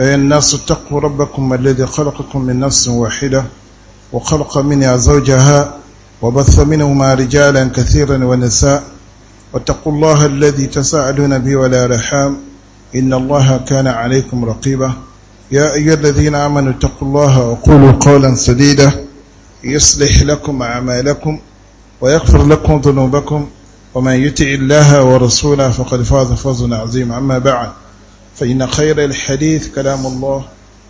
أي الناس اتقوا ربكم الذي خلقكم من نفس واحدة وخلق منها زوجها وبث منهما رجالا كثيرا ونساء واتقوا الله الذي تساءلون به ولا رحام إن الله كان عليكم رقيبا يا أيها الذين آمنوا اتقوا الله وقولوا قولا سديدا يصلح لكم أعمالكم ويغفر لكم ذنوبكم ومن يتع الله ورسوله فقد فاز فوزا عظيما أما بعد فإن خير الحديث كلام الله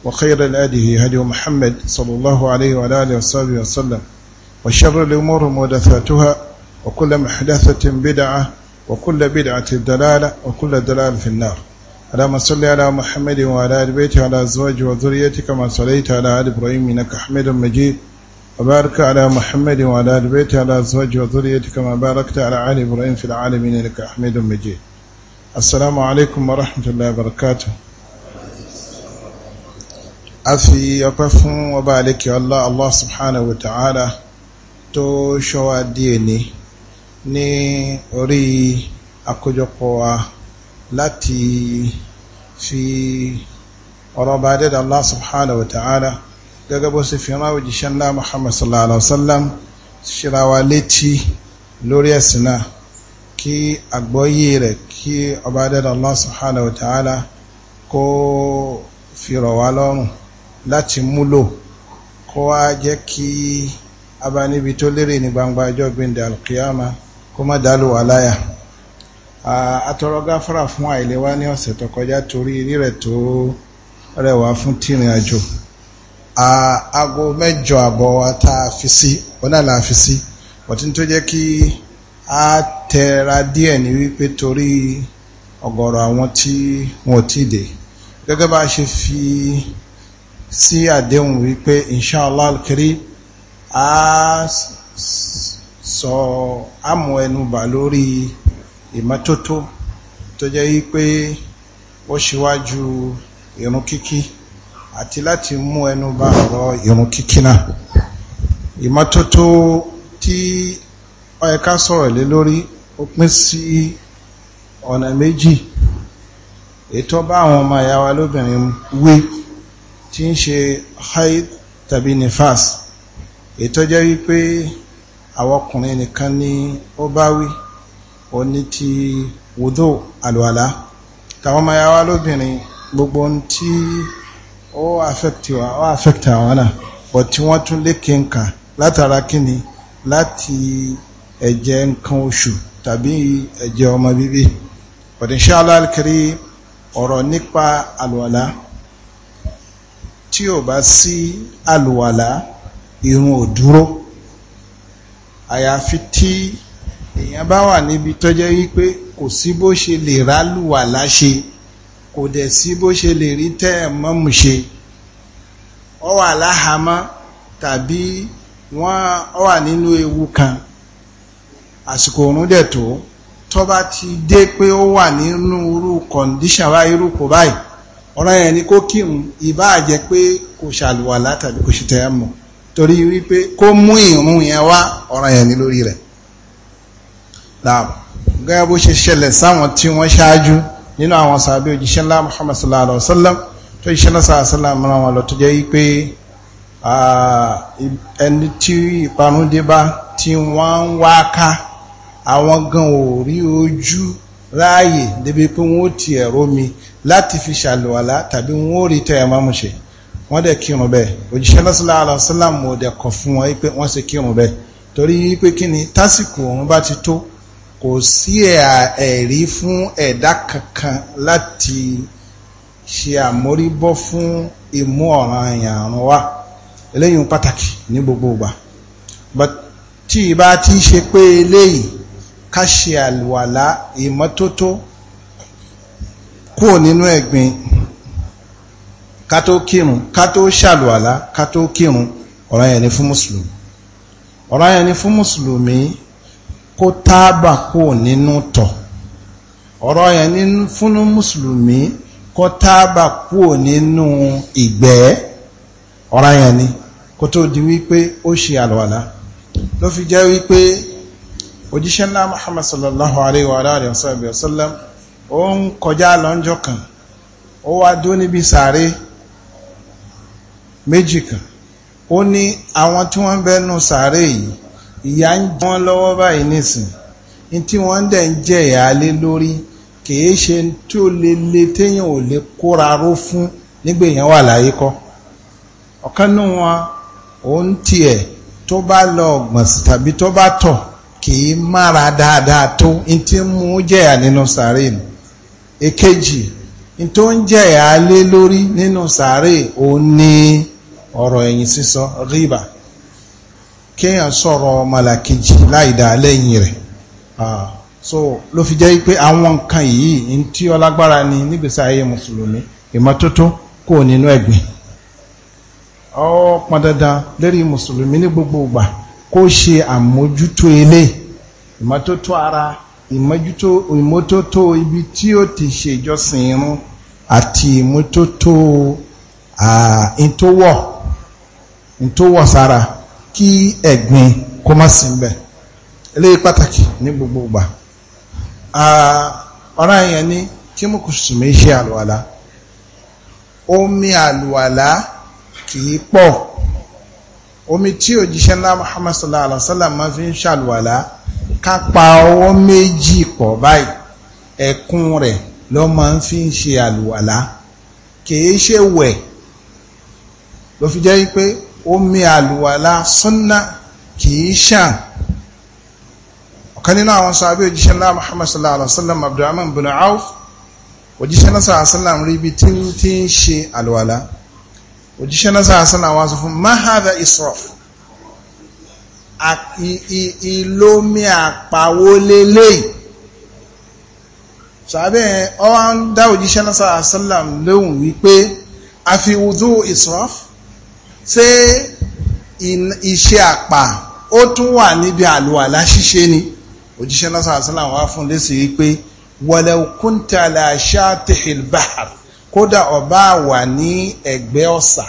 وخير الأده هدي محمد صلى الله عليه وعلى آله وصحبه وسلم وشر الأمور مدثاتها وكل محدثة بدعة وكل بدعة دلالة وكل دلالة في النار ما صل على محمد وعلى آل بيته على أزواجه وذريته كما صليت على آل إبراهيم إنك حميد مجيد وبارك على محمد وعلى آل بيته على أزواجه وذريته كما باركت على آل إبراهيم في العالمين إنك حميد مجيد السلام عليكم ورحمة الله وبركاته أفي أقفهم وبالك الله الله سبحانه وتعالى tó ṣọ́wá díẹ̀ ní ní orí àkójọpọ̀ wa láti fi ọ̀rọ̀ bá dẹ́dà Allah subhanahu wa ta'ala gẹ́gẹ́ bó sì fi rán òjíṣẹ́ ńlá Muhammad sallallahu alaihi wasallam ṣíra wa létí lórí ẹ̀sìn náà kí àgbọ́yé rẹ̀ kí ọba dẹ́dà Allah subhanahu wa ta'ala kó fi rọ̀ wá lọ́rùn láti múlò kó wá jẹ́ kí abánibi tó lérè ní gbangba ọjọ́ gbìndẹ̀ alkiyama kó má dálù wà láyà àtọrọ fún àìlewá ní ọ̀sẹ̀ tó kọjá torí rírẹ̀ tó rẹwà fún tìrìn àjò aago mẹ́jọ àbọ̀ wa tá a fi sí ọ̀nà là a fi sí bọ̀tí tó jẹ́ kí a tẹra díẹ̀ ní wípé torí ọ̀gọ̀rọ̀ àwọn tí wọ́n ti dé gẹ́gẹ́ bá ṣe fi sí àdéhùn wípé inshallah kiri a sọ àmọ́ ẹnubà lórí ìmọ́tótó tó jẹ́ wípé ó ṣíwájú ìrun kíkí àti láti mú ẹnubà ọ̀rọ̀ ìrun kíkí náà ìmọ́tótó tí ó yẹ ká sọ̀rọ̀ lé lórí ó pín sí ọ̀nà méjì ètò bá àwọn ọmọ ìyá wa lóbìnrin wé tí ń ṣe haid tàbí nifas ètò jẹ́ wípé àwọn ọkùnrin nìkan ni ó bá wí ó ní ti wùdó àlùwàlá tàwọn ọmọ ìyá lóbìnrin gbogbo ohun tí ó affect àwọn náà bọ̀ tí wọ́n tún lékè ń kà látara kíni láti ẹ̀jẹ̀ nǹkan oṣù tàbí ẹ̀jẹ̀ ọmọ bíbí but inshallah al-karim ọ̀rọ̀ nípa àlùwàlá tí ò bá sí àlùwàlá irun ò dúró àyàfi tí èèyàn bá wà níbi tó jẹ́ wípé kò sí bó ṣe lè rálùwàlá ṣe kò dẹ̀ sí bó ṣe lè rí tẹ́ẹ̀mọ́mù ṣe ó wà láhàámọ́ tàbí wọ́n wà nínú ewu kan àsìkò òun dẹ̀ tó tó bá ti dé pé ó wà nínú irú kọ̀ǹdíṣàn bá irú kò báyìí ọ̀rọ̀ yẹn ni kó kírun ìbá jẹ́ pé kò ṣàlùwàlá tàbí kò ṣètẹ́ mọ̀ torí wípé kó mú ìrun yẹn wá ọ̀rọ̀ yẹn ni lórí rẹ̀ gẹ́gẹ́ bó ṣe ṣẹlẹ̀ sáwọn tí wọ́n ṣáájú nínú àwọn sàbí òjíṣẹ́ ńlá Muhammad sallallahu alaihi wasallam tó ṣiṣẹ́ náà sallallahu alaihi wasallam ràn lọ tó jẹ́ wípé ẹni tí ìparun dé bá tí wọ́n ń wá ká àwọn gan ò rí ojú ráàyè débi pé wọ́n ó ti ẹ̀rọ mi láti fi ṣàlùwàlá tàbí wọ́n ó rí tẹ́ ẹ̀ máa mú ṣe wọ́n dẹ̀ kírun bẹ́ẹ̀ òjíṣẹ́ sallallahu alaihi wasallam ò dẹ̀ kọ̀ fún wọn pé wọ́n ṣe ni tásìkò òun bá ti tó kò tí ṣe pé eléyìí ká ṣe àlùwàlá ìmọ́tótó kúrò nínú ẹ̀gbin ká tó kírun ká tó ṣàlùwàlá ká tó kírun ọ̀ràn yẹn ni fún mùsùlùmí ọ̀ràn yẹn ni fún mùsùlùmí kó tábà kúrò nínú tọ̀ ọ̀rọ̀ yẹn ni fún mùsùlùmí kó tábà kúrò nínú ìgbẹ́ ọ̀ràn yẹn kó tó di wípé ó ṣe àlùwàlá ló fi jẹ́ wípé òjíṣẹ́ ńlá Muhammad sallallahu alayhi wa alayhi wa sallam ó ń kọjá lọ́njọ́ kan ó wá dó níbi sàárè méjì kan ó ní àwọn tí wọ́n bẹ́nu sàárè yìí ìyà ń jẹ wọ́n lọ́wọ́ báyìí nísìn ní tí wọ́n dẹ̀ ń jẹ ìyàlé lórí kìí le téèyàn ò lè kóra ró fún nígbèyàn wà láyé kọ́ ọ̀kan nínú tó bá lọ ọ̀gbọ̀nsì tàbí tó bá tọ̀ kìí mára dáadáa tó n tí ń mú jẹ̀yà nínú sàárè nù èkejì n tó ń jẹ̀yà lé lórí nínú sàárè ò ní ọ̀rọ̀ ẹ̀yìn sísọ ríbà kéèyàn sọ̀rọ̀ mọ̀làkejì láìdá lẹ́yìn rẹ̀ so ló fi jẹ́ pé àwọn nǹkan yìí n tí ọlágbára ni nígbèsè ayé mùsùlùmí ìmọ́tótó kò nínú ẹ̀gbìn ó pọn dandan lérí mùsùlùmí ní gbogbo ìgbà kó ṣe àmójútó ilé ìmọ́tótó ara ìmọ́tótó ibi tí ó ti ṣe ìjọsìn irun àti ìmọ́tótó ìtówọ̀ ìtówọ̀ sára kí ẹ̀gbin kó má sí ń bẹ̀ eléyìí pàtàkì ní gbogbo ìgbà ọ̀rá yẹn ni kí mú kò sùnmí ṣe àlùwàlá omi àlùwàlá kìí pọ̀ omi tí òjíṣẹ́ ńlá Muhammad sallallahu alaihi wa sallam máa fi ń ṣàlùwàlá ká pa ọwọ́ méjì pọ̀ báyìí ẹ̀kún rẹ̀ ló máa ń fi ń ṣe àlùwàlá kìí ṣe wẹ̀ ló fi jẹ́ wípé omi àlùwàlá sunna kìí ṣàn ọ̀kan nínú àwọn sábẹ́ òjíṣẹ́ ńlá Muhammad sallallahu alaihi wa sallam Abdurrahman bin Auf òjíṣẹ́ ńlá sallallahu alaihi wa sallam rí ibi tí ń ṣe àlùwàlá òjíṣẹ́ náà sàásán àwọn aṣọ fún mahada israf ìlómi àpàwọlélẹ́ sàbẹ̀ ọwá ń dá òjíṣẹ́ náà sàásán lóhùn wípé a fi wùdú israf ṣé iṣẹ́ àpà ó tún wà níbi àlùwàlá ṣíṣe ni òjíṣẹ́ náà sàásán àwọn afúnlẹ́sì wípé walaw kunta la shatihil kódà ọba wà ní ẹ̀gbẹ́ ọ̀sà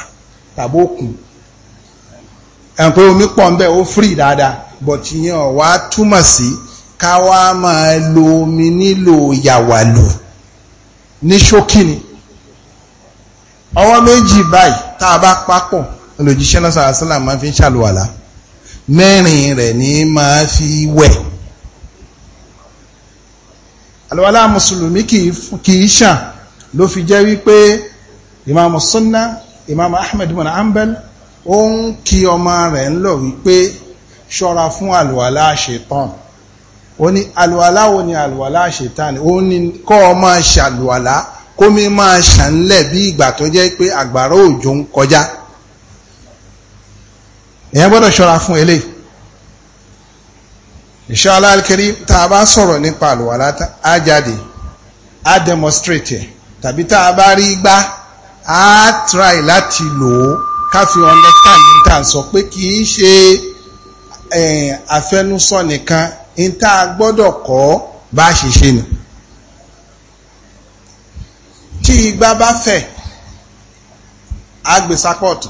tàbókùn ẹ̀n pé omi pọ̀ ń bẹ ó fírì dáadáa but ìyẹn ò wá túmọ̀ sí ká wá máa lo omi nílò yàwàlù ní ṣókìní ọwọ́ méjì báyìí tá a bá papọ̀ olùjíṣẹ́ náà sọ̀rọ̀ sílà máa fi ń ṣàlùwàlà mẹ́rin rẹ̀ ní máa fi wẹ̀ àlùwàlà mùsùlùmí kì í ṣàn ló fi jẹ́ wípé ìmáàmù sunna ìmáàmù ahmed bin ambel ó ń kí ọmọ rẹ̀ ń lọ wípé ṣọ́ra fún àlùwàlá ṣetán ó ní àlùwàlá wo ni àlùwàlá ṣetán ó ní kọ́ ọ máa ṣàlùwàlá kó mi máa ṣànlẹ̀ bí ìgbà tó jẹ́ pé àgbàrá òjò ń kọjá èèyàn gbọ́dọ̀ ṣọ́ra fún eléyìí inshallah al-karim sọ̀rọ̀ nípa àlùwàlá á jáde á demonstrate tàbí tá a bá rí gbá a try láti lò ó ká fi understand ní tá a sọ pé kì í ṣe àfẹnusọ nìkan ní tá a gbọ́dọ̀ kọ́ bá a ṣe ṣe nù. tí igbá bá fẹ̀ á gbé e sápọ̀tù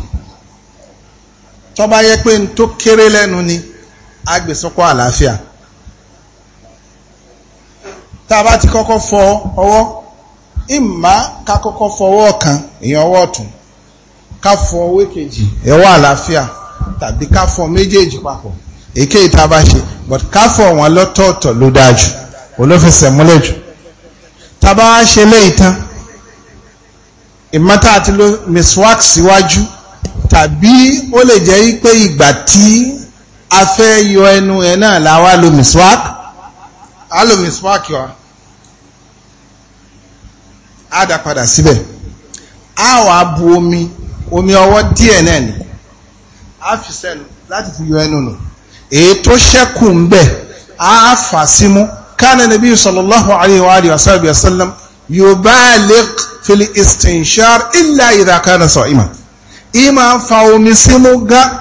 tó bá yẹ pé tó kéré lẹ́nu ni á gbé e sọ́kọ́ àlàáfíà tá a bá ti kọ́kọ́ fọ ọwọ́ ìmá ká kọ́kọ́ fọwọ́ kan èèyàn ọwọ́ ọ̀tún ká fọ ọwọ́ kejì ẹwọ́ àlàáfíà tàbí ká fọ méjèèjì papọ̀ èké ìta bá ṣe but ká fọ wọn lọ́tọ̀ọ̀tọ̀ ló dáa jù olófẹsẹ̀ múlẹ̀ jù tàbá wá ṣe léyìí tán ìmọ́tà àti miswak síwájú tàbí ó lè jẹ́ pé ìgbà tí a fẹ́ yọ ẹnu ẹ̀ náà làwa lo miswak a lo miswak yọ á dá padà síbẹ̀ á wàá bu omi omi ọwọ́ díẹ̀ náà ni á fi sẹ́nu láti fi yọ ẹnu nù èyí tó ṣẹ́kù ń bẹ̀ á fà símú kánà nàbí sallallahu alayhi wa alihi wa sallam yubaliq fil istinshar illa idha kana sa'iman ìmọ̀ fa omi símú gán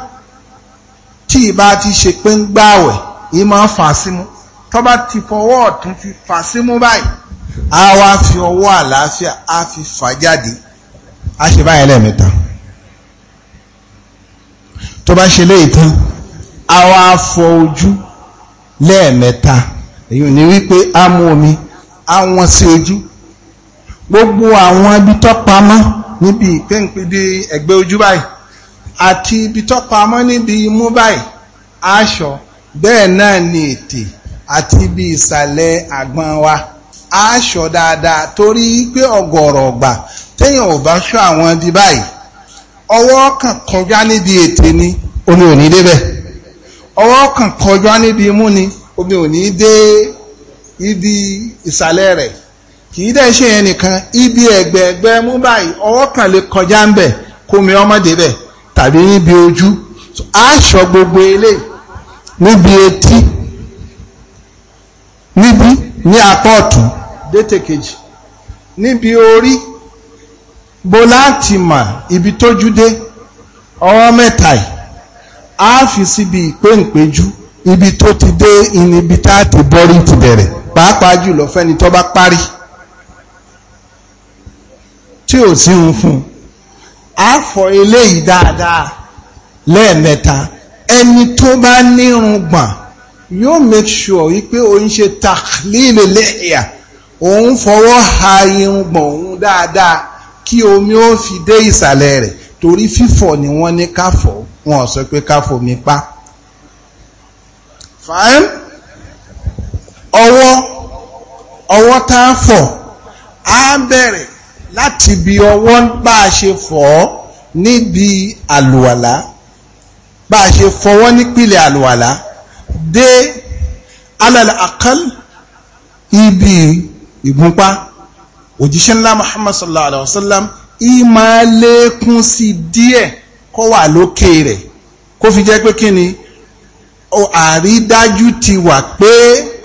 tí ìbá ti ṣe pé ń gbáwẹ̀ ìmọ̀ fa símú tó bá ti fọwọ́ ọ̀tún ti fà símú báyìí a wá fi ọwọ́ àlàáfíà a fi fà jáde a ṣe báyìí lẹ́ẹ̀mẹ́ta tó bá ṣe léyìí tán a wá fọ ojú lẹ́ẹ̀mẹ́ta èyí ni wípé a mú omi a wọ́n sí ojú gbogbo àwọn ibi tó pamọ́ níbi ìpéǹpéde ẹ̀gbẹ́ ojú báyìí àti ibi tó pamọ́ níbi imú báyìí aṣọ bẹ́ẹ̀ náà ni ètè àti ibi ìsàlẹ̀ àgbọ̀n wa aṣọ dáadáa torí pé ọ̀gọ̀rọ̀ ọ̀gbà téèyàn ò bá ṣọ́ àwọn ibi báyìí ọwọ́ kan kọjá níbi ètè ni omi ò ní débẹ̀ ọwọ́ kan kọjá níbi imú ni omi ò ní dé ibi ìsàlẹ̀ rẹ̀ kì í dẹ̀ ṣe yẹn nìkan ibi ẹ̀gbẹ́ mú báyìí ọwọ́ kan lè kọjá ń bẹ̀ kó mi ọmọ débẹ̀ tàbí níbi ojú aṣọ gbogbo eléyìí níbi etí níbi ní apá ọ̀tún détè kejì níbi orí bó láti mà ibi tójú dé ọwọ́ mẹ́ta yìí á fi síbi ìpéǹpéjú ibi tó ti dé inibi tá a ti bọ́rí ti bẹ̀rẹ̀ pàápàá jùlọ fẹ́ni tó bá parí tí ò sí ń fún un fọ eléyìí dáadáa lẹ́ẹ̀mẹ́ta ẹni tó bá nírun gbọ̀n yóò make sure wípé o ń ṣe taklil lẹ́yà òun fọwọ́ ha irun gbọ̀n òun dáadáa kí omi ó fi dé ìsàlẹ̀ rẹ̀ torí fífọ̀ ni wọ́n ní káfọ̀ wọn sọ pé káfọ̀ mi pa. fine ọwọ́ ọwọ́ tá a fọ̀ á bẹ̀rẹ̀ láti bí ọwọ́ bá a ṣe fọ̀ ọ́ níbi àlùwàlá bá a ṣe fọwọ́ nípìlẹ̀ àlùwàlá dé alàlẹ́ àkàl ibi ìgúnpá òjíṣẹ́ ńlá muhammad sallallahu alaihi wasallam ìmọ̀ lékún sí díẹ̀ kó wà lókè rẹ̀ kó fi jẹ́ pé kí ni àrídájú ti wà pé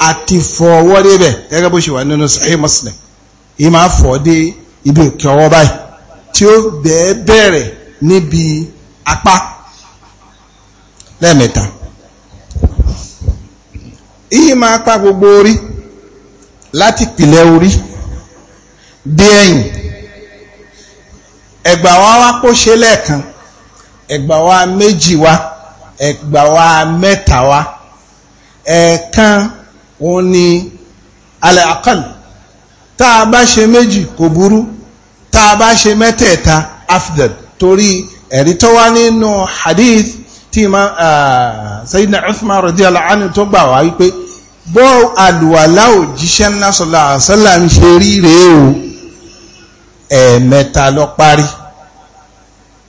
àti fọwọ́ débẹ̀ gẹ́gẹ́ bó ṣe wà nínú sahih muslim ìmọ̀ fọ́ dé ibi òkè ọwọ́ báyìí tí ó bẹ̀ẹ́ bẹ̀rẹ̀ níbi apá lẹ́ẹ̀mẹ́ta ìyí máa pa gbogbo orí láti pìlẹ̀ orí dé ẹ̀yìn ẹ̀gbà wa wá kó ṣe lẹ́ẹ̀kan ẹ̀gbà wa méjì wa ẹ̀gbà wa mẹ́ta wa ẹ̀ẹ̀kan òun ni alẹ́ àkàlù tá a bá ṣe méjì kò burú tá a bá ṣe mẹ́tẹ̀ẹ̀ta afdal torí ẹ̀rí tó wá nínú hadith tí ma Sayyidina Uthman radiyallahu anhu tó gbà wá wípé bọ́ àlùwàlá òjíṣẹ́ ńlá sallallahu alaihi wasallam ń ṣe rí rèé o ẹ̀ẹ̀mẹ́ta lọ parí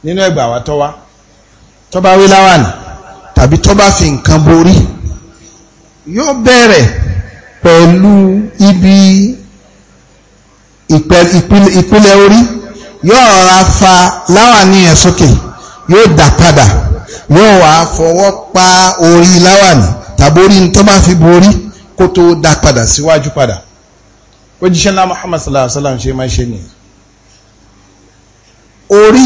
nínú ẹgbà wa tọ́wá tó bá wí láwàní tàbí tó bá fi nǹkan borí yóò bẹ̀rẹ̀ pẹ̀lú ibi ìpìlẹ̀ orí yóò rọra fa láwàní yẹn sókè yóò dà padà yóò wá fọwọ́ pa orí láwàní tàbórí tó bá fi borí kó tó dá padà síwájú padà ó jíṣẹ́ ńlá Muhammad sallallahu alaihi wasallam ṣe máa ṣe nìyẹn orí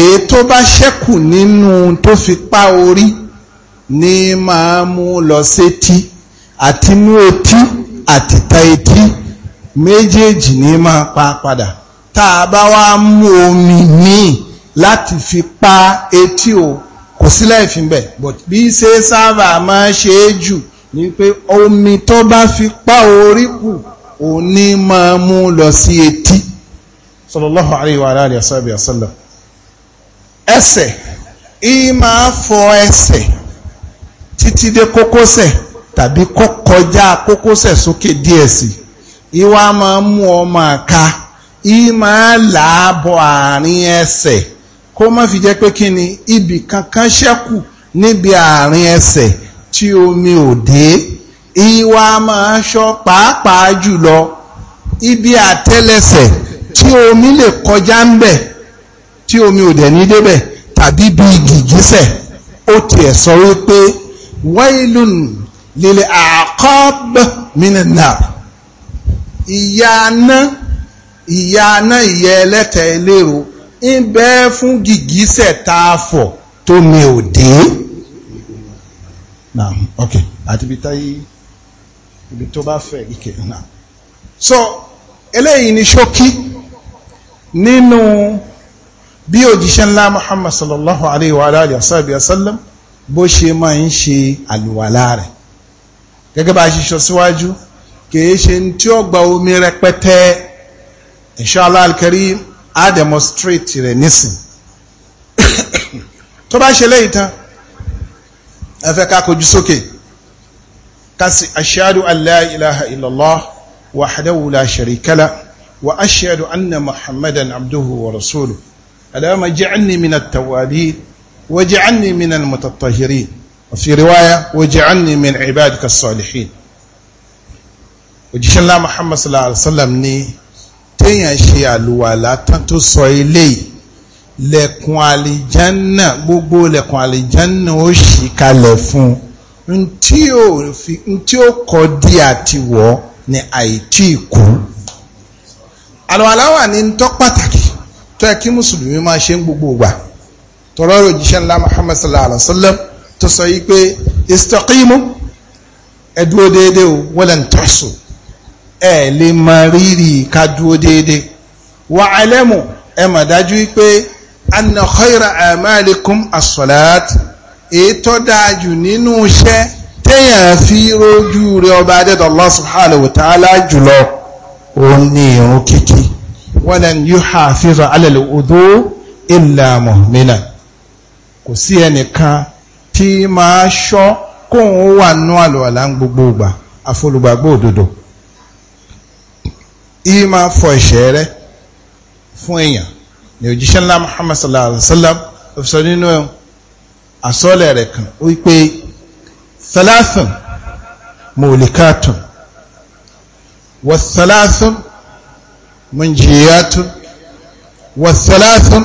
èyí tó bá ṣẹ́kù nínú tó fi pa orí ní máa mú lọ sétí àti mú etí àti ta etí méjèèjì ní máa pa padà tá mú omi míì láti fi pa etí o kò sílẹ̀ ìfínbẹ̀ but bí ṣe sábà máa ṣe jù ni pé omi tó bá fi pa orí kù òní máa mú lọ sí etí sallallahu alayhi wa alayhi wa sallam ẹsẹ̀ ìyí máa fọ ẹsẹ̀ títí dé kókósẹ̀ tàbí kọjá kókósẹ̀ sókè díẹ̀ sí ìwà máa mú ọmọ àka ìyí làábọ̀ àárín ẹsẹ̀ kó má fi jẹ́ pé kí ni ibì kankan ṣẹ́kù níbi àárín ẹsẹ̀ tí omi ò dé ìwà máa ṣọ́ pàápàá jùlọ ibi àtẹ́lẹsẹ̀ tí omi lè kọjá ń bẹ̀ tí omi ò dẹ̀ ní débẹ̀ tàbí bí gìgísẹ̀ ó tiẹ̀ sọ wípé wailun lil aqab minan nar ìyá aná ìyá aná ìyẹ ẹlẹ́tẹ̀ẹ́ lérò ń bẹ fún gìgísẹ̀ tààfọ̀ tó mi ò dé náà ok àti ibi táyé ibi tó bá fẹ́ ike náà so eléyìí ni ṣókí nínú bí òjíṣẹ́ ńlá Muhammad sallallahu alayhi wa alayhi wa sallam bó ṣe máa ń ṣe àlùwàlá rẹ̀ gẹ́gẹ́ bá ṣe sọ síwájú kìí ṣe tí ó gba omi rẹpẹtẹ inshallah al á demonstrate rẹ̀ nísìn tó bá ṣe léyìí tán ẹ fẹ́ ká kojú sókè ká sì ashhadu an la ilaha illallah wahdahu la sharika la wa ashhadu anna muhammadan abduhu wa rasuluhu allahumma ij'alni min at-tawwabin waj'alni min al-mutatahhirin wa fi riwaya waj'alni min ibadika salihin òjíṣẹ́ ńlá muhammad sallallahu alaihi wasallam ní téèyàn ṣe àlùwàlá tán tó sọ eléyìí lẹ̀kùn àlìjánà gbogbo lẹ̀kùn àlìjánà ó ṣì kalẹ̀ fún un tí ó kọ dí àti wọ̀ ni àìtí ìkú àlùwàlá wà ní tọ́ pàtàkì tó yẹ kí mùsùlùmí máa ṣe ń gbogbo ìgbà tọrọ òjíṣẹ́ ńlá Muhammad sallallahu alaihi wa sallam tó sọ yìí pé istaqimu ẹ̀dúró déédéé o walan tahsu ẹ lè mọ rírì ká dúró déédéé wà alẹ́mù ẹ mọ̀ dájú wípé anna khayra amalikum as-salat ètò dájú nínú iṣẹ́ téèyàn fi rójú rẹ ọba adẹ́dọ̀ Allah subhanahu wa ta'ala jùlọ òun ní irun kíkí walan yuhafiza ala al-wudu illa mu'mina kò sí ẹnìkan tí máa ṣọ́ kóun wà nú àlọ́ àlá gbogbo ìgbà àfolùgbàgbọ́ òdodo yìí máa fọ ẹ̀ṣẹ̀ rẹ fún èèyàn ní òjíṣẹ́ ńlá Muhammad sallallahu alayhi wa sallam ọ̀fisọ nínú àsọ́ọ̀lẹ̀ rẹ̀ kan wípé thalathun mulikatun wa thalathun munjiyatun wa thalathun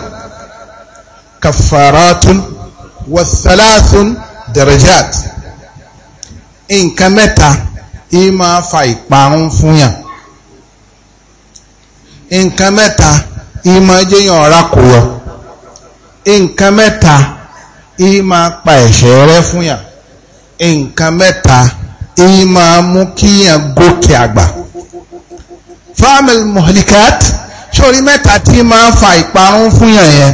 kafaratun wa thalathun darajat nǹkan mẹ́ta yìí fa ìparun fún yàn nǹkan mẹ́ta ìmọ̀ jẹ́yàn ọ̀rá kò yọ nǹkan mẹ́ta ìmọ̀ pa ẹ̀ṣẹ̀ rẹ fún yàn nǹkan mẹ́ta ìmọ̀ mú kíyàn gòkè àgbà fámìlì mọ̀lìkàt sórí mẹ́ta tí máa ń fa ìparun fún yàn yẹn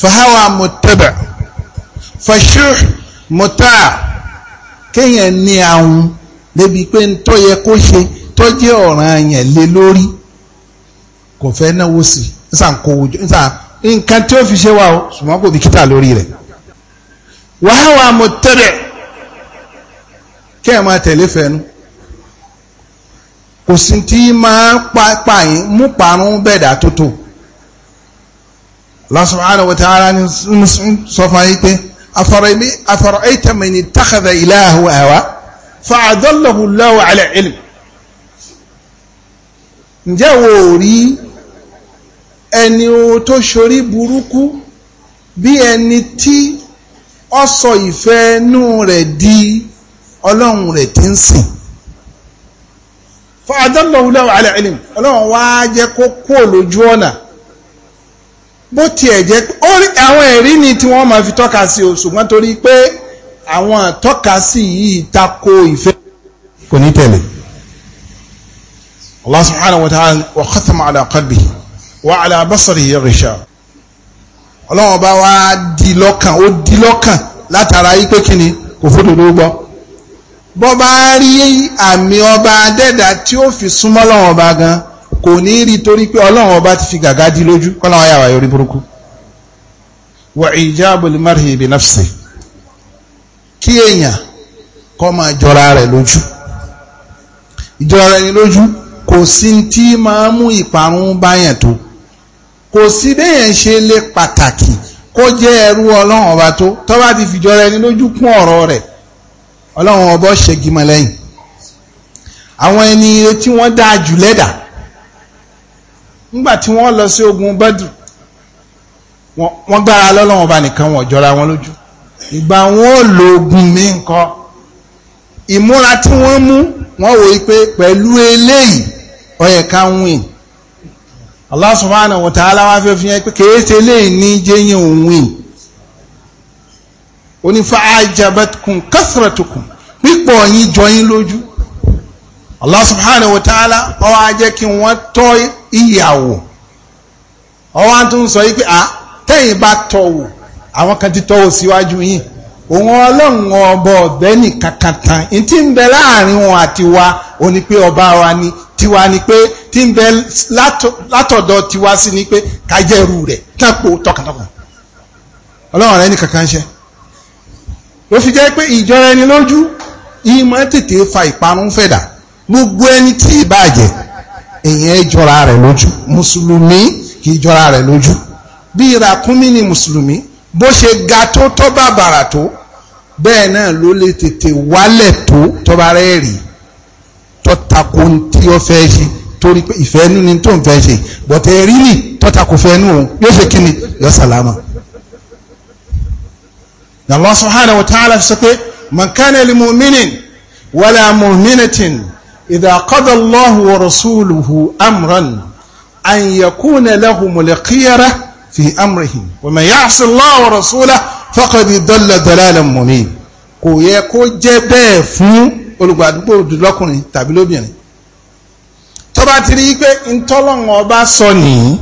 fahawa mutaba fashur muta kéèyàn ní àwọn débi pé ń tó yẹ kó ṣe tó ọ̀ràn yẹn lé lórí kò fẹ́ náwó sí nsà ń kówó jọ nsà nǹkan tí ó fi ṣe wà ó ṣùgbọ́n kò bìkítà lórí rẹ̀ wàhálà mọ̀tẹ́rẹ̀ kí ẹ̀ máa tẹ̀lé fẹ́nu kò sí tí máa pààyàn mú parun bẹ̀dà tó tó Allah subhanahu wa ta'ala ní sọ fún ayé pé afara'ayta man ittakhadha ilahahu hawa fa'adallahu Allahu ala ilm ǹjẹ́ wo rí ẹni tó ṣorí burúkú bí ẹni tí ó sọ ìfẹ́ inú rẹ̀ di ọlọ́run rẹ̀ tí ń sìn fàdánlọ́wọ́láwọ́ alẹ́ẹ̀lẹ́m ọlọ́run wá jẹ́ kó kó lójú ọ̀nà bó tiẹ̀ jẹ́ àwọn ẹ̀rí ni tí wọ́n máa fi tọ́ka sí o ṣùgbọ́n torí pé àwọn tọ́ka sí yìí tako ìfẹ́ kò ní tẹ̀lé Allah subhanahu wa ta'ala wa khatama ala qalbihi wa ala basarihi ghisha ọlọ́run bá wá di lọ́kàn ó di lọ́kàn látara yí pé kíni kò fódò ló gbọ́ bọ́ bá rí àmì ọba adẹ́dà tí ó fi súnmọ́ ọlọ́run ọba gan kò ní rí torí pé ọlọ́run ọba ti fi gàgá di lójú kọ́láwọn yàwá yorí burúkú wa ijabul marhi bi nafsi kí èèyàn kọ́ máa jọra rẹ̀ lójú ìjọra ẹni lójú kò sí tí máa mú ìparun báyàn tó kò sí béèyàn ṣe lé pàtàkì kó jẹ́ ẹrú ọlọ́run ọba tó tó bá ti fìjọra ẹni lójú kún ọ̀rọ̀ rẹ̀ ọlọ́run ọba ṣègìmọ̀ lẹ́yìn àwọn ẹni tí wọ́n dáa jù lẹ́dà nígbà tí wọ́n lọ sí ogun bẹ́dù wọ́n gbára lọ́lọ́run ọba nìkan wọ́n jọra wọn lójú ìgbà wọn ò lo ogun mi ńkọ́ ìmúra tí wọ́n mú wọ́n wò ó pé pẹ̀lú eléyìí ó yẹ win Allah subhanahu wa ta'ala wá fẹ́ fi yẹn pé kéése lè ní jẹ́yìn òun ó ní fa'ajabatkum kathratukum pípọ̀ yín jọyín lójú Allah subhanahu wa ta'ala ó wá jẹ́ kí wọ́n tọ́ ìyàwó ó wá tún sọ yí pé à tẹ́yìn bá tọ̀wò àwọn kan ti tọ̀wò síwájú yìí òun ọlọ́run ọba ọ̀bẹ nìkan kan tán n tí ń bẹ láàrin wọn àti wa ò ní pé ọba wa ni tiwa ni pé tí ń bẹ látọ̀dọ̀ tiwa sí ni pé kájẹ́rù rẹ̀ tápò tọkàntọkàn ọlọ́run rẹ̀ nìkan kan ṣe ló fi jẹ́ pé ìjọra ẹni lójú ìmọ̀ tètè fa ìparun fẹ̀dà gbogbo ẹni tí ìbàjẹ́ èèyàn jọra rẹ̀ lójú mùsùlùmí kì í jọra rẹ̀ lójú bí ìràkúnmí ni mùsùlùmí bó ṣe ga tó tọ́ bàbàrà tó bẹ́ẹ̀ náà ló lè tètè wálẹ̀ tó tọ́ba rẹ̀ rí tọ́tako tí ó fẹ́ ṣe torí pé ìfẹ́ inú ni tó ń fẹ́ ṣe bọ̀tẹ́ rí nì tọ́tako fẹ́ inú òun yóò ṣe kí ni yọ sàlámà. Allah subhanahu wa ta'ala sọ pé man kana li mu'minin wala mu'minatin idha qada Allahu wa rasuluhu amran an yakuna lahumul khiyara fi amrihim wa man ya'si Allah wa rasulahu faqad dalla dalalan mubin kò yẹ kó jẹ́ bẹ́ẹ̀ fún olùgbàdúgbò lọ́kùnrin tàbí lóbìnrin tó bá ti rí pé ntọ́lọ́run ọba sọ nìyí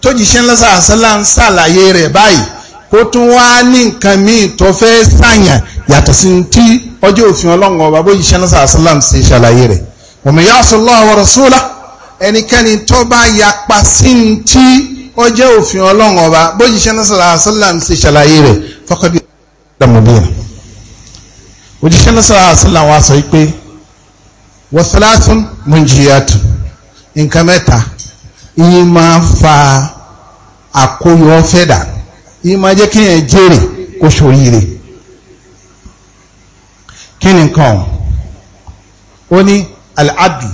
tó jíṣẹ́ lọ́sà àṣálà ń ṣàlàyé rẹ̀ báyìí kó tún wá ní nǹkan míì tó fẹ́ sàyàn yàtọ̀ sí tí ọjọ́ òfin ọlọ́run ọba bó jíṣẹ́ lọ́sà ń ṣe ṣàlàyé rẹ̀ wa man ya'si Allah wa ẹnikẹ́ni tó bá yapa sí ti ó jẹ́ òfin ọlọ́run ọba bójíṣẹ́ náà sọ̀rọ̀ àṣọlá ṣe ṣàlàyé rẹ̀ fọ́kàdé dàmọ́bíà òjíṣẹ́ náà sọ̀rọ̀ àṣọlá wa sọ pé wọ́sálásún mọ̀jìyàtù nǹkan mẹ́ta ìyí máa fa àkóyọ fẹ́dà ìyí máa jẹ́ kí yẹn jèrè kó ṣoríire kí ni nǹkan ó ní al-adl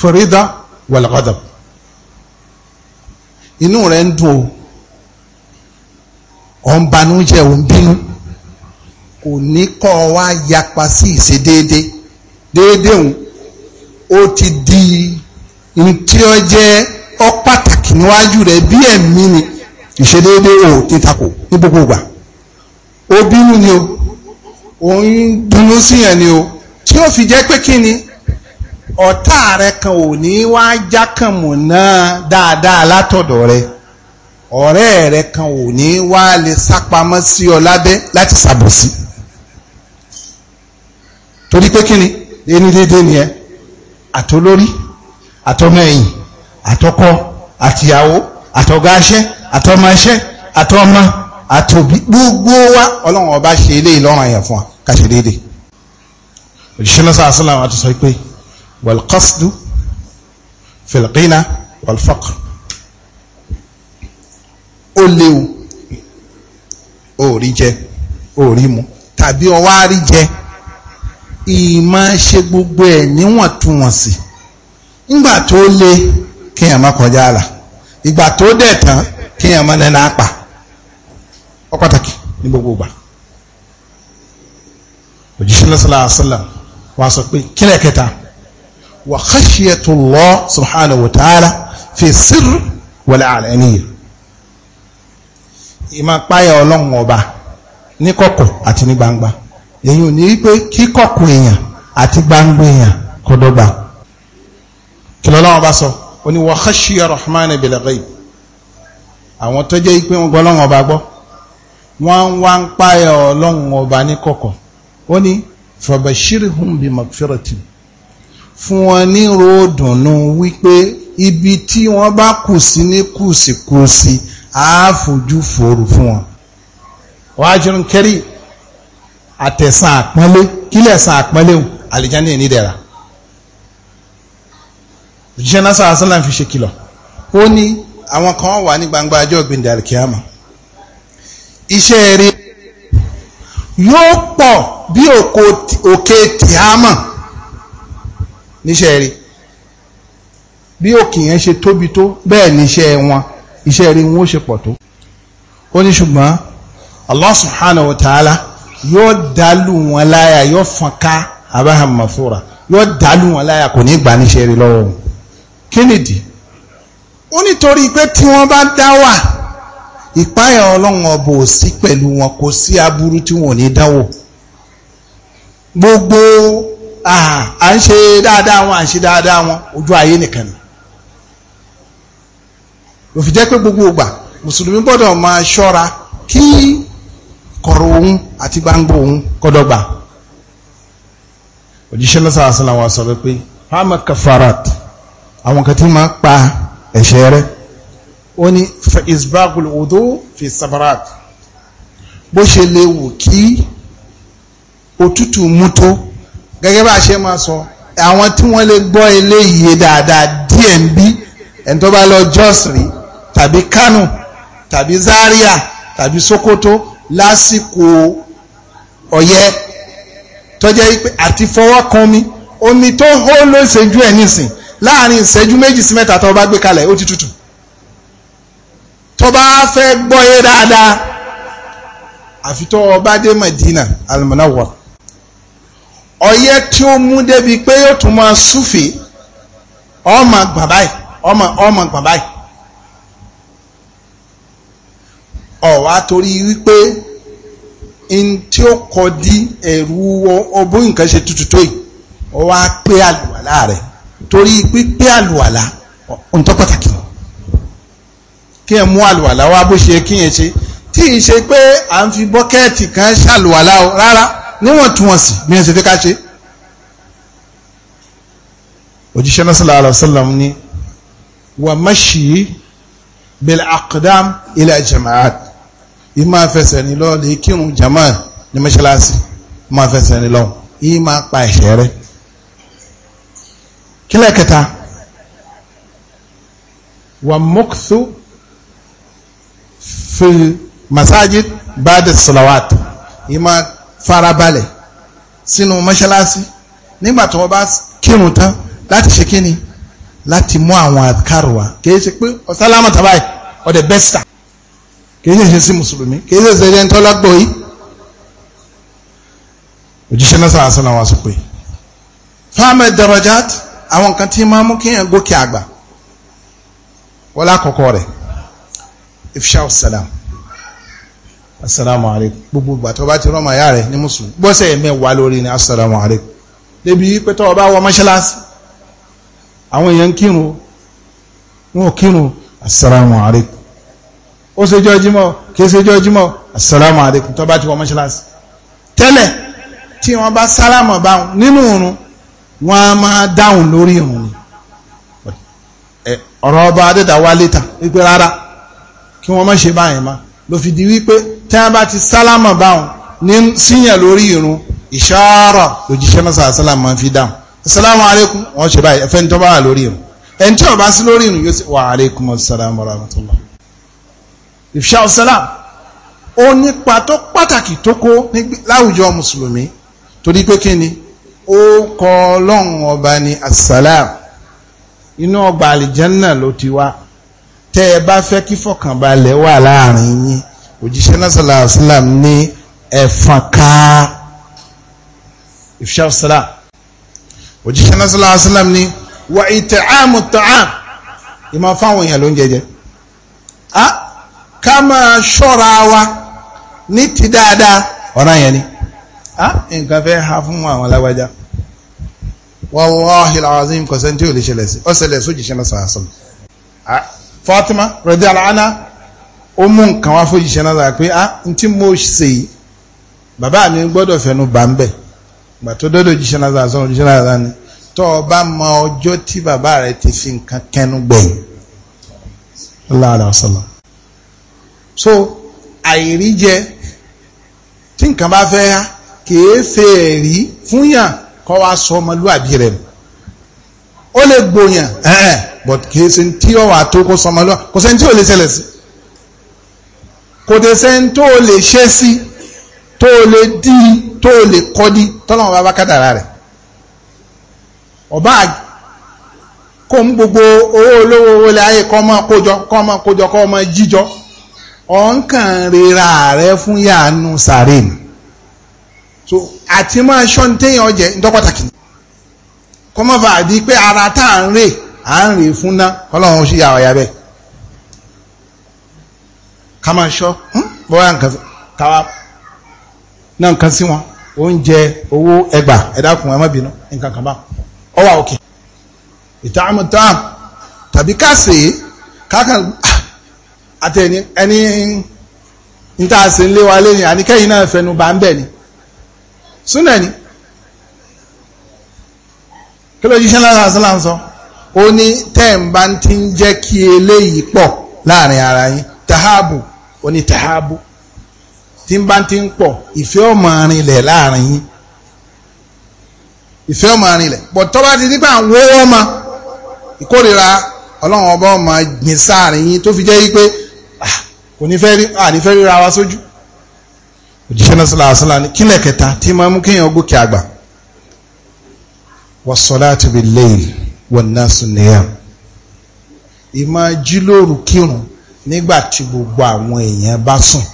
fòrídà inú rẹ̀ ń dùn o ọ̀ ń banújẹ́ ò ń bínú kò ní kọ́ ọ wá yapa sí ìṣe déédéé déédéé òun ó ti di ntí ọ jẹ́ ọ pàtàkì níwájú rẹ̀ bí ẹ̀mí ni ìṣe déédéé ò ti takò ní gbogbo ìgbà ó bínú ni o òun dùnnú síyàn ni o tí ó fi jẹ́ pé kí ni ọ̀tá rẹ kan ò ní wá jákàmù náà dáadáa látọ̀dọ̀ rẹ ọ̀rẹ́ rẹ kan ò ní wá lè sápamọ́ sí ọ lábẹ́ láti ṣàbòsí torí pé kí ni ẹni déédéé ni ẹ àtolórí àtọmọ ẹ̀yìn àtọkọ àtìyàwó àtọgáṣẹ́ àtọmọṣẹ́ àtọmọ àtòbí gbogbo wa ọlọ́run ọba ṣe eléyìí lọ́rùn àyàn fún wa ká ṣe déédéé òṣìṣẹ́ náà sọ àṣìláwọ̀ àti sọ pé. والقصد في الغنى والفقر ó léwu ó rí jẹ tàbí ó wá jẹ ìmọ̀ ṣe gbogbo ẹ̀ níwọ̀ntúnwọ̀nsì ńgbà tó le kéèyàn má kọjá àlà ìgbà tó dẹ̀ tán kéèyàn má nẹ́nà àpà pàtàkì gbogbo ìgbà òjíṣẹ́ lọ́sọ̀lá àṣọlá wàá sọ pé kílẹ̀ kẹta. wa khashiyatullah subhanahu wa ta'ala fi sirr wal alaniya ìmọ̀ páyà ọlọ́run ọba ní kọ̀kọ̀ àti ní gbangba èyí ò ní wípé kíkọ̀kọ̀ èèyàn àti gbangba èèyàn kò dọ́gba kí lọ́lọ́run bá sọ ó ní wa khashiya rahman bil àwọn tó jẹ́ pé wọ́n gbọ́ ọba gbọ́ wọ́n ń wá ń páyà ọlọ́run ọba ní kọ̀kọ̀ ó ní fabashirhum bi magfiratin fún wọn ní ròódùnú wípé ibi tí wọ́n bá kù sí ní kùsìkùsì á fojú fòrò fún wọn. wájú kẹrí àtẹ̀sán àpọ́nlé kílẹ̀ sàn àpọ́nlé o àlìjáde ní ìdẹ̀ra. òjíṣẹ́ náà sọ̀rọ̀ sọ́lá fi ṣe kìlọ̀ ó ní àwọn kan wà ní gbangba ajọ́ gbẹ̀ndẹ̀ àlìkíyàmà iṣẹ́ rẹ̀ yóò pọ̀ bí òkè tìámà níṣẹ́ rí bí òkè yẹn ṣe tóbi tó bẹ́ẹ̀ níṣẹ́ wọn iṣẹ́ rí wọn ó ṣe pọ̀ tó ó ní ṣùgbọ́n Allah subhanahu wa ta'ala yóò dálù wọn láyà yóò fọn ká abaham mafura yóò dálù wọn láyà kò ní gbà níṣẹ́ rí lọ́wọ́ wọn kí nìdí ó nítorí pé tí wọ́n bá dá wà ìpáyà ọlọ́run ọbọ̀ ò sí pẹ̀lú wọn kò sí aburú tí wọn ò ní dáwò gbogbo Ah, à ń ṣe dáadáa wọn à ń ṣe dáadáa wọn ojú ayé nìkan ni òfin jẹ́ pé gbogbo ògbà mùsùlùmí gbọ́dọ̀ máa ṣọ́ra kí kọ̀rọ̀ òun àti gbangba òun kọ́dọ̀gba òjíṣẹ́ lọ́sàásánà wa sọ pé hama kafarat àwọn kan tí máa pa ẹ̀ṣẹ̀ rẹ̀ ó ní isbagul odo fi sabarat bó ṣe lè wù kí òtútù mú tó gẹ́gẹ́ bá a ṣe máa sọ àwọn tí wọ́n lè gbọ́ eléyìí dáadáa díẹ̀ ẹni tó bá lọ jọ́sìrì tàbí Kánò tàbí Zaria tàbí Sokoto lásìkò ọ̀yẹ́ tọ́jẹ́ pé àti fọwọ́ kan mi omi tó hó ló ṣẹ́jú ẹ̀ nísìn láàrin ìṣẹ́jú méjì sí mẹ́ta tó bá gbé kalẹ̀ ó ti tutù tó bá fẹ́ gbọ́ yé dáadáa àfi tó Madina al ọyẹ́ tí ó mú débi pé yóò tún máa súfè ọmọ gbà báyìí ọmọ ọmọ gbà báyìí ọ̀wá torí wípé in tí ó kọ di ẹ̀rù ọbó nǹkan ṣe tutù tó yìí ó wá pé àlùwàlá rẹ̀ torí pípé àlùwàlá ohun tó pàtàkì lọ kí ẹ mú àlùwàlá wá bó ṣe kí ẹ ṣe tí ì ṣe pé à ń fi bọ́kẹ́ẹ̀tì kan ṣàlùwàlá rárá níwọ̀ntúnwọ̀nsì bí wọ́n ṣe fi ká ṣe. òjíṣẹ́ náà sallallahu alaihi wasallam ni wà mashi bil aqdam ila jama'at ìmọ̀ afẹsẹ̀ ni lọ lè kírun jama'a ní mọ́ṣáláṣí ìmọ̀ afẹsẹ̀ ni lọ ìmọ̀ apá ẹ̀ṣẹ̀ rẹ̀ kílẹ̀ kẹta wà mọ́kútù fi masajid ba'da salawat ìmọ̀ farabalẹ̀ sínú mọ́ṣáláṣí nígbà tó bá kírun tán láti ṣe kíni láti mú àwọn àkàrò wa kì í ṣe pé ọ̀sálámà tàbáyì ọ̀dẹ̀ bẹ́sítà kì í ṣe sí mùsùlùmí kì í ṣe ṣe ẹni tọ́lágbó yìí òjíṣẹ́ náà sàrà sọ́nà wa sọ pé fáàmì darajat àwọn nǹkan tí máa mú kéèyàn gòkè àgbà wọlé àkọ́kọ́ rẹ̀ ifṣà ọ̀sálàmù assalamu alaikum gbogbo ìgbà tó bá ti rán màyá rẹ̀ ní mùsùlùmí gbọ́sẹ̀ mẹ́wàá lórí ni assalamu alaikum débi pé tó bá wọ mọ́ṣáláṣí àwọn èèyàn kírun wọn kírun assalamu alaikum ó ṣe jọ́ jímọ̀ kìí ṣe jọ́ jímọ̀ assalamu alaikum tó bá ti wọ mọ́ṣáláṣí tẹ́lẹ̀ tí wọ́n bá sálámọ̀ bá nínú òrun wọ́n á máa dáhùn lórí òrun ọ̀rọ̀ ọba adẹ́dàwálé wípé rárá kí wọ́n má ṣe báyìí máa ló fi di wípé tí wọ́n bá ti sálámà báwọn ní síyàn lórí irun ìṣàárọ̀ òjíṣẹ́ náà sàrà sálámà máa fi dáhùn asalaamu aleykum wọ́n ṣe báyìí ẹ̀fẹ́ tó bá wà lórí irun ẹni tí ó bá sí lórí irun yóò sì wà aleykum asalaam wa rahmatulah. ìfṣà ọ̀sálàm ó nípa tó pàtàkì tó kó láwùjọ mùsùlùmí torí pé kí ni ó kọ ọlọ́run ọba ní asalaam inú ọgbà àlìjẹ́nnà ló ti wá tẹ́ ẹ bá fẹ́ kí fọkànbalẹ̀ wà láàrin yín òjíṣẹ́ násàlá àṣìlám ní ẹ̀fọn ká ìfṣà ọ̀sàlá òjíṣẹ́ násàlá àṣìlám ní wà ìtẹ̀ àmù tààm ìmọ̀ fáwọn èèyàn ló ń jẹjẹ ká máa ṣọ́ra wa ní ti dáadáa ọ̀ràn yẹn ni nǹkan fẹ́ ha fún àwọn alágbájá wàláhìlá àzín kọ̀sẹ́ntì ò lè ṣẹlẹ̀ sí ọ̀sẹ̀lẹ̀ sójìṣẹ́ násàlá àṣìlám Fatima radiyallahu anha ó mú nǹkan wá fún ìṣẹ́ náà pé ah n tí mo ṣe yìí bàbá mi gbọ́dọ̀ fẹnu bà ń bẹ̀ gbà tó dọ́dọ̀ jíṣẹ́ náà sọ̀rọ̀ jíṣẹ́ náà ni tó o bá mọ ọjọ́ tí bàbá rẹ ti fi nǹkan kẹnu gbẹ̀yìn sallallahu alaihi wasallam so àìríjẹ tí nǹkan bá fẹ́ ha kìí ṣe ẹ̀rí fúnyà kọ́ wa sọ ọmọlúwàbí rẹ̀ mọ́ ó lè gbòyàn ẹ̀ẹ́ but kì í ṣe tí ọ̀wà tó kó sọmọ lọ kò sẹ́ni tí ò lè ṣẹlẹ̀ sí kò dé sẹ́ni tó o lè ṣe sí tó o lè dí tó o lè kọ́ dí tọ́lọ́mọ bá bá kádàrá rẹ̀ ọba kó ń gbogbo owó olówó owó ayé kọ́ ọmọ kójọ kọ́ ọmọ kójọ kọ́ ọmọ jíjọ ọ̀nkàn rira rẹ fún yàánú sàrẹ́nì so àti máa ṣọ́ni téèyàn jẹ́ ń dọ́pàtàkì ni kọ́mọ́ bá àdí pé ara tá à ń rè à ń rè fún ná ọlọ́run sì yà ọ̀yà bẹ́ẹ̀ ká máa ṣọ́ bọ́yá nǹkan káwa náà nǹkan sí wọn oúnjẹ owó ẹgbà ẹ̀dákun ẹ má bínú nǹkan kan bá ọ wà òkè ìtààmù tààm tàbí ká sè é kákan ah, àtẹni ẹni níta sè ń lé wa lé ní àníkẹ́yìn náà fẹnu bá ń bẹ̀ ni súnà ni kí ló jíṣẹ́ lára àṣálà ń sọ ó ní tẹ́ẹ̀mbá ti ń jẹ́ kí eléyìí pọ̀ láàrin ara yín tahabu ó ní tahabu tí ń bá ti ń pọ̀ ìfẹ́ ọmọ arinlẹ̀ láàrin yín ìfẹ́ ọmọ arinlẹ̀ bọ̀ tó ti nípa àwọn owó ọmọ ọlọ́run ọba ọmọ gbìn sáàrin yín tó fi jẹ́ wípé ah, kò ní fẹ́ rí ríra wa sójú òjíṣẹ́ ní kílẹ̀ kẹta tí máa mú kéèyàn wasọ́láàtì bí lẹ́yìn wọn náà sùn nìyà ìmọ̀ jílòrù kírun nígbà tí gbogbo àwọn èèyàn bá sùn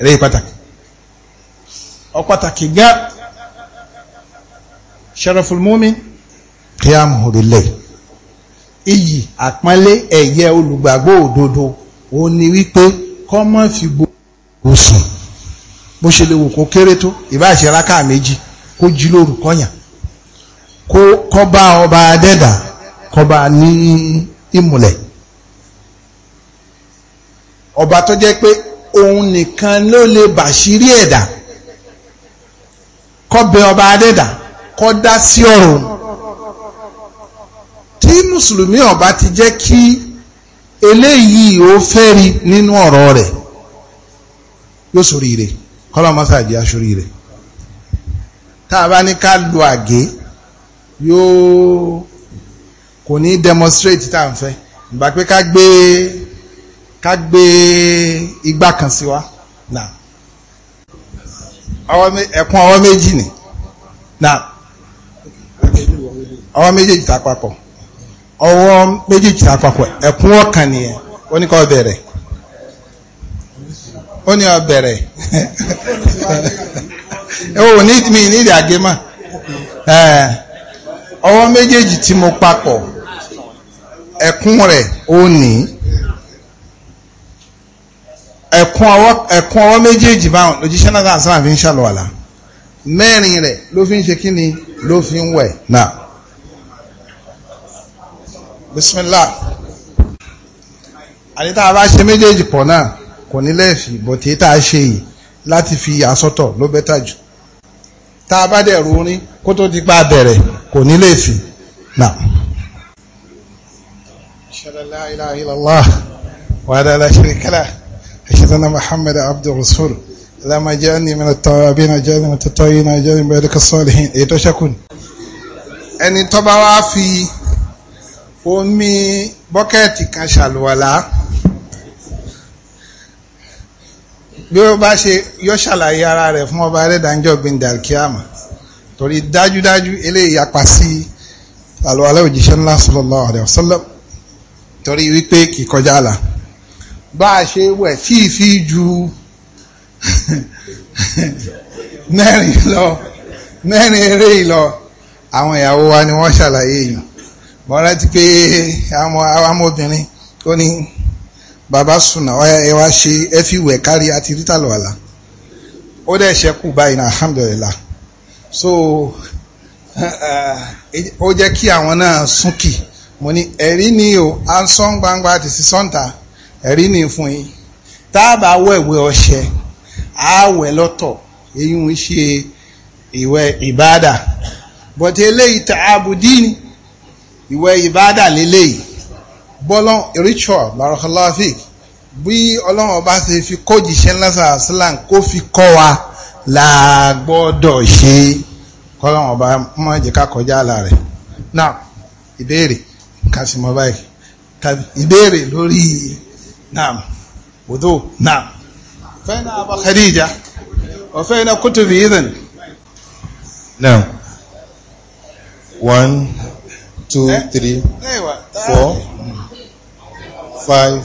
eléyìí pàtàkì ọ pàtàkì gá sharaful mumin qiyamuhu bil layl iyì àpọ́nlé ẹ̀yẹ olùgbàgbọ́ òdodo òun ni wípé kọ́ mọ́ fi gbogbo sùn bó ṣe lè wò kó kéré tó ìbá ṣe rákà méjì kó jí lóru kọ́yàn kó kọ́ba ọba adẹ́dà kọ́ba ní ìmùlẹ̀ ọba tó jẹ́ pé òun nìkan ló lè bàṣírí ẹ̀dá kọ́bẹ ọba adẹ́dà kọ́ dá sí ọ̀run tí mùsùlùmí ọba ti jẹ́ kí eléyìí ó fẹ́ri nínú ọ̀rọ̀ rẹ̀ yóò sóríire kọ́lá mọ́sàdì aṣoríire. tá ní ká lu àgé yóò kò ní demonstrate tá à ń fẹ́ ìgbà pé ká gbé ká gbé igbá kan sí wa náà ẹ̀kún ọwọ́ méjì ni náà ọwọ́ méjèèjì tá papọ̀ ọwọ́ méjèèjì tá papọ̀ ẹ̀kún ọ̀kan nìyẹn ó ní kó bẹ̀rẹ̀ ó ní ó bẹ̀rẹ̀. Oh need me need agema ọwọ́ méjèèjì tí mo papọ̀ ẹ̀kún rẹ̀ ó ní ẹ̀kún ọwọ́ méjèèjì báwọn lójíṣẹ́ náà sáà sáà fi ń ṣàlùwàlà mẹ́rin rẹ̀ ló fi ń ṣe kí ni ló fi ń wẹ̀ náà bismillah àti tá a bá ṣe méjèèjì pọ̀ náà kò ní lẹ́ẹ̀fì bọ̀tí tá a ṣe yìí láti fi àsọtọ̀ ló bẹ́tà jù tá a bá dẹ̀ ro orin kó tó di pa bẹ̀rẹ̀ kò ní lè sí náà. أشهد أن وهذا لا شريك له أشهد أن محمد عبد رسول اللهم اجعلني من التوابين جاءني من التطهيرين جاءني من عبادك الصالحين èyí tó ṣẹ́kù ni. ẹni tó bá wá fi omi bí ó bá ṣe yọ́ ṣàlàyé ara rẹ̀ fún ọba ẹlẹ́dàájọ́ gbindal kíámà torí dájúdájú eléyìí apá sí àlọ́wàlá òjíṣẹ́ ńlá sallallahu alaihi wasallam torí wípé kì kọjá àlà bá a ṣe wẹ̀ tí ì fi ju mẹ́rin lọ mẹ́rin eré ìlọ àwọn ìyàwó wa ni wọ́n ṣàlàyé yìí mọ́ra ti pé àwọn ọmọbìnrin ó ní bàbá sùnà ọ̀yà ẹ wá ṣe ẹ fi wẹ̀ kárí àti rítàlù àlà ó dẹ̀ ṣẹ́kù báyìí náà alhamdulillah so eh, eh, ó jẹ́ kí àwọn náà súnkì mo ní ẹ̀rí ni o à ń sọ́n gbangba àti sísọ́ǹta ẹ̀rí ni fún yín tá a bá wẹ̀wẹ̀ ọṣẹ àwẹ̀ lọ́tọ̀ èyí ṣe ìwẹ̀ ìbádà bọ̀tẹ́ eléyìí tààbùdí ìwẹ̀ ìbádà lélẹ́yìí bọ́lọ́n ritual barakalafik bí ọlọ́run ọba ṣe fi kójìṣẹ́ lásán aslan kó fi kọ́ wa la gbọ́dọ̀ ṣe kọ́lọ́run ọba mọ́ jẹ́ ká kọjá àlà rẹ̀ náà ìbéèrè kásìmọ́ báyìí tàbí ìbéèrè lórí naam wudu naam fẹ́nà abá khadija ọ̀fẹ́nà kútùbí ìdìn naam one two eh? three four. Eh? five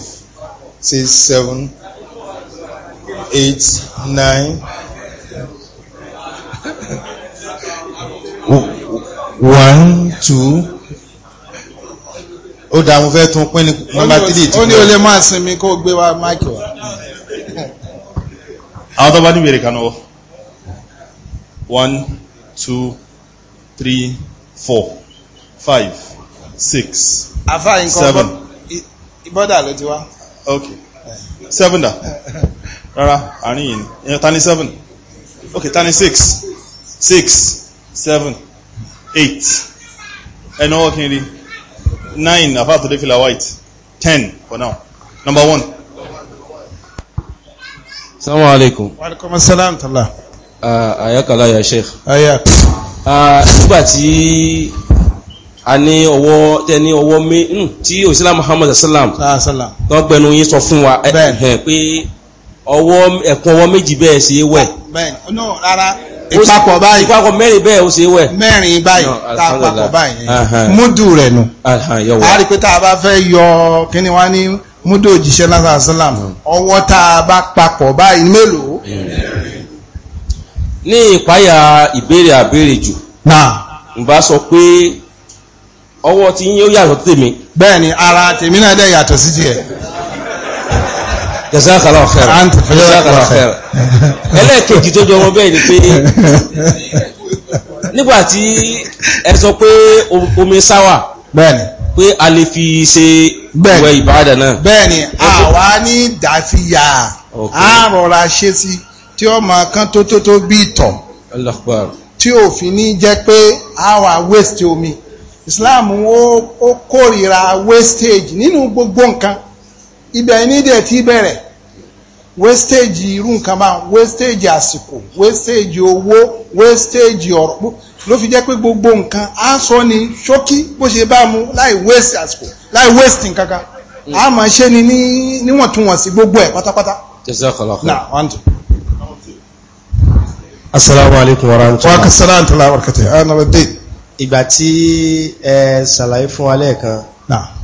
six seven eight nine one two ó dá mo fẹ́ tún pín ní nọ́mbà three tí ó ní o lè máa sinmi kó o gbé wa máìkì wa. àwọn tó bá ní ìbéèrè kan one two three four five six seven bọ́dà ló ti wá. ok seven da rárá àárín yìí ni ta ni seven ok ta ni six six seven eight ẹnu ọwọ́ kí n rí nine afa today fila white ten for now number one. salamu alaikum. wa alaikum salam tala. Ah, ayakala ya sheikh. ayak. Ah, nígbà tí a ní ọwọ́ tẹ ní ọwọ́ mé hmm, tí òsílá muhammad salam tó gbẹnu yín sọ fún wa eh, eh, pé ọwọ́ ẹ̀kún ọwọ́ méjì bẹ́ẹ̀ sí wẹ̀. no rárá ìpapọ̀ báyìí ìpapọ̀ mẹ́rin bẹ́ẹ̀ ó sì wẹ̀. mẹ́rin báyìí tá a papọ̀ báyìí múdù rẹ̀ nù. a rí i pé tá a bá fẹ́ yọ kí ni wọ́n á ní múdù òjíṣẹ́ lásán sálàm mm. ọwọ́ tá a bá papọ̀ báyìí mélòó ọwọ́ tí yín ó yàtọ̀ tèmi. bẹ́ẹ̀ni ara tèmi náà dẹ̀ yàtọ̀ sí tiẹ̀. jazakallah khair jazakallah khair ẹlẹ́ẹ̀kejì tó jọ wọn bẹ́ẹ̀ ni pé nígbà tí ẹ sọ pé omi sáwà bẹ́ẹ̀ni pé a lè fi ṣe ìwẹ̀ ìbáradà náà. bẹ́ẹ̀ni àwa ní dàfíyà a rọra ṣe sí tí ó máa kán tó tó tó bí ìtọ̀ tí òfin ní jẹ́ pé a wà waste omi. Islam o kórìíra wastage nínú gbogbo nǹkan ibẹ̀ ní dẹ̀ ti bẹ̀rẹ̀ wastage irú nǹkan máa wastage àsìkò wastage owó wastage ọ̀rọ̀ ló fi jẹ́ pé gbogbo nǹkan á sọ ní ṣókí bó ṣe bá mu láì West àsìkò láì waste nǹkan kan mm. a máa ṣe ni níwọ̀ntúnwọ̀nsí gbogbo ẹ̀ pátápátá. Jazakallah. na one two. asalaamualeykum wa rahmatulah. wa rahmatulah ìgbà tí ẹ ṣàlàyé fún wa lẹ́ẹ̀kan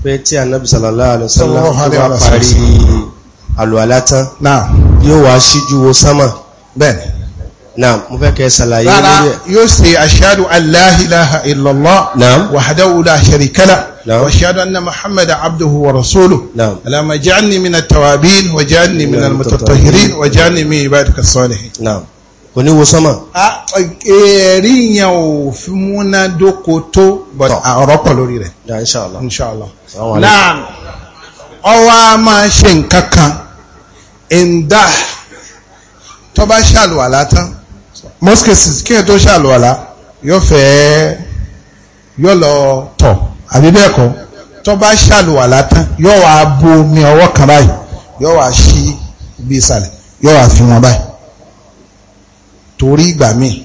pé tí ànábì sallallahu alaihi wasallam tó bá parí àlùwàlá tán yóò wá síjú wo sánmà bẹ́ẹ̀ naam mo fẹ́ kẹ́ ṣàlàyé lórí ẹ̀ yóò ṣe ashhadu an la ilaha illallah wahdahu la sharika lah wa ashhadu anna muhammadan abduhu wa rasuluhu allahumma ij'alni tawabin waj'alni minal mutatahhirin waj'alni min ibadika as kò ní wo sánmà. ẹ̀rí yẹn ò fi múná dóko tó but ọ̀rọ̀ pọ̀ lórí rẹ̀. ya inshallah. inshallah. náà ọwọ́ a máa ṣe nǹkan kan ẹ̀ńdà tó bá ṣàlùwàlá tán most cases kí ẹ tó ṣàlùwàlá yóò fẹ́ yóò lọ tọ̀ àbí bẹ́ẹ̀ kọ́ tó bá ṣàlùwàlá tán yóò wá bu omi ọwọ́ kan báyìí yóò wá ṣí ibi ìsàlẹ̀ yóò wá fi wọn báyìí. torí ìgbà míì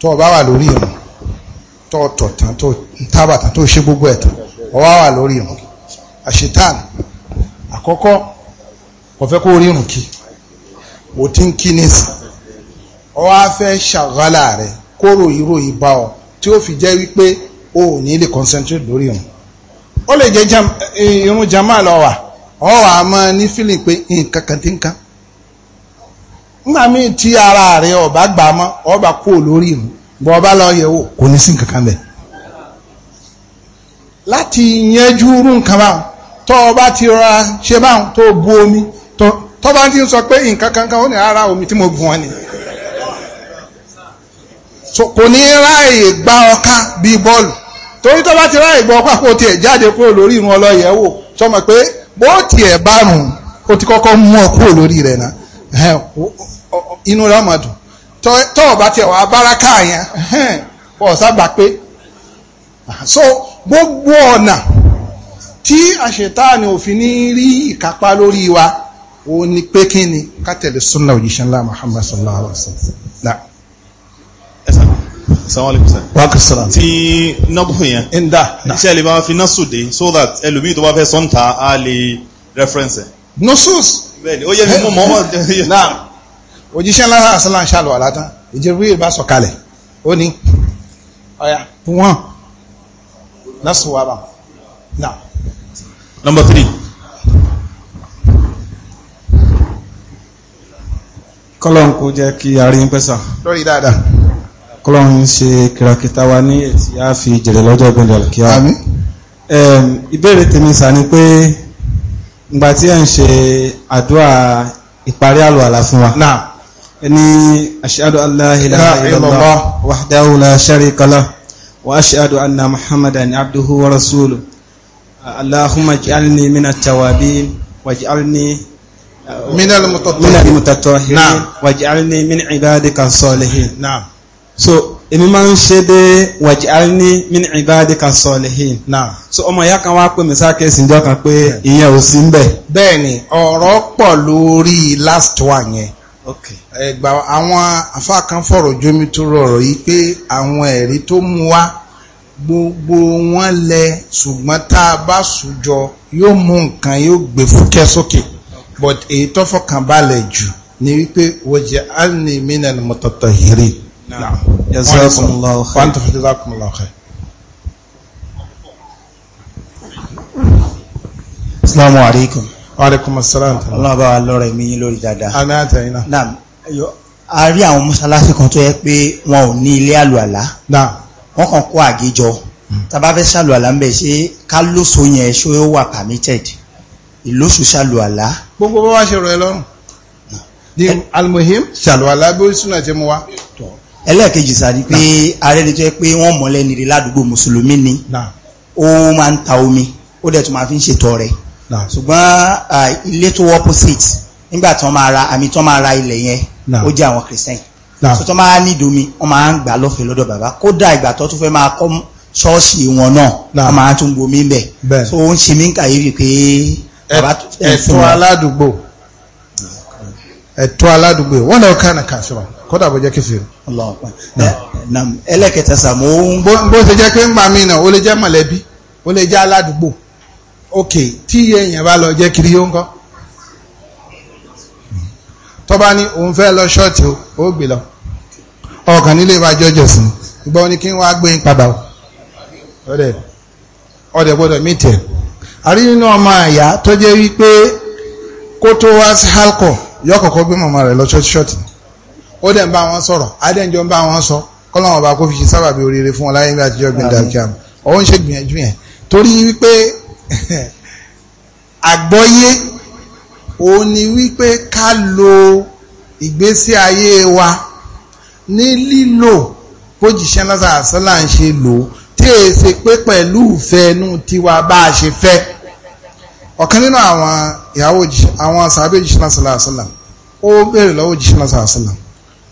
tó o bá wà lórí ìrun tó o tọ̀ tán tó ń tábà tó o ṣe gbogbo ẹ̀ tán o wá wà lórí ìrun àṣetán àkọ́kọ́ kò fẹ́ kó o rí ìrun kí o ti ń kí nísìn o wá fẹ́ ṣàgálà rẹ̀ kóró ìròyìn bá ọ tí ó fi jẹ́ wípé o ò ní lè concentrate lórí ìrun ó lè jẹ́ irun jamaa lọ wà ọ wà á máa ní feeling pé nǹkan kan ti ń kan nígbà míì tí ara rẹ̀ ọba gbà mọ́ ọba kú lórí ìmú bọ́ ọba lọ yẹ̀wò kò ní sí nǹkan kan bẹ̀. láti yẹjú rú nǹkan báwọn tọ́ ọba ti rọra ṣe báwọn tó bu omi tọ́ bá ti ń sọ pé nǹkan kankan ó ní ara omi tí mo gùn ọ́ ni. kò ní ráàyè gbá ọká bíi bọ́ọ̀lù torí tọ́ bá ti ráàyè gbọ́ ọká kó tiẹ̀ jáde kúrò lórí ìrún ọlọ́yẹ̀wò sọmọ pé bó tiẹ̀ bá rùn ó ti kọ́kọ́ mú ọ inú rẹ̀ máa dùn tọ́ ọ̀bá tiẹ̀ wà báràkà yẹn wọ́n sábà pé so gbogbo ọ̀nà tí àṣetáàni òfin ní rí ìkápá lórí wa ó ní pé kí ni ká tẹ̀lé súnà òjíṣẹ́ Muhammad sallallahu alaihi wa sallam. Wákàsílá. Tí nọ́bù yẹn. Ń dà. Iṣẹ́ lè máa fi nọ́sù dé so that ẹlòmíì tó bá fẹ́ sọ́ǹtà á lè reference ẹ̀. Nosus. Bẹ́ẹ̀ni, ó yẹ mi mú mọ́. Náà òjíṣẹ́ ńlá àṣálà ń ṣàlọ̀ àlátán Jibril bá sọ̀kalẹ̀ ó ní ọ̀yà wọ́n lásùwàbà now number three kọ́lọ̀n kó jẹ́ kí a rí ń pẹ́sà lórí dáadáa kọ́lọ̀n ń ṣe kìràkìtà wa ní ètì a fi jèrè lọ́jọ́ ìgbẹ̀lẹ̀ kíá ìbéèrè tèmi sà fún wa. náà إني أشهد أن لا إله إلا الله وحده لا شريك له وأشهد أن محمدا عبده ورسوله اللهم اجعلني من التوابين واجعلني من المتطهرين نعم واجعلني من عبادك الصالحين نعم so èmi máa ń ṣe dé waj'alni min ibadika salihin. so ọmọ ìyá kan wá pè mí sákèsì ìjọ kan pé ìyẹn last one ok ẹgbà àwọn àfáà kan fọ̀rọ̀ jómi tó rọrọ̀ yìí pé àwọn ẹ̀rí tó mú wá gbogbo wọn lẹ ṣùgbọ́n tá a bá sùjọ yóò mú nǹkan yóò gbé fúkẹ́ sókè but èyí tó fọkàn balẹ̀ jù ni wípé wọ́jẹ̀ alni minal mutatahhirin. naam jazakumullahu khair. wọ́n tó fi jazakumullahu khair. assalamu alaikum aleykum asalaam. ọlọ́run bá wa lọ́rọ̀ ẹ̀mí yín lórí dada. àmì àtẹ̀yìn náà. naam a rí àwọn mọ́sálásí kan tó yẹ pé wọn ò ní ilé àlùalá. naam. wọ́n kàn kó àgé jọ. Hmm. tábà fẹ́ ṣàlùalá ń bẹ̀ ṣé ká lóso yẹn ṣó wà permitted ìlóṣù ṣàlùalá. gbogbo bá wá ṣe rọ ẹ lọ́rùn. di almuhim ṣàlùalá bí ó súnà ṣe mu wa. ẹlẹ́ẹ̀kejì sáré pé ààrẹ ni tó yẹ pé wọ́n mọ̀lẹ́ nìrí ládùúgbò mùsùlùmí ni. ó máa ń ta omi ó dẹ̀ tún máa fi ń ṣètọ́ rẹ̀ ṣùgbọ́n ilé tó opposite nígbà tí wọ́n máa ra àmì tí wọ́n máa ra ilẹ̀ yẹn ó jẹ́ àwọn christian so tó máa ní ìdomi wọ́n máa ń gbà lọ́fẹ̀ẹ́ lọ́dọ̀ bàbá kódà ìgbà tó tún fẹ́ máa kọ́ ṣọ́ọ̀ṣì wọn náà wọ́n máa tún gbomi bẹ̀ so ó ń ṣe mí kàyéfì pé bàbá tó fún wọn. ẹ̀tọ́ aládùúgbò ẹ̀tọ́ aládùúgbò wọn náà kàn án kàfíwà kódà bó jẹ́ kẹfìrì. ẹlẹ́kẹ̀tẹ̀ sàmó. bó ṣe jẹ́ pé ń gbà mí náà ó lè jẹ́ mọ̀lẹ́bí ó lè jẹ́ aládùúgbò ok tí iye èèyàn bá lọ jẹ́ kiri yóò ń kọ́ tó bá ní òun fẹ́ lọ ṣọ́ọ̀tì ó gbé lọ ọkàn nílé wa jọjọ sí gbọ́ ni kí n wá gbé ń padà ọ̀dẹ̀ ọ̀dẹ̀ gbọ́dọ̀ mí tiẹ̀ àrí nínú ọmọ àyà tó jẹ́ wípé kó tó wá sí halkọ yọ kọ̀kọ́ gbé mọ̀mọ́ rẹ̀ lọ ṣọ́ọ̀tì ṣọ́ọ̀tì ó dẹ̀ ń bá wọn sọ̀rọ̀ adẹ́njọ́ ń bá wọn sọ kọ́lọ́wọ́n kó fi ṣe sábàbí oríire fún ọláyé bí àtijọ́ gbẹ̀dẹ̀ àkíyàmù ṣe gbìyànjú yẹn torí wípé àgbọ́yé òun ni wípé ká lo ìgbésí ayé wa ní lílò bójìṣẹ́ lọ́sà àsọ́là ń ṣe lò tí è ṣe pé pẹ̀lú ìfẹ́ inú tiwa bá a ṣe fẹ́ ọ̀kan nínú àwọn ìyàwó àwọn sàbẹ̀ òjìṣẹ́ lọ́sà àsọ́là ó béèrè lọ́wọ́ òjìṣẹ́ lọ́sà àsọ́là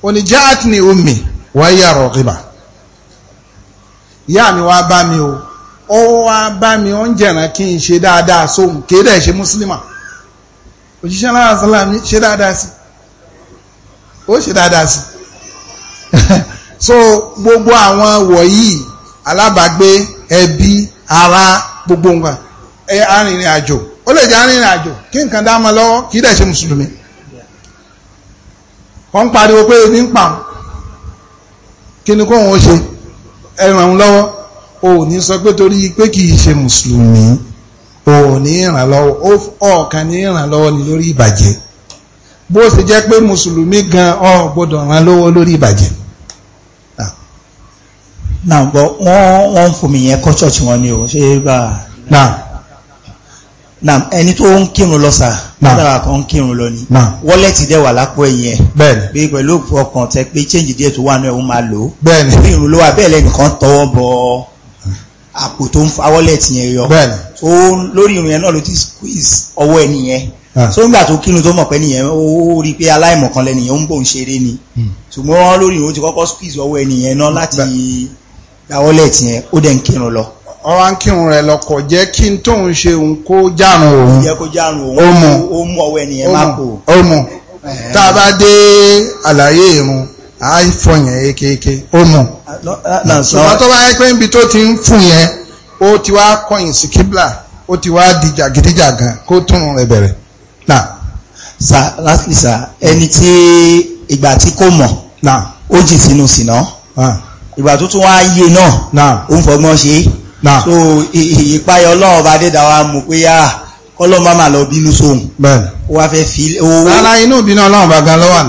ó ní jáàtì ni omi wáyé àrọ̀ rìbà ìyá mi wá bá mi o ó wá bá mi ó ń jẹ̀ràn kí n ṣe dáadáa sóhun kéèdè ṣe múslímà òjíṣẹ́ náà sálàmì ṣe dáadáa sí ó ṣe dáadáa sí so gbogbo àwọn wọ̀nyí alábàágbé ẹbí ara gbogbo nǹkan arìnrìn àjò ó lè jẹ́ arìnrìn àjò kí nǹkan dá mọ́ lọ́wọ́ kí dẹ̀ ṣe mùsùlùmí wọ́n ń pariwo pé ebi ń kí ni kóhun ó ṣe ẹ̀ràn lọ́wọ́ o ò ní sọ pé torí pé kì í ṣe mùsùlùmí o ò ní ìrànlọ́wọ́ ọ̀kan ní ìrànlọ́wọ́ ni lórí ìbàjẹ́ bó ṣe jẹ́ pé mùsùlùmí gan ò gbọ́dọ̀ ràn lọ́wọ́ lórí ìbàjẹ́. Ah. náà bọ́ wọ́n ń fòmì yẹn kọ́ ṣọ́ọ̀ṣì wọn ni o ṣé bá a. náà náà ẹni tó ń kírun lọ sà látara kan ń kírun lọ ni wọ́lẹ̀tì dẹ̀ wà lápò ẹ̀yìn bẹ́ẹ̀ni bí pẹ̀lú ọkàn tẹ pé change díẹ̀ tó wà náà ẹ̀ ń máa lò ó bẹ́ẹ̀ni bí ìrùn bẹ́ẹ̀ lẹ́nìkan tọwọ́ bọ̀ ọ́ àpò tó ń fa wallet yẹn yọ lórí ìrìn yẹn ló ti squeeze ọwọ́ ẹ̀ nìyẹn ah. so nígbà tó kírun tó mọ̀ pé nìyẹn ó rí pé aláìmọ̀kan lẹ́nìyẹn ó ń bò ń ṣeré ni hmm. ṣùgbọ́n lórí ìrìn ó ti kọ́kọ́ squeeze ọwọ́ ẹ̀ nìyẹn náà láti gba wallet yẹn ó dẹ̀ ń kírun lọ ọwá ń kírun rẹ̀ lọ́kọ̀ jẹ́ kí n tó ń ṣe òun kó járun òun ó mú ó mú ọwọ́ ẹnìyẹn má á fọ yẹn ekeke ó mọ̀ ṣùgbọ́n tó bá yẹ pé níbi tó ti ń fún yẹn ó ti wá kọyìn sí kíbla ó ti wá di jàgídíjàgan kó tún rẹ̀ bẹ̀rẹ̀ sa lastly sa ẹni tí ìgbà tí kò mọ̀ náà ó jì sínú sínú ìgbà tó tún wá yé náà ó ń fọgbọ́n ṣe so ìpayọ̀ ọlọ́run bá dé dáwà mú pé yára. Ah, kọlọ́n bá máa lọ bínú sóhun ó wá fẹ́ fi owó rárá inú bínú ọlọ́run bá gan lọ́wà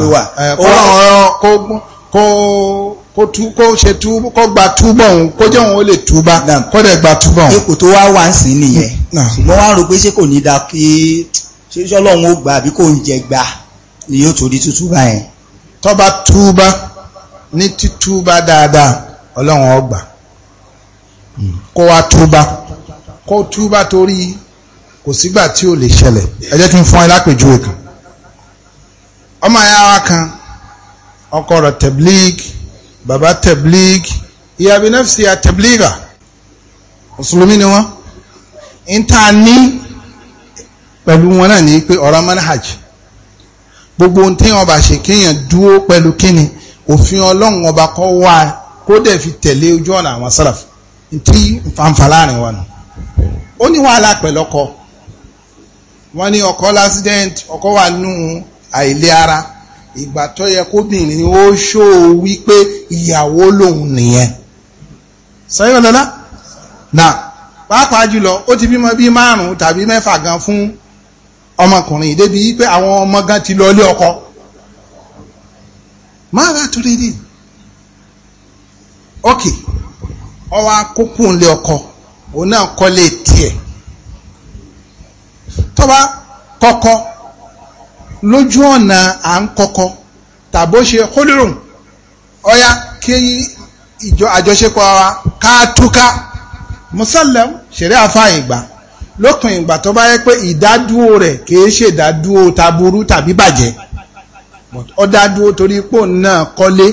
kọlọ́n kó tú kó ṣe tú kó gba túbọ̀ òun kó jẹ́ òun ó lè túbá kó dẹ̀ gba túbọ̀ òun. ipò tó wá wà ń sìn nìyẹn ṣùgbọ́n wá rò pé ṣé kò ní da kí ṣé ṣọlọ́run ó gbà àbí kò ń jẹ gbà ni yóò torí tútúbà yẹn. tó bá ní títúbá dáadáa ọlọ́run ó hmm. kó wá túbá kó túbá torí kò sígbà tí ò lè ṣẹlẹ̀ ẹ jẹ́ kí n fún ẹ lápèjúwe kan ọmọ ẹ̀yà wa kan ọkọ rẹ̀ tẹ̀blíg bàbá tẹ̀blíg ìyàbí nẹ́fìsì ya tẹ̀blígà mùsùlùmí ni wọ́n ń tà ní pẹ̀lú wọn náà ní pé ọ̀rọ̀ manhaj gbogbo ohun tí wọn bá ṣe kéèyàn dúró pẹ̀lú kíni òfin ọlọ́run ọba kọ́ wá kó dẹ̀ fi tẹ̀lé ojú ọ̀nà àwọn sáràfù tí fanfa láàrin wa nù ó ní wàhálà pẹ̀lọ́kọ wọ́n ní ọkọ lásìdẹ́ǹtì ọkọ wà nù àìlera ìgbà tó yẹ kóbìnrin ó ṣó wípé ìyàwó lòun nìyẹn sẹ́yìn lọ́lá na pàápàá jùlọ ó ti bímọ bí márùn-ún tàbí mẹ́fà gan fún ọmọkùnrin débi wípé àwọn ọmọ ti lọ ọkọ bá ok ọkọ òun náà tọ́ba kọ́kọ́ lójú ọ̀nà à ń kọ́kọ́ tàbó ṣe kólérùn ọ̀yá kí ìjọ àjọṣepọ̀ wa ká túká mùsàlẹ̀m ṣeré àfáàyè gbà lókun ìgbà tó bá yẹ pé ìdádúró rẹ̀ kìí ṣe ìdádúró taburú tàbí bàjẹ́ ó dádúró torí pò náà kọ́lé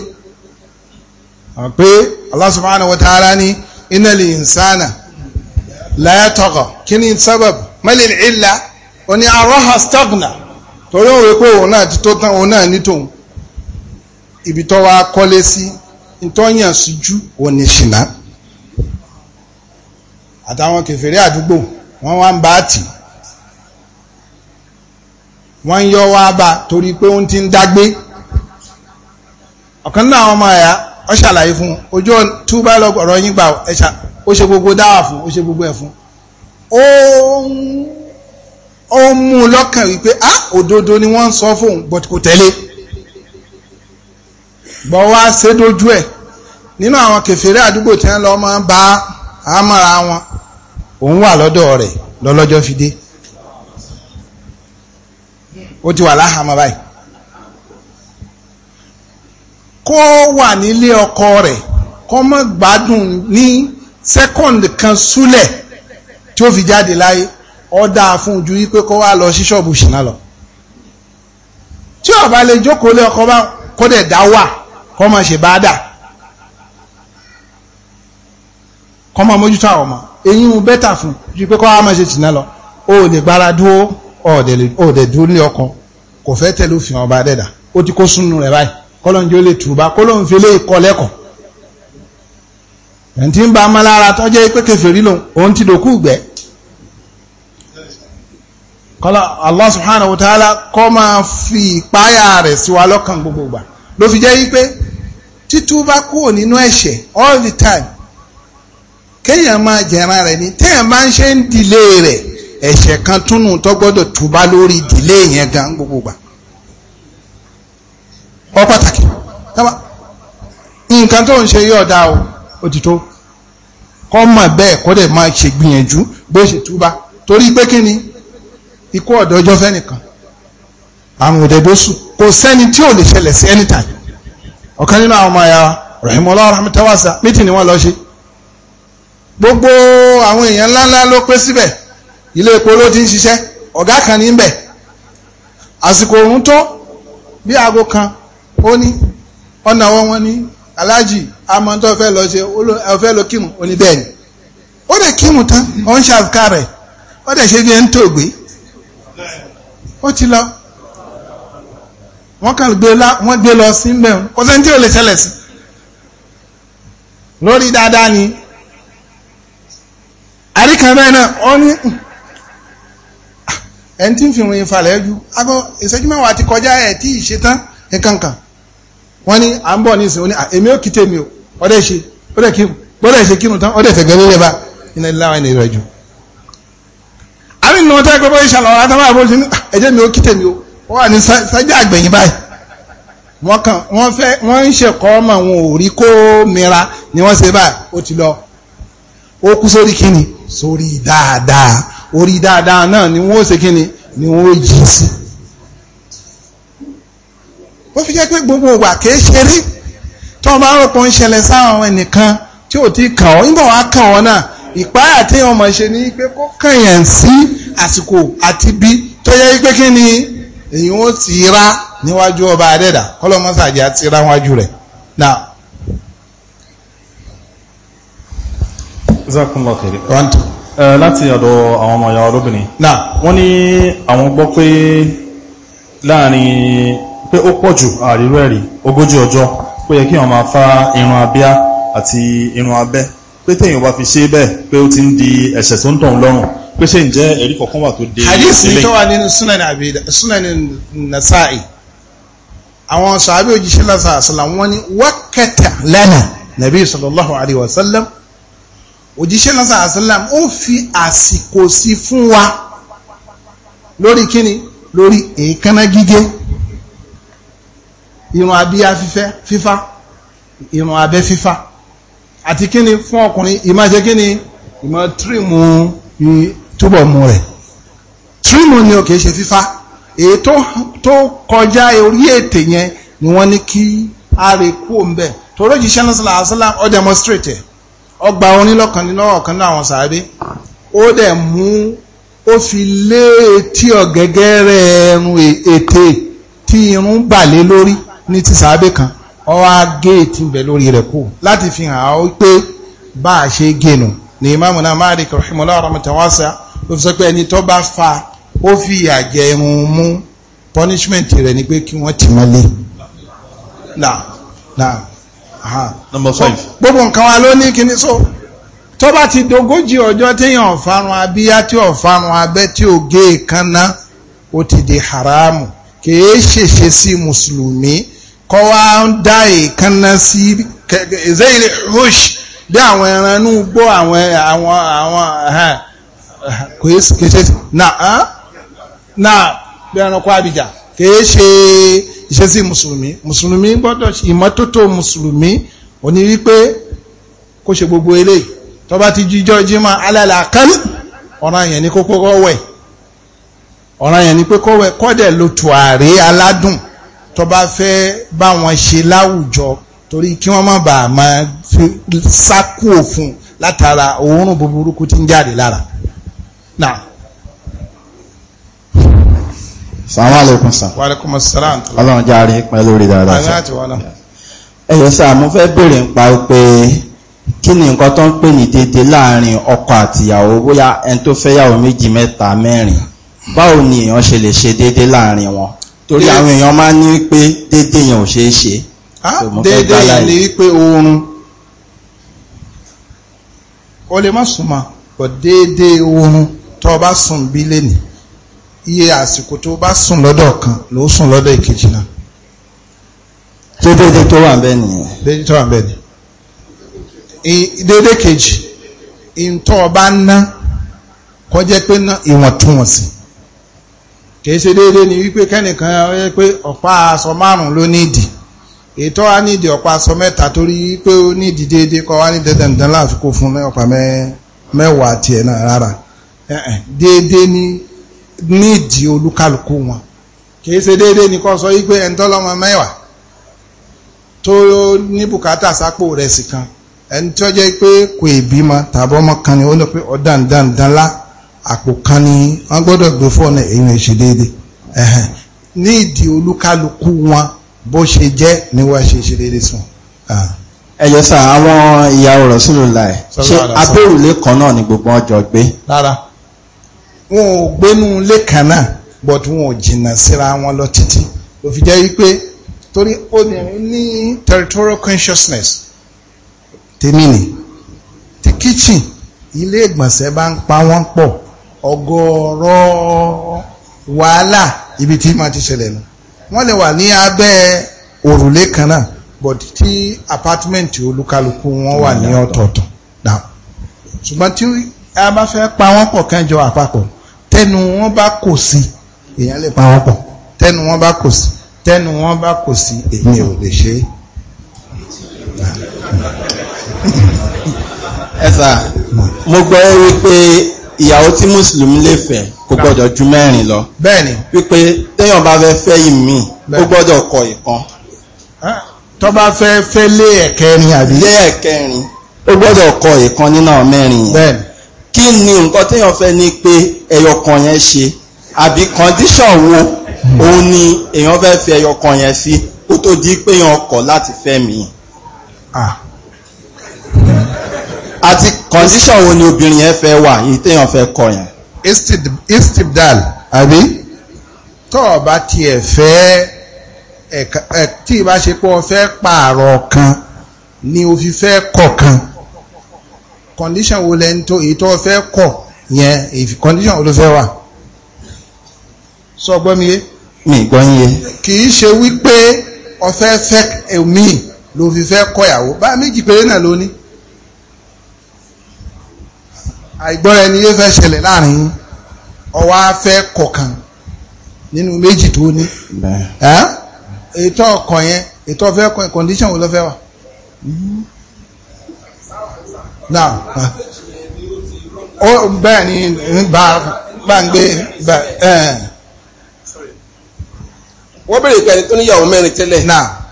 pé Allah subhanahu wa ní innal insana la yatagha kí ni sábàbù mal al ó ní araha stagna torí òun rẹ pé òun náà ti tó tán òun náà ní tòun ibi tó wá kọ́lé sí ntọ́yàn síjú òun ní ṣìnà àtàwọn kèfèrí àdúgbò wọ́n wá ń bá tì wọ́n ń yọ wá bá torí pé òun ti ń dágbé ọ̀kan náà àwọn ọmọ ẹ̀yà ọ ṣàlàyé fún ojú túbá lọ́gbọ̀rọ̀ yín gbà ẹ̀ṣà ó ṣe gbogbo dáwà fún ó ṣe gbogbo ẹ̀ fún ó ó mú un lọ́kàn wípé á ah, òdodo ni wọ́n ń sọ fóun but kò tẹ́lẹ̀ gbọ́ wá ṣe dojú ẹ̀ nínú àwọn kẹfẹ́rẹ́ àdúgbò tí wọ́n lọ máa ń bá àmọ́ra wọn òun wà lọ́dọ̀ rẹ̀ lọ́lọ́jọ́ fi dé ó ti wà láhàámọ́ báyìí kó wà nílé ọkọ rẹ̀ kó má gbádùn ní sẹ́kọ̀ndì kan súlẹ̀ tí ó fi jáde láyé ọdá fún ju wípé kó wá lọ sí ṣọ́ọ̀bù ṣìnà lọ tí ó bá lè jókòó lé ọkọ bá kódẹ̀ dá wà kó má ṣe bá dà kó má mójútó àwọn ọmọ èyí ń bẹ́tà fún ju pé kó wá má ṣe ṣìnà lọ ó lè gbára dúró ọ̀dẹ̀ dúró ní ọkọ kò fẹ́ tẹ̀lé òfin ọba dẹ́dà ó ti kó súnú rẹ̀ báyìí kọ́lọ́njẹ́ ó lè tùrùbá kọ́lọ́n fi lè kọ́ lẹ́kọ̀ọ́ ẹ̀ǹtí ń ba ọmọ tọ́jẹ́ pé rí lòun òun ti dòkú gbẹ́ kọ́lá Allah subhanahu wa ta'ala kọ́ máa fi ìpáyà rẹ̀ sí wa lọ́kàn gbogbo ìgbà ló fi jẹ́ wípé títúbá kúrò nínú ẹ̀ṣẹ̀ all the time kéèyàn ma jẹ̀ran rẹ̀ ni téèyàn máa ń ṣe ń dìlé rẹ̀ ẹ̀ṣẹ̀ kan túnú tó gbọ́dọ̀ túbá lórí ìdílé yẹn gan gbogbo ìgbà ọ pàtàkì nǹkan tó ń ṣe yóò dá o òtítọ́ kọ́ mọ̀ bẹ́ẹ̀ kọ́ dẹ̀ máa ṣègbìyànjú bó ṣe túbá torí pé kí ni ikú ọ̀dọ̀ ọjọ́ fẹ́nìkan àrùn òdèbósù kò sẹ́ni tí ò lè ṣẹlẹ̀ sí anytime ọ̀kan nínú àwọn ọmọ ẹ̀yà rahimahullah rahmatawasa mítì ni wọ́n lọ ṣe gbogbo àwọn èèyàn ńláńlá ló pé síbẹ̀ ilé epo ló ti ń ṣiṣẹ́ ọ̀gá kan ní bẹ̀ àsìkò òun tó bí aago kan ó ní ọ̀nà àwọn wọn ní aláàjì amọ̀ntọ́ fẹ́ lọ ṣe ọ̀fẹ́ lọ kírun oníbẹ̀ẹ̀ni ó lè kírun tán ó ń ṣàfikà rẹ̀ ó dẹ̀ ṣe bí ẹni tó gbé ó ti lọ wọ́n kàn gbé lá wọ́n gbé lọ sí mbẹ̀ kò sẹ́ni tí ò lè ṣẹlẹ̀ sí lórí dáadáa ni àríkàn bẹ́ẹ̀ náà ó ní hmm. ẹni tí ń fi ìròyìn falẹ̀ ju agbọ́ ìṣẹ́jú mẹ́wàá ti kọjá ẹ̀ tí ì ṣe tán nǹkankan wọ́n ní à ń bọ̀ ní ìsìn ó ní èmi ò kí tèmi o ọ̀dẹ̀ ṣe kírun ọ̀dẹ̀ ṣe kírun tán ọ̀dẹ̀ fẹ̀gbẹ́ lélẹ̀ bá iná ìlànà ìrẹ̀jù àmì ìnáwó tẹ́ pé bóyá ìṣàlọ̀ ọ̀rá táwọn àbójú ní ah, ẹ̀jẹ̀ mi ó kí tèmi o ó wà ní sájà àgbẹ̀yìn báyìí wọ́n fẹ́ wọ́n ń ṣèkọ́ ọmọ àwọn òrí kó mira ni wọ́n ṣe báyìí ó ti lọ ó kú sórí kíni sórí dáadáa orí dáadáa náà ni wọ́n ó ṣe kíni ni wọ́n ó jí sí ó fi jẹ́ pé gbogbo ìwà kìí ṣeré tó bá rò pọ̀ ń ṣẹlẹ̀ sáwọn ẹnìkan tí ò ti kàn ọ́ ń bọ̀ kàn ọ́ náà ìpáyà tí wọ́n máa ṣe ní pé kó kàyàn sí àsìkò àti bí tó yẹ pé kí ni èyí ó ti rá níwájú ọba adẹ́dà kọ́lọ́mọ́sàjì àti rá wájú rẹ̀ náà. zakunlọ kiri. láti ọ̀dọ̀ àwọn ọmọ ìyá olóbìnrin. náà wọ́n ní àwọn gbọ́ pé láàrin pé ó pọ̀ jù àrírú ogójì ọjọ́ ó yẹ kí wọ́n máa fa irun abíá àti irun abẹ́ pé téèyàn bá fi ṣe bẹ́ẹ̀ pé ó ti ń di ẹ̀ṣẹ̀ tó ń tàn lọ́rùn pé ṣe ń jẹ́ ẹ̀rí kọ̀ọ̀kan wà tó dé ilé. hadith tó wà nínú sunan abi sunan nasa'i àwọn sàábé òjíṣẹ́ lásà àṣàlà wọn ni wákàtà lánàá nàbí sallallahu alayhi wa sallam òjíṣẹ́ lásà àṣàlà ó fi àsìkò sí fún wa lórí kíni lórí èékánná gígé irun abíyá fífá irun abẹ́ fífá àti kíni fún ọkùnrin ìmá ṣe kíni ìmá trímù túbọ̀ mú rẹ̀ trímù ni ò kìí ṣe fífá èyí tó kọjá orí ètè yẹn ni wọ́n ní kí a rè kú òǹbẹ torí òjíṣẹ́ náà sọlá ọ demonstrate ọgbà onílọ́kan nínú ọ̀kan náà àwọn sàábé ó dẹ̀ mú ó fi lé etí ọ̀gẹ́gẹ́rẹ́ ẹ̀rùn ètè tí irun bà lé lórí ní ti sàábé kan ọwá géètì bẹ̀ lórí rẹ̀ kú láti fi hàn áwọ́ pé bá a ṣe gẹnu ní imáàmù náà Malik rahimahullah rahmatan wasa ló fi sọ pé ẹni tó bá fa ó fi ìyà jẹ irun mú punishment rẹ̀ ni pé kí wọ́n ti mọ́lé náà number five gbogbo nǹkan wa so tó bá ti dogójì ọjọ́ téèyàn ọ̀farun abíyá tí ọ̀farun abẹ́ tí ò gé èékánná ó ti di haramu kìí ṣèṣe sí mùsùlùmí kọ́ wá ń dá èékánná sí zayl hush bí àwọn ẹran inú gbó àwọn àwọn àwọn kìí ṣe na bí ẹranko àbíjà kìí ṣe ìṣesí mùsùlùmí mùsùlùmí gbọ́dọ̀ ìmọ́tótó mùsùlùmí òní wípé kó ṣe gbogbo eléyìí tó bá ti jíjọ́ jímọ̀ alálàákán ọ̀ràn yẹn ni kó kọ́kọ́ wẹ̀ ọ̀ràn yẹn ni pé kọ́wẹ̀ kọ́dẹ̀ lo tùàrí aládùn tó bá fẹ́ bá wọn ṣe láwùjọ torí kí wọ́n má bàa máa sákú òfun látara òórùn búburúkú tí ń jáde lára. Náà. Assalamu alaikum sir. Wa alaikum assalam. Ọlọ́run járe pẹ̀lú orí dáadáa. Àyà àti wọ́n náà. Ẹ̀yọ́ sá, mo fẹ́ bèèrè ń pa pé kí ni nǹkan tó ń pè ní déédéé láàárín ọkọ àtìyàwó bóyá ẹni tó fẹ́ yàwó méjì mẹ́ta mẹ́rin. Báwo ni èèyàn ṣe lè ṣe déédéé láàárín wọn? torí àwọn èèyàn máa ní pé déédé yẹn ò ṣe é ṣe ah, déédé yẹn ni wípé oorun o lè má súnmọ́ pọ̀ déédé oorun tó bá sùn bí lẹ́nì iye àsìkò tó bá sùn lọ́dọ̀ kan ló sùn lọ́dọ̀ ìkejì náà tó déédé tó wà bẹ́ẹ̀ nìyẹn déédé tó wà bẹ́ẹ̀ ni déédé kejì ìntọ́ ọba ná kọjá pé ná ìwọ̀ntúnwọ̀nsì kìí ṣe déédéé ni wípé kẹ́nìkan ẹ pé ọ̀pá aṣọ márùn-ún ló nídìí ètò wa nídìí ọ̀pá aṣọ mẹ́ta torí pé ó nídìí déédéé kọ́ wa ní dandan láti fún ọ̀pá mẹ́wàá tiẹ̀ náà rárá déédéé ni nídìí olúkálùkù wọn kìí ṣe déédéé ni kọ́ sọ wípé ẹni mẹ́wàá tó ní bùkátà sápò rẹ̀ sì kan ẹni tó jẹ́ pé kò ì bímọ kan ni ó lọ pé àpò kan ni wọ́n gbọ́dọ̀ gbé fọ́ọ̀nù èèyàn ṣe déédéé ẹ̀hẹ̀n ní ìdí olúkálukú wọn bó ṣe jẹ́ ni wọ́n ṣe ṣe déédéé sùn. ẹ̀yẹ ah. sà àwọn ìyàwó rẹ̀ sínú ìlà ẹ̀ ṣé abẹ́rùlé kan náà ni gbogbo ọjọ́ gbé. rárá wọn ò gbénú ilé kan náà but wọn ò jìnnà síra wọn lọ títí ló fi jẹ́ wípé torí obìnrin ní territorial consciousness tèmi ni ti kitchen ilé ìgbọ̀nsẹ̀ bá ń pa wọ́n pọ̀ ọ̀gọ̀ọ̀rọ̀ wàhálà ibi tí máa ti ṣẹlẹ̀ nù wọ́n lè wà ní abẹ́ òrùlé kan náà but tí apartment olúkálùkù wọn wà ní ọ̀tọ̀ọ̀tọ̀ ṣùgbọ́n tí a bá fẹ́ pa wọ́n pọ̀ kẹ́jọ àpapọ̀ tẹnu wọn bá kò sí èèyàn lè pa wọ́n pọ̀ tẹnu wọn bá kò sí tẹnu wọn bá kò sí èèyàn ò lè ṣe é. ẹ sà mo gbọ́ wípé ìyàwó tí mùsùlùmí lè fẹ́ kò gbọ́dọ̀ ju mẹ́rin lọ. bẹ́ẹ̀ni. wípé téèyàn bá fẹ́ fẹ́ ìmí ó gbọ́dọ̀ kọ ìkan. tó bá fẹ́ fẹ́ lé ẹ̀kẹrin àbí. lé ẹ̀kẹrin ó gbọ́dọ̀ kọ ìkan nínú mẹ́rin yẹn. bẹ́ẹ̀ni. kí ni nǹkan téèyàn fẹ́ ni pé ẹyọkan yẹn ṣe àbí kọ́ndíṣàn wo hmm. òun ni èèyàn fẹ́ fi ẹyọkan yẹn sí kó tó di pé èèyàn kọ̀ láti fẹ́ mi. ah àti condition wo ni obìnrin yẹn fẹ́ wà yìí téèyàn fẹ́ kọ yẹn. istibdal àbí tó o bá tiẹ̀ fẹ́ tí ìbá ṣe pé o fẹ́ pààrọ̀ kan ni o fi fẹ́ kọ̀ kan condition wo lẹ́ni tó èyí tó o fẹ́ kọ̀ yẹn condition wo ló fẹ́ wà sọ gbọ́ mi yé. mi gbọ́ yé. kì í ṣe wípé o fẹ́ fẹ́ mi ló fi fẹ́ kọ̀yàwó bá méjì péré náà ló ní àìgbọ́ra ẹni yóò fẹ́ ṣẹlẹ̀ láàrin yín ọwọ́ afẹ́ kọ̀ọ̀kan nínú méjì tó ní ètò ọkọ̀ yẹn ètò ọfẹ́ kọ̀ condition wo ló fẹ́ wà. bẹ́ẹ̀ ni bá ń gbé wọ́n bèrè pẹ̀lú tó níyàwó mẹ́rin tẹ́lẹ̀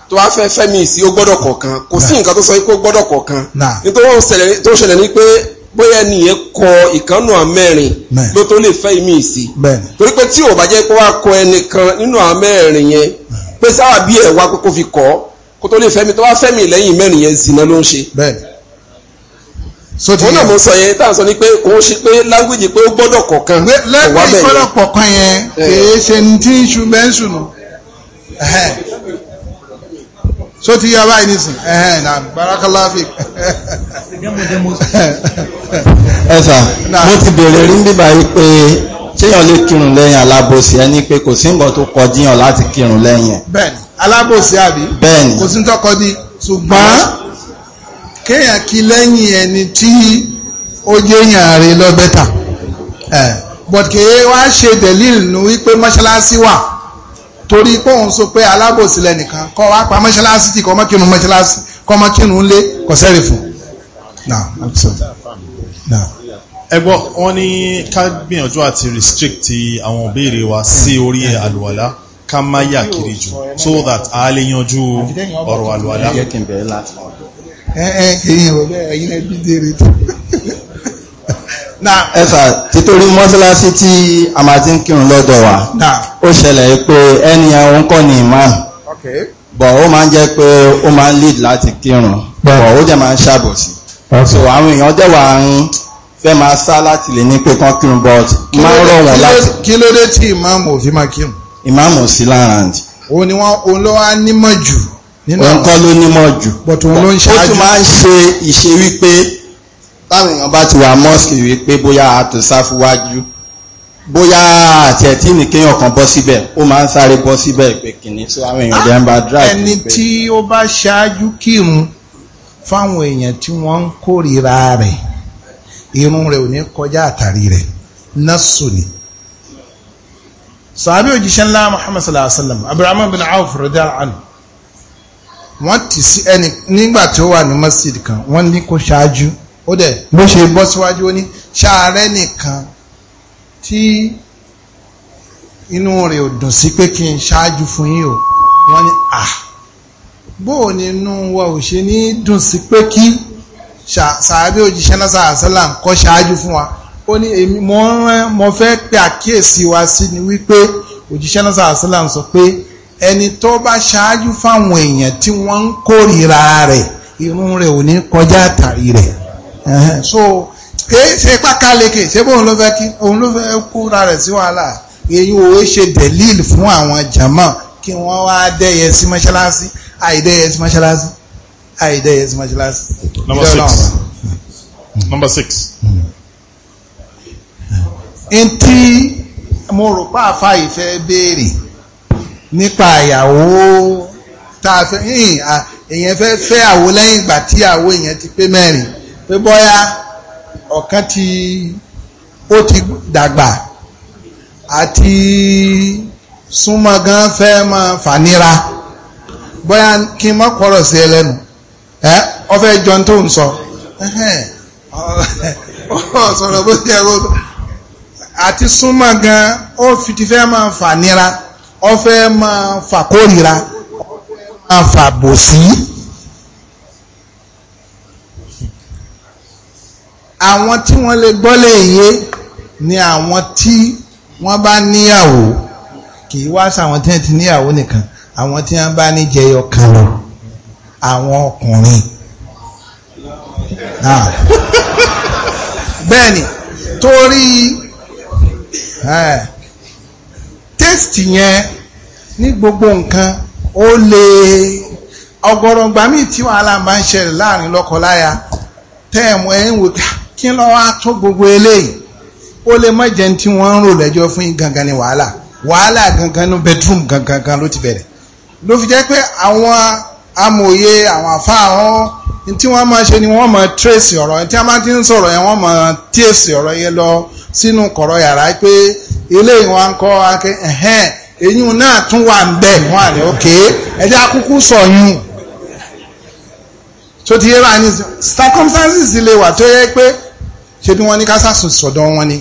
tó wá fẹ́ fẹ́ mi sí ó gbọ́dọ̀ kọ̀ọ̀kan kò sí nǹkan tó sọ pé ó gbọ́dọ̀ kọ̀ọ̀kan nítorí tó ṣẹlẹ̀ ní pé bóyá nìyẹn kọ ìkànnù àmẹ́rin ló tó lè fẹ́ ìmí ìsì torí pé tí ò bá jẹ́ pé wá kọ ẹnìkan nínú àmẹ́rin yẹn pé sáwà bí ẹ̀ wá kókó fi kọ́ kó tó lè fẹ́mi tó wá fẹ́mi lẹ́yìn mẹ́rin yẹn zìnà ló ń ṣe. wọ́n náà mo sọ yẹn tá à ń sọ ni pé òun ṣe pé láńgbèjì pé ó gbọ́dọ̀ kọ̀ọ̀kan. lẹ́gbẹ̀ẹ́ ìgbọ́dọ̀ kọ̀ọ̀kan yẹn kì í eh. ṣe ní tí ń ṣu bẹ́ńsù nù so ti yá báyìí nísìn ẹ̀hẹ́n na barakallahu fik. ẹ sà mo ti bèrè rí bíbá yìí pé ṣéyàn lè kírun lẹ́yìn alábòsí ẹ ní pé kò sí nǹkan tó kọjíyàn láti kírun lẹ́yìn. bẹ́ẹ̀ni alábòsí àbí. bẹ́ẹ̀ni kò sí tọkọ di ṣùgbọ́n kéèyàn kí lẹ́yìn ẹni tí ó jẹ́yàn rẹ̀ lọ bẹ́tà but kéèyàn wá ṣe dẹ̀líìlì nu wípé mọ́ṣáláṣí wà torí pé òun sọ pé alábòsí lẹ́nìkan kọ́ wá pa mọ́ṣáláṣí tí kọ́ mọ́ kírun mọ́ṣáláṣí kọ́ mọ́ kírun lé kọ́ sẹ́rì fún. ẹ gbọ́ wọ́n ní ká gbìyànjú àti restrict àwọn òbéèrè wa sí orí àlùwàlá ká má yà kiri jù so that a lè yanjú ọ̀rọ̀ àlùwàlá. ẹ ẹ kì í yàn wọlé ẹyin ẹbí dèrè tó ẹ̀sà títorí mọ́sálásí tí a máa ti ń kírun lọ́dọ̀ wa ó ṣẹlẹ̀ pé ẹni ẹ̀hún kọ́ ni imam bọ̀ ó máa ń jẹ́ pé ó máa ń lead láti kírun bọ̀ ó jẹ́ máa ń ṣàbòsí so àwọn èèyàn jẹ́ wà ń fẹ́ máa sá láti lè ní pé kán kírun but máa ń rọ̀ wọ́n láti. kí ló dé tí ìmáàmù ò máa kírun. ìmáàmù sí lára òun ni wọn òun ló wá nímọ̀ jù. òun kọ́ ló nímọ̀ jù. but òun ló ń ṣáájú. ó tún máa ń ṣe ìṣe wípé táwọn èèyàn bá ti wà mọ́ọ̀sì wípé bóyá àtòsáfúwájú bóyá àti ẹ̀tí nìkéyàn kan bọ́ síbẹ̀ ó máa ń sáré bọ́ síbẹ̀ ìpè kìíní tí àwọn èèyàn dẹ̀ ń bá drive. ẹni tí ó bá ṣáájú kírun fáwọn èèyàn tí wọ́n ń kórìíra rẹ̀ irun rẹ̀ ò ní kọjá àtàrí rẹ̀ násù ni. sàbí òjíṣẹ́ ńlá muhammad sallallahu alayhi wa sallam abdulrahman bin awf radiyallahu anhu wọ́n ti sí ẹni nígbà tí ó wà ní masjid kan wọ́n ní kó ṣáájú ó dẹ̀ bó ṣe bọ́ síwájú ó ní ṣáàrẹ́ nìkan tí inú rẹ̀ ò dùn sí pé kí n ṣáájú fún yín o wọ́n ní à bóò ni inú wa ò ṣe ní dùn sí pé kí sàábé òjíṣẹ́ náà sàásálà ń kọ́ ṣáájú fún wa ó ní èmi mo rán mo fẹ́ pe àkíyèsí wa sí ni wípé òjíṣẹ́ náà sàásálà ń sọ pé ẹni tó bá ṣáájú fáwọn èèyàn tí wọ́n ń kórìíra rẹ̀ irun rẹ̀ ò ní kọjá àtàrí rẹ̀ so kìí ṣe pákáleke ṣé bóun ló fẹ́ kí òun ló fẹ́ kóra rẹ̀ sí wàhálà èyí ò ṣe dẹ̀líìlì fún àwọn jàmá kí wọ́n wá dẹ́yẹ sí mọ́ṣáláṣí àìdẹ́yẹ sí mọ́ṣáláṣí àìdẹ́yẹ sí mọ́ṣáláṣí. number six number six. n tí mo rò pa àfa ìfẹ́ béèrè nípa ìyàwó tá a fẹ́ èèyàn fẹ́ fẹ́ àwo lẹ́yìn ìgbà tí àwo èèyàn ti pé mẹ́rin pé bọ́yá ọ̀kan ti ó ti dàgbà àti súnmọ́ gan fẹ́ máa fànira bọ́yá kí n má kọ̀rọ̀ sí ẹ lẹ́nu ẹ ọfẹ́ jọun tó ń sọ sọ̀rọ̀ bó ti ẹ̀rọ àti súnmọ́ gan ó fi ti fẹ́ máa fànira ọfẹ́ máa fàkórira máa fàbòsí. àwọn tí wọ́n lè gbọ́ lè yé ni àwọn tí wọ́n bá níyàwó kì í wá sàwọn tí wọ́n ti níyàwó nìkan àwọn tí wọ́n bá ní jẹyọ kan lọ àwọn ọkùnrin bẹ́ẹ̀ ni torí tẹ́sítì yẹn ní gbogbo nǹkan ó lè ọgọ́rọ̀ gbàmí tí wàhálà máa ń ṣẹlẹ̀ láàrin lọ́kọláya tẹ́ẹ̀mù ẹ̀yìn wò ká kí lọ wá tó gbogbo eléyìí ó lè mọ jẹun tí wọ́n ń rò lẹ́jọ́ fún yín gangan ni wàhálà wàhálà gangan ní bedroom gangan gan ló ti bẹ̀rẹ̀ ló fi jẹ́ pé àwọn amòye àwọn àfa àwọn tí wọ́n máa ṣe ni wọ́n máa trace ọ̀rọ̀ tí wọ́n máa ti ń sọ̀rọ̀ yẹn wọ́n máa tíyèsí ọ̀rọ̀ yẹn lọ sínú kọ̀rọ̀ yàrá pé eléyìí wọ́n ń kọ́ akẹ́ ẹ̀hẹ́n náà tún wà ń bẹ̀ wọ́n àrẹ òkè ẹjẹ́ akúkú sọ̀yún tó ti yé bá circumstances lè wà tó yẹ pé ṣé bí wọ́n ní kásásùn sọ̀dọ̀ wọn ni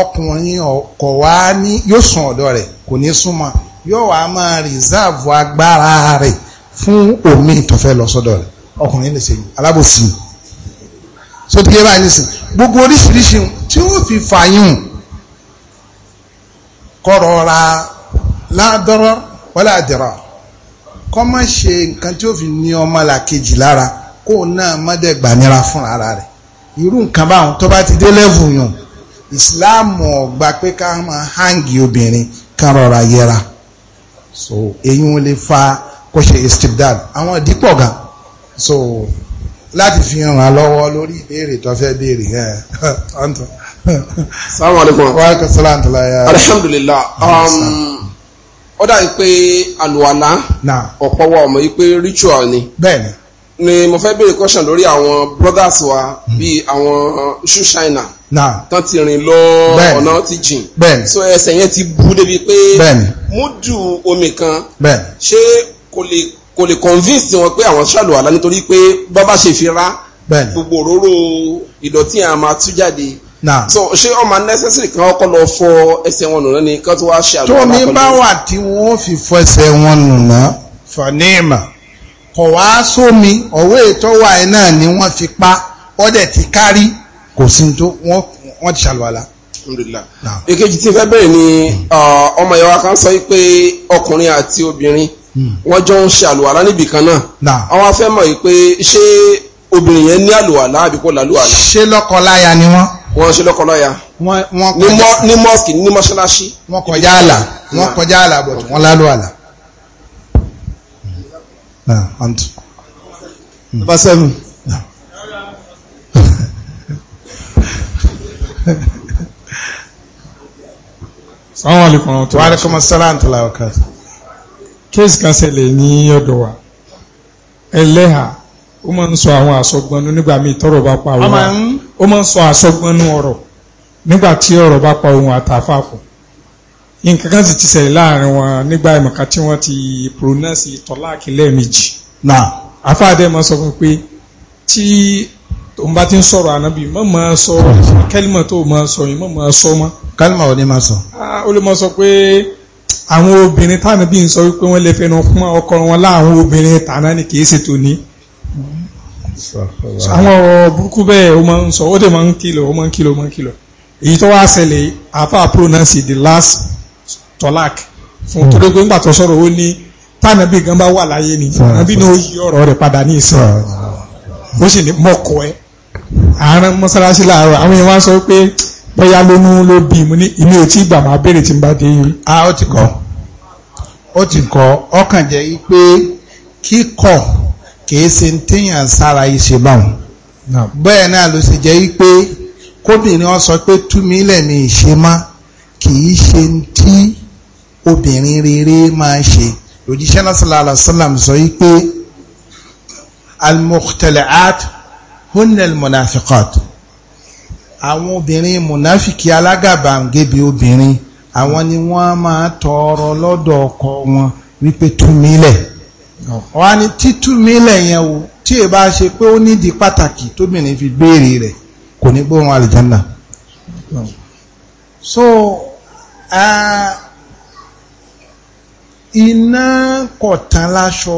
ọkùnrin ọkọ̀ wá ní yóò sùn ọ̀dọ̀ rẹ̀ kò ní súnmọ́ yóò wá máa rìsáàvù agbára rẹ̀ fún omi ìtọ́fẹ́ lọ sọ́dọ̀ rẹ̀ ọkùnrin lè ṣe alábòsí so tí kébà ní sìn gbogbo oríṣiríṣi tí wọ́n fi fàyún kọ̀rọ̀ ra ládọ́rọ́ wọlé àdẹ̀rọ̀ kọ́ má ṣe nǹkan tí ó fi ní ọmọ làkejì lára kó náà má dẹ̀ gbànira fún ara rẹ̀ irú nǹkan báwọn tó bá ti dé lẹ́vù yàn ìsìláàmù ò pé ká máa hangi obìnrin ká rọra yẹra so èyí wọn lè fa kó ṣe istibdal àwọn ìdípọ̀ gan so láti fi hàn án lọ́wọ́ lórí ìbéèrè tó fẹ́ béèrè ẹ̀ ọ̀ntọ́. salamu alaykum. wa alaykum salaam tala ya. alhamdulilah ó dàbí pé àlùwàlá ọ̀pọ̀ wa ọmọ yìí pé ritual ni. bẹ́ẹ̀ni ni mo fẹ́ béèrè question lórí àwọn brothers wa hmm. bíi àwọn shoe shiner. na tán ti rìn lọ ọ̀nà ti jìn. bẹ́ẹ̀ni so ẹsẹ̀ yẹn ti bú débi pé. bẹ́ẹ̀ni múdù omi kan. bẹ́ẹ̀ni ṣé kò lè kò lè convince wọn pé àwọn ṣàlù àlá nítorí pé bàbá ṣe fi rá. bẹ́ẹ̀ni gbogbo òróró ìdọ̀tí yẹn a máa tú jáde. na so ṣé ọmọ necessary kan kọ́ lọ fọ ẹsẹ̀ wọn nù náà ni kán tó wá ṣe àlọ́ àlá kan. tómi bá wà tí wọ́n fi fọ ẹsẹ̀ wọn nù náà kọ̀ wá sómi ọ̀wé ìtọ́wà ẹ̀ náà ni wọ́n fi pa ọ̀dẹ̀ ti kárí kò sí tó wọ́n ti ṣàlùwàlà. èkejì tí fẹ́ bẹ̀rẹ̀ ni hmm. uh, ọmọ ìyá wa kan sọ pé ọkùnrin àti obìnrin hmm. wọ́n jọ ń ṣe àlùwàlà níbì kan náà àwọn afẹ́ mọ̀ yìí pé ṣé obìnrin yẹn ní àlùwàlà àbí kò lálùwàlà. ṣé lọ́kọláya ni wọ́n. wọ́n ṣe lọ́kọláya. ní mọ́ọ̀sì ní mọ́ṣáláṣí. wọ́n kọjá àlà wọ́n kọjá àlà bọ̀tù wọ́n lálùwàlà. Now, and mm. Hm. number seven. Now. Assalamu alaikum. Wa alaikum assalam tó láwọ̀ ká. kan ṣẹlẹ̀ ní ọ̀dọ̀ wa. Ẹlẹ́hà ó máa ń sọ àwọn nígbà bá pa òun. Ó máa ń sọ nǹkan kan sì ti ṣẹlẹ̀ láàrin wọn nígbà ìmọ̀ká tí wọ́n ti pronounce tọ́láàkì lẹ́ẹ̀mejì náà afáàdé máa sọ fún pé tí òun bá ti ń sọ̀rọ̀ ànábì mọ́ máa sọ kẹ́límà tó máa sọ yìí mọ́ máa sọ mọ́. kẹ́límà ò ní máa sọ. ó lè máa sọ pé àwọn obìnrin táwọn bí ń sọ wípé wọ́n lè fẹnu kún ọkọ wọn láwọn obìnrin tàná ni kì í ṣe tòní àwọn ọ̀rọ̀ burúkú bẹ́ẹ̀ o máa ń sọ ó dẹ̀ máa ń kìlọ̀ ó máa ń kìlọ̀ ó máa ń kìlọ̀ èyí tó wá ṣẹlẹ̀ àfa pronounce the last Tolak fún hmm. torí pé ńgbà tó sọ̀rọ̀ ó ní gan wà láyé ni tànàbí hmm. náà yí ọ̀rọ̀ padà ní ìsìn hmm. ó sì ní mọ́kọ ẹ àárín mọ́sálásí làárọ̀ àwọn èèyàn wá sọ pé bóyá lóyún ló bí mu ní ilé ò tí gbà máa béèrè tí ń bá dé a ó ti ó ti ọkàn pé kìí ṣe ń náà ló ṣe pé kóbìnrin ọ sọ pé ìṣe má kìí ṣe ń obìnrin rere máa ń ṣe lòjíṣẹ́ náà sallallahu alaihi wasallam sọ yí pé al-mukhtali'at hunna al-munafiqat àwọn obìnrin munafiki alágàbàǹgẹ̀bì obìnrin àwọn ni wọ́n máa tọrọ lọ́dọ̀ ọkọ wọn wípé túmílẹ̀ wọ́n ní títúmílẹ̀ yẹn o tí ẹ bá ṣe pé ó nídìí pàtàkì tóbìnrin fi béèrè rẹ̀ kò ní gbóhùn àlìjánà so uh, iná kọ̀tán láṣọ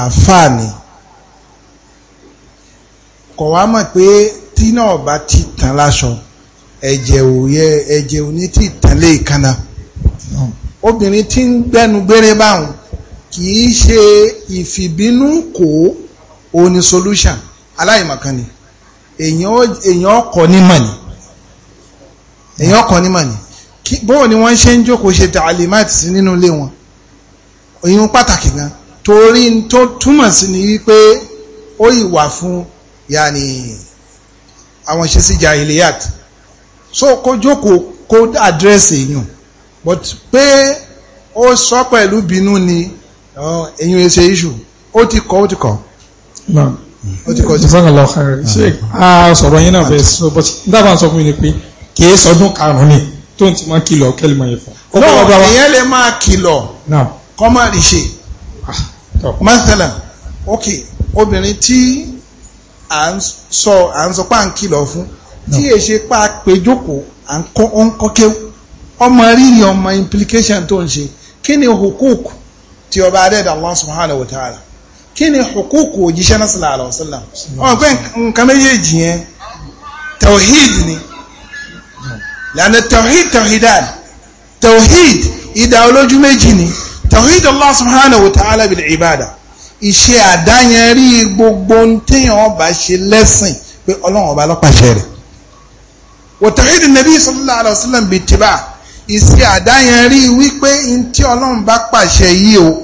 àǹfààní kọ̀ wá mọ̀ pé tí náà bá ti tàn láṣọ ẹ̀jẹ̀ ò yẹ ẹ̀jẹ̀ ò ní tí tàn lé ìkànnà obìnrin tí ń gbẹ́nu gbére báwọn kì í ṣe ìfìbínú kò ó ní solution aláìmọ̀kan ni èèyàn ọkọ̀ ní mọ̀nì èèyàn ọkọ̀ ní mọ̀nì bóò ni wọ́n ṣe ń jókòó ṣe tààlímàtì sí nínú ilé wọn ìyún pàtàkì gan torí tó túmọ̀ sí ni wípé ó ìwà yani? yàní àwọn ìṣesí jahiliyat so kó jókòó kó àdírẹ́sì èèyàn but pe o sọ pẹ̀lú bínú ni èèyàn ẹsẹ̀ iṣu ó ti kọ́ ó ti kọ́. ó ti kọ́ sí. ṣé ọ̀la ọ̀ka rẹ̀ ṣe a sọ̀rọ̀ yín náà bẹ́ẹ̀ sọ bọ́ dábàá sọ fún mi ni pé kì í sọdún karùn ni tó ń ti máa kìlọ̀ kẹ́lìmọ̀ yẹn fún. ọ̀pọ̀ ìyẹn lè máa kìlọ̀ kọ́mọ̀ rí ṣe ah, mọ́sálà ok obìnrin tí à ń sọ à ń sọ pá ń kìlọ̀ fún tí è ṣe pá péjókòó à ń kọ́kẹ́ ọmọ rírì ọmọ implication tó ń ṣe kí ni hukuku tí ọba adẹ́dà Allah subhanahu wa ta'ala kí ni hukuku òjíṣẹ́ náà sallallahu alaihi wasallam ọmọ pé nǹkan ni lànà tawhid tawhidan tawhid ìdá olójú méjì ni tawhid allah subhanahu wa ta'ala bil ibada iṣẹ́ àdáyẹnrí gbogbo téèyàn ọba ṣe lẹ́sìn pé ọlọ́run ọba lọ́pàṣẹ rẹ̀ wa tawhid nabi sallallahu alayhi wa sallam bi tiba iṣẹ́ àdáyẹnrí wípé ntí ọlọ́run bá pàṣẹ yìí o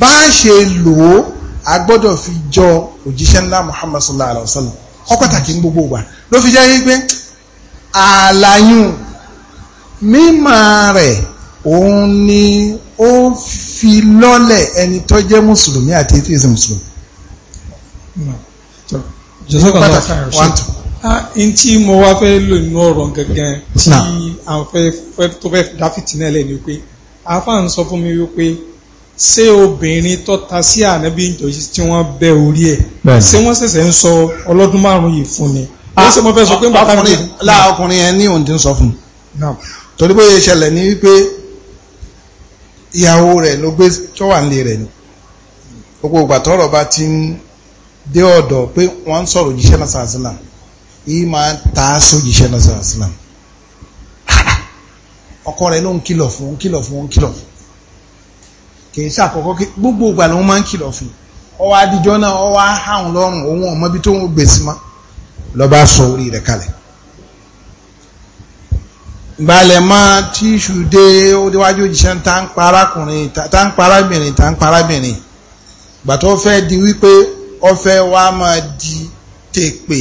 bá ṣe lò ó a gbọ́dọ̀ fi jọ òjíṣẹ́ ńlá muhammad sallallahu alayhi wa gbogbo wa ló fi jẹ́ wípé àlàyé mímọ̀ rẹ̀ òun ni ó fi lọ́lẹ̀ ẹni tó jẹ́ mùsùlùmí àti ètò ìsìn mùsùlùmí. jọ́sọ́kànlá n ah, tí mo wá fẹ́ lò nínú ọ̀rọ̀ gangan tí à ń fẹ́ tó fẹ́ dá fìtínà lẹ̀ ni pé àáfà ń sọ fún mi wípé ṣé obìnrin tó ta sí ànábì ìjọsí tí wọ́n bẹ orí ẹ̀ ṣé wọ́n ṣẹ̀ṣẹ̀ ń sọ ọlọ́dún márùn-ún yìí fún ni ó ṣe mo fẹ́ sọ pé ń bá tàbí. Ah, ọkùnrin yẹn ní òun ń sọ fún un torí bóyá ìṣẹ̀lẹ̀ ni wípé ìyàwó rẹ̀ ló gbé tó nle rẹ rẹ̀ ni gbogbo bá ti ń dé ọ̀dọ̀ pé wọ́n ń sọ̀rọ̀ òjíṣẹ́ náà máa ń ta sójíṣẹ́ náà sàásìlà ọkọ rẹ̀ ló ń kìlọ̀ fún ń kìlọ̀ fún ń kìlọ̀ gbogbo ìgbà máa ń kìlọ̀ fún ọwọ́ adijọ́ náà ọwọ́ ahàn lọ́rùn òun ọmọ ibi tó ń gbèsè balẹ̀mọ́ tíṣù dé ó déwájú òjíṣẹ́ tá ń parákùnrin tá ń parábìnrin tá ń parábìnrin gbàtọ́ fẹ́ di wípé ọfẹ́ wa máa di tèpè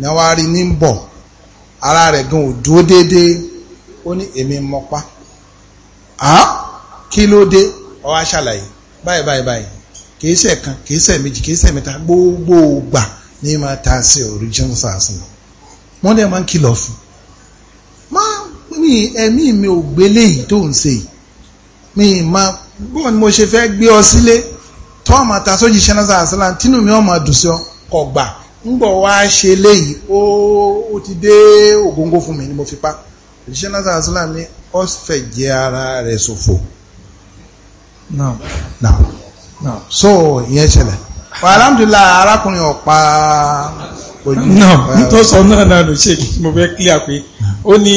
náà wá rí ní bọ̀ ara rẹ̀ gan ò dúó déédéé ó ní èmi mọ́pá kí ló dé ó wá ṣàlàyé báyìí báyìí báyìí kìí ṣe kan kìí ṣe méjì kìí ṣe mẹ́ta gbogbo gbà ní máa ta sí original sars náà wọ́n dẹ̀ máa ń kìlọ̀ fún un mi ẹ̀mí mi ò gbélé yìí tó ń ṣe mi ma bó ni mo ṣe fẹ́ gbé ọ sílé tọ́ ọmọ àtàsójì ṣẹ́nàṣà àṣàlà tínú mi ọmọ àdùsọ kọ̀ gbà ń bọ̀ wá ṣe léyìí ó ti dé ògóńgó fún mi ni mo fi pa ṣẹ́nàṣà àṣàlà mi ó fẹ́ jẹ́ ara rẹ̀ ṣòfò. náà náà náà so ìyẹn ṣẹlẹ̀ alhamdulillah arákùnrin ọ̀pá ojú. náà nítorí sọ náà náà ló ṣe mo fẹ́ clear pé ó ní.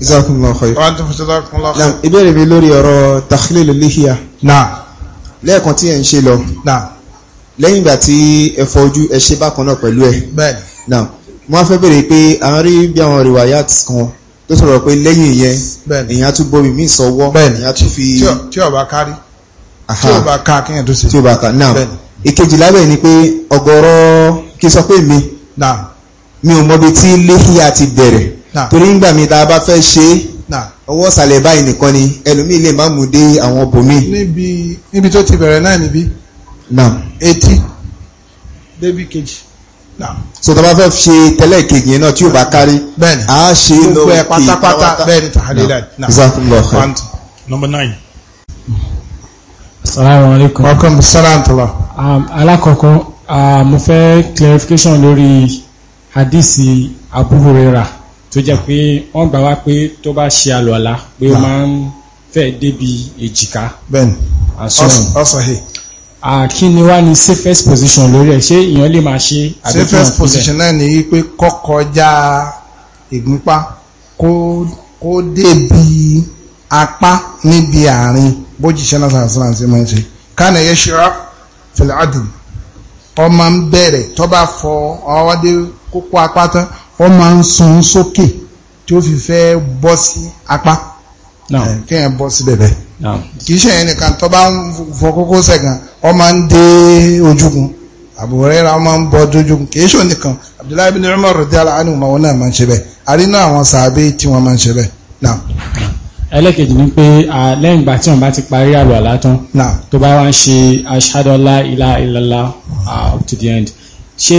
jazakumullahu khairan. wàá tún jazakumullahu khairan. ìbéèrè mi lórí ọ̀rọ̀ takhlil lihiya. náà. lẹ́ẹ̀kan tí ẹ̀ ń ṣe lọ. náà. lẹ́yìn ìgbà tí ẹ fọ ojú ẹ ṣe bákan náà pẹ̀lú ẹ. bẹ́ẹ̀ni. náà mo wá fẹ́ béèrè pé àwọn rí bí àwọn rìwáyàt kan tó sọ̀rọ̀ pé lẹ́yìn ìyẹn èèyàn tún bomi mí sọ́wọ́ èèyàn tún fi. tí ó bá kárí tí ó bá ká kéèyàn tó ṣe. tí ó bá ká náà ìkejì mi mi ò mọbi ti bẹ̀rẹ̀ torí ń gbà mí tá a bá fẹ́ ṣe é ọwọ́ ìsàlẹ̀ báyìí nìkan ni ẹlòmíì lè má mú dé àwọn bòmíì. níbi níbi tó ti bẹ̀rẹ̀ náà níbí. etí débi kejì. so tá a bá fẹ́ ṣe tẹ́lẹ̀ kejì yẹn náà tí yóò bá kárí. bẹ́ẹ̀ni a ṣe ló kí pátápátá bẹ́ẹ̀ni tàhálílà. number nine. salaamaleykum. welcome salaam tala. Um, alákọ̀ọ́kọ́ uh, mo fẹ́ clarification lórí hadisi Abu Hurairah tó jẹ́ pé wọ́n gbà wá pé tó bá ṣe àlọ́lá pé ó máa ń fẹ́ débi èjìká kí ni wá ní safest position lórí ẹ̀ ṣé èèyàn lè máa ṣe safest position náà ni wípé kọ́kọjá ìgúnpá kó débi apá níbi àárín bójìṣẹ́ náà sàrànsàn sí mọ́ ṣe kánà yẹ ṣíra fìlà àdùn ọmọ ń bẹ̀rẹ̀ tó bá fọ ọwọ́dé kókó apá tán ó máa ń sun sókè tí ó fi fẹ́ bọ́ sí apá kí yẹn bọ́ sí bẹ̀bẹ̀ kì í ṣe yẹn nìkan tó bá ń fọ kókó sẹ̀gàn ó máa ń dé ojúgun àbúrẹ́ra ó máa ń bọ́ dójúgun kì í ṣe nìkan Abdullahi bin Umar radiyallahu anhu wọn náà máa ń ṣe bẹ́ẹ̀ àrínú àwọn sàábé tí wọ́n máa ń ṣe bẹ́ẹ̀ náà ẹlẹ́kejì ni pé lẹ́yìn ìgbà tí wọ́n bá ti parí àlùwàlá tán tó bá wá ń ṣe ashhadu alla ilaha illallah up to the end ṣé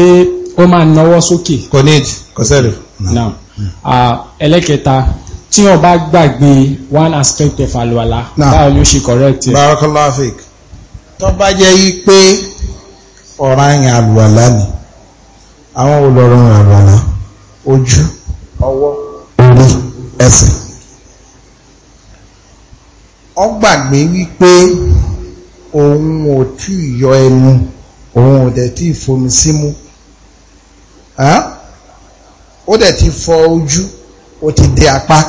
ó máa náwó sókè. kò ní ìdí kò sẹ́rì. Uh, ẹlẹ́kẹta tí wọ́n bá gbàgbé one aspect of àlùwàlá báwo ni ó ṣe correct ẹ̀. barakallahu fik tó bá jẹ́ yí pé ọ̀ranyàn àlùwàlá ni àwọn olórun àlùwàlá ojú ọwọ́ orí ẹsẹ̀ ó gbàgbé wípé òun ò tí ì yọ ẹnu òun ò dẹ̀ tí ì fomi símú ó dẹ̀ ti fọ ojú ó ti dé apá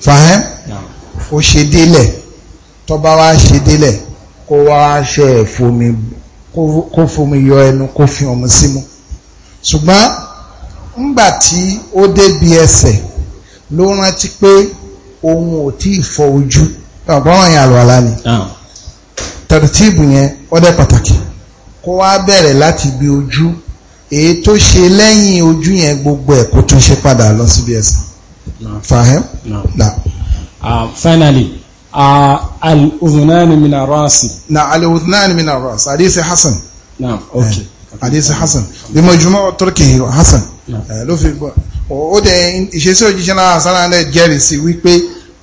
fàáhẹ́n ó ṣe délẹ̀ tó bá wá ṣe délẹ̀ kó wá ṣe ẹ̀fọ́mi kó fomi yọ ẹnu kó fi ọmọ símú ṣùgbọ́n ńgbà tí ó débi ẹsẹ̀ ló rántí pé òun ò tí ì fọ ojú ọ̀pọ̀ àwọn èèyàn àlùwàlá ni tẹ̀rẹ̀tìbù yẹn ó dẹ̀ pàtàkì kó wá bẹ̀rẹ̀ láti ibi ojú èyí tó ṣe lẹ́yìn ojú yẹn gbogbo ẹ̀ kó tún ṣe padà lọ síbi ẹ̀sìn. fahim na. Ah, finally uh, al-udhunani min rasi na al-udhunani min ar-rasi hadisi hasan. na eh, okay. hadisi hasan bí mo jùmọ̀ wọ́n turkey hasan eh, ló fi gbọ́ ó dẹ̀ ìṣesí òjíṣẹ́ náà sára lẹ̀ jẹ́rìí sí wípé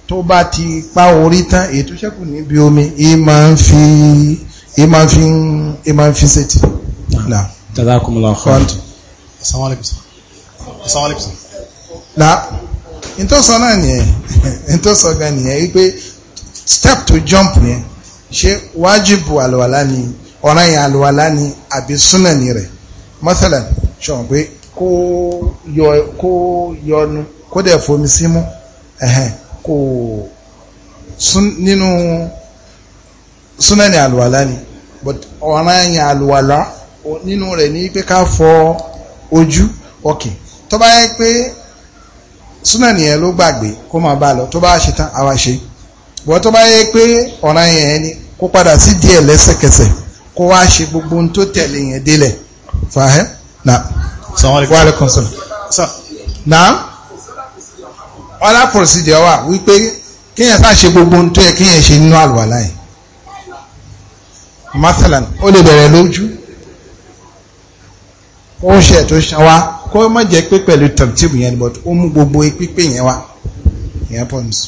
tó bá ti pa orí tán èyí tó ṣẹ́kù níbi omi ì máa ń fi ì máa ń fi ń Na jazakumullahu khairan. assalamu alaikum assalamu alaikum. na ntọ́sọ náà nìyẹn ntọ́sọ gan step to jump ni, ṣé wajibu àlùwàlá ni ọ̀ràn yẹn àlùwàlá ni àbí súnà ni rẹ̀ mọ́sálà ṣọ̀n pé kó yọ kó yọnu kó dẹ̀ fomi símú kó nínú súnà ni àlùwàlá ni but ọ̀ràn yẹn àlùwàlá nínú rẹ̀ ní pé ká fọ ojú ọkè tó bá yẹ pé súnà nìyẹn ló gbàgbé kó máa bá lọ tó bá ṣe tán àwa ṣe bọ́ tó bá yẹ pé ọ̀ràn yẹn ni kó padà sí díẹ̀ lẹ́sẹ̀kẹsẹ̀ kó wá ṣe gbogbo ohun tó tẹ̀lé yẹn délẹ̀ fàáhẹ́ na wa alaikum salaam na ọlá procedure wà wípé kíyàn sá ṣe gbogbo ohun tó yẹ kíyàn ṣe nínú àlùwàlá yẹn mathalan ó lè bẹ̀rẹ̀ lójú ó ń ṣe ètò ṣan wa kó má jẹ́ pé pẹ̀lú tọ̀tíìmù yẹn but ó mú gbogbo pípé yẹn wa ìyẹn pọ̀ nìsọ.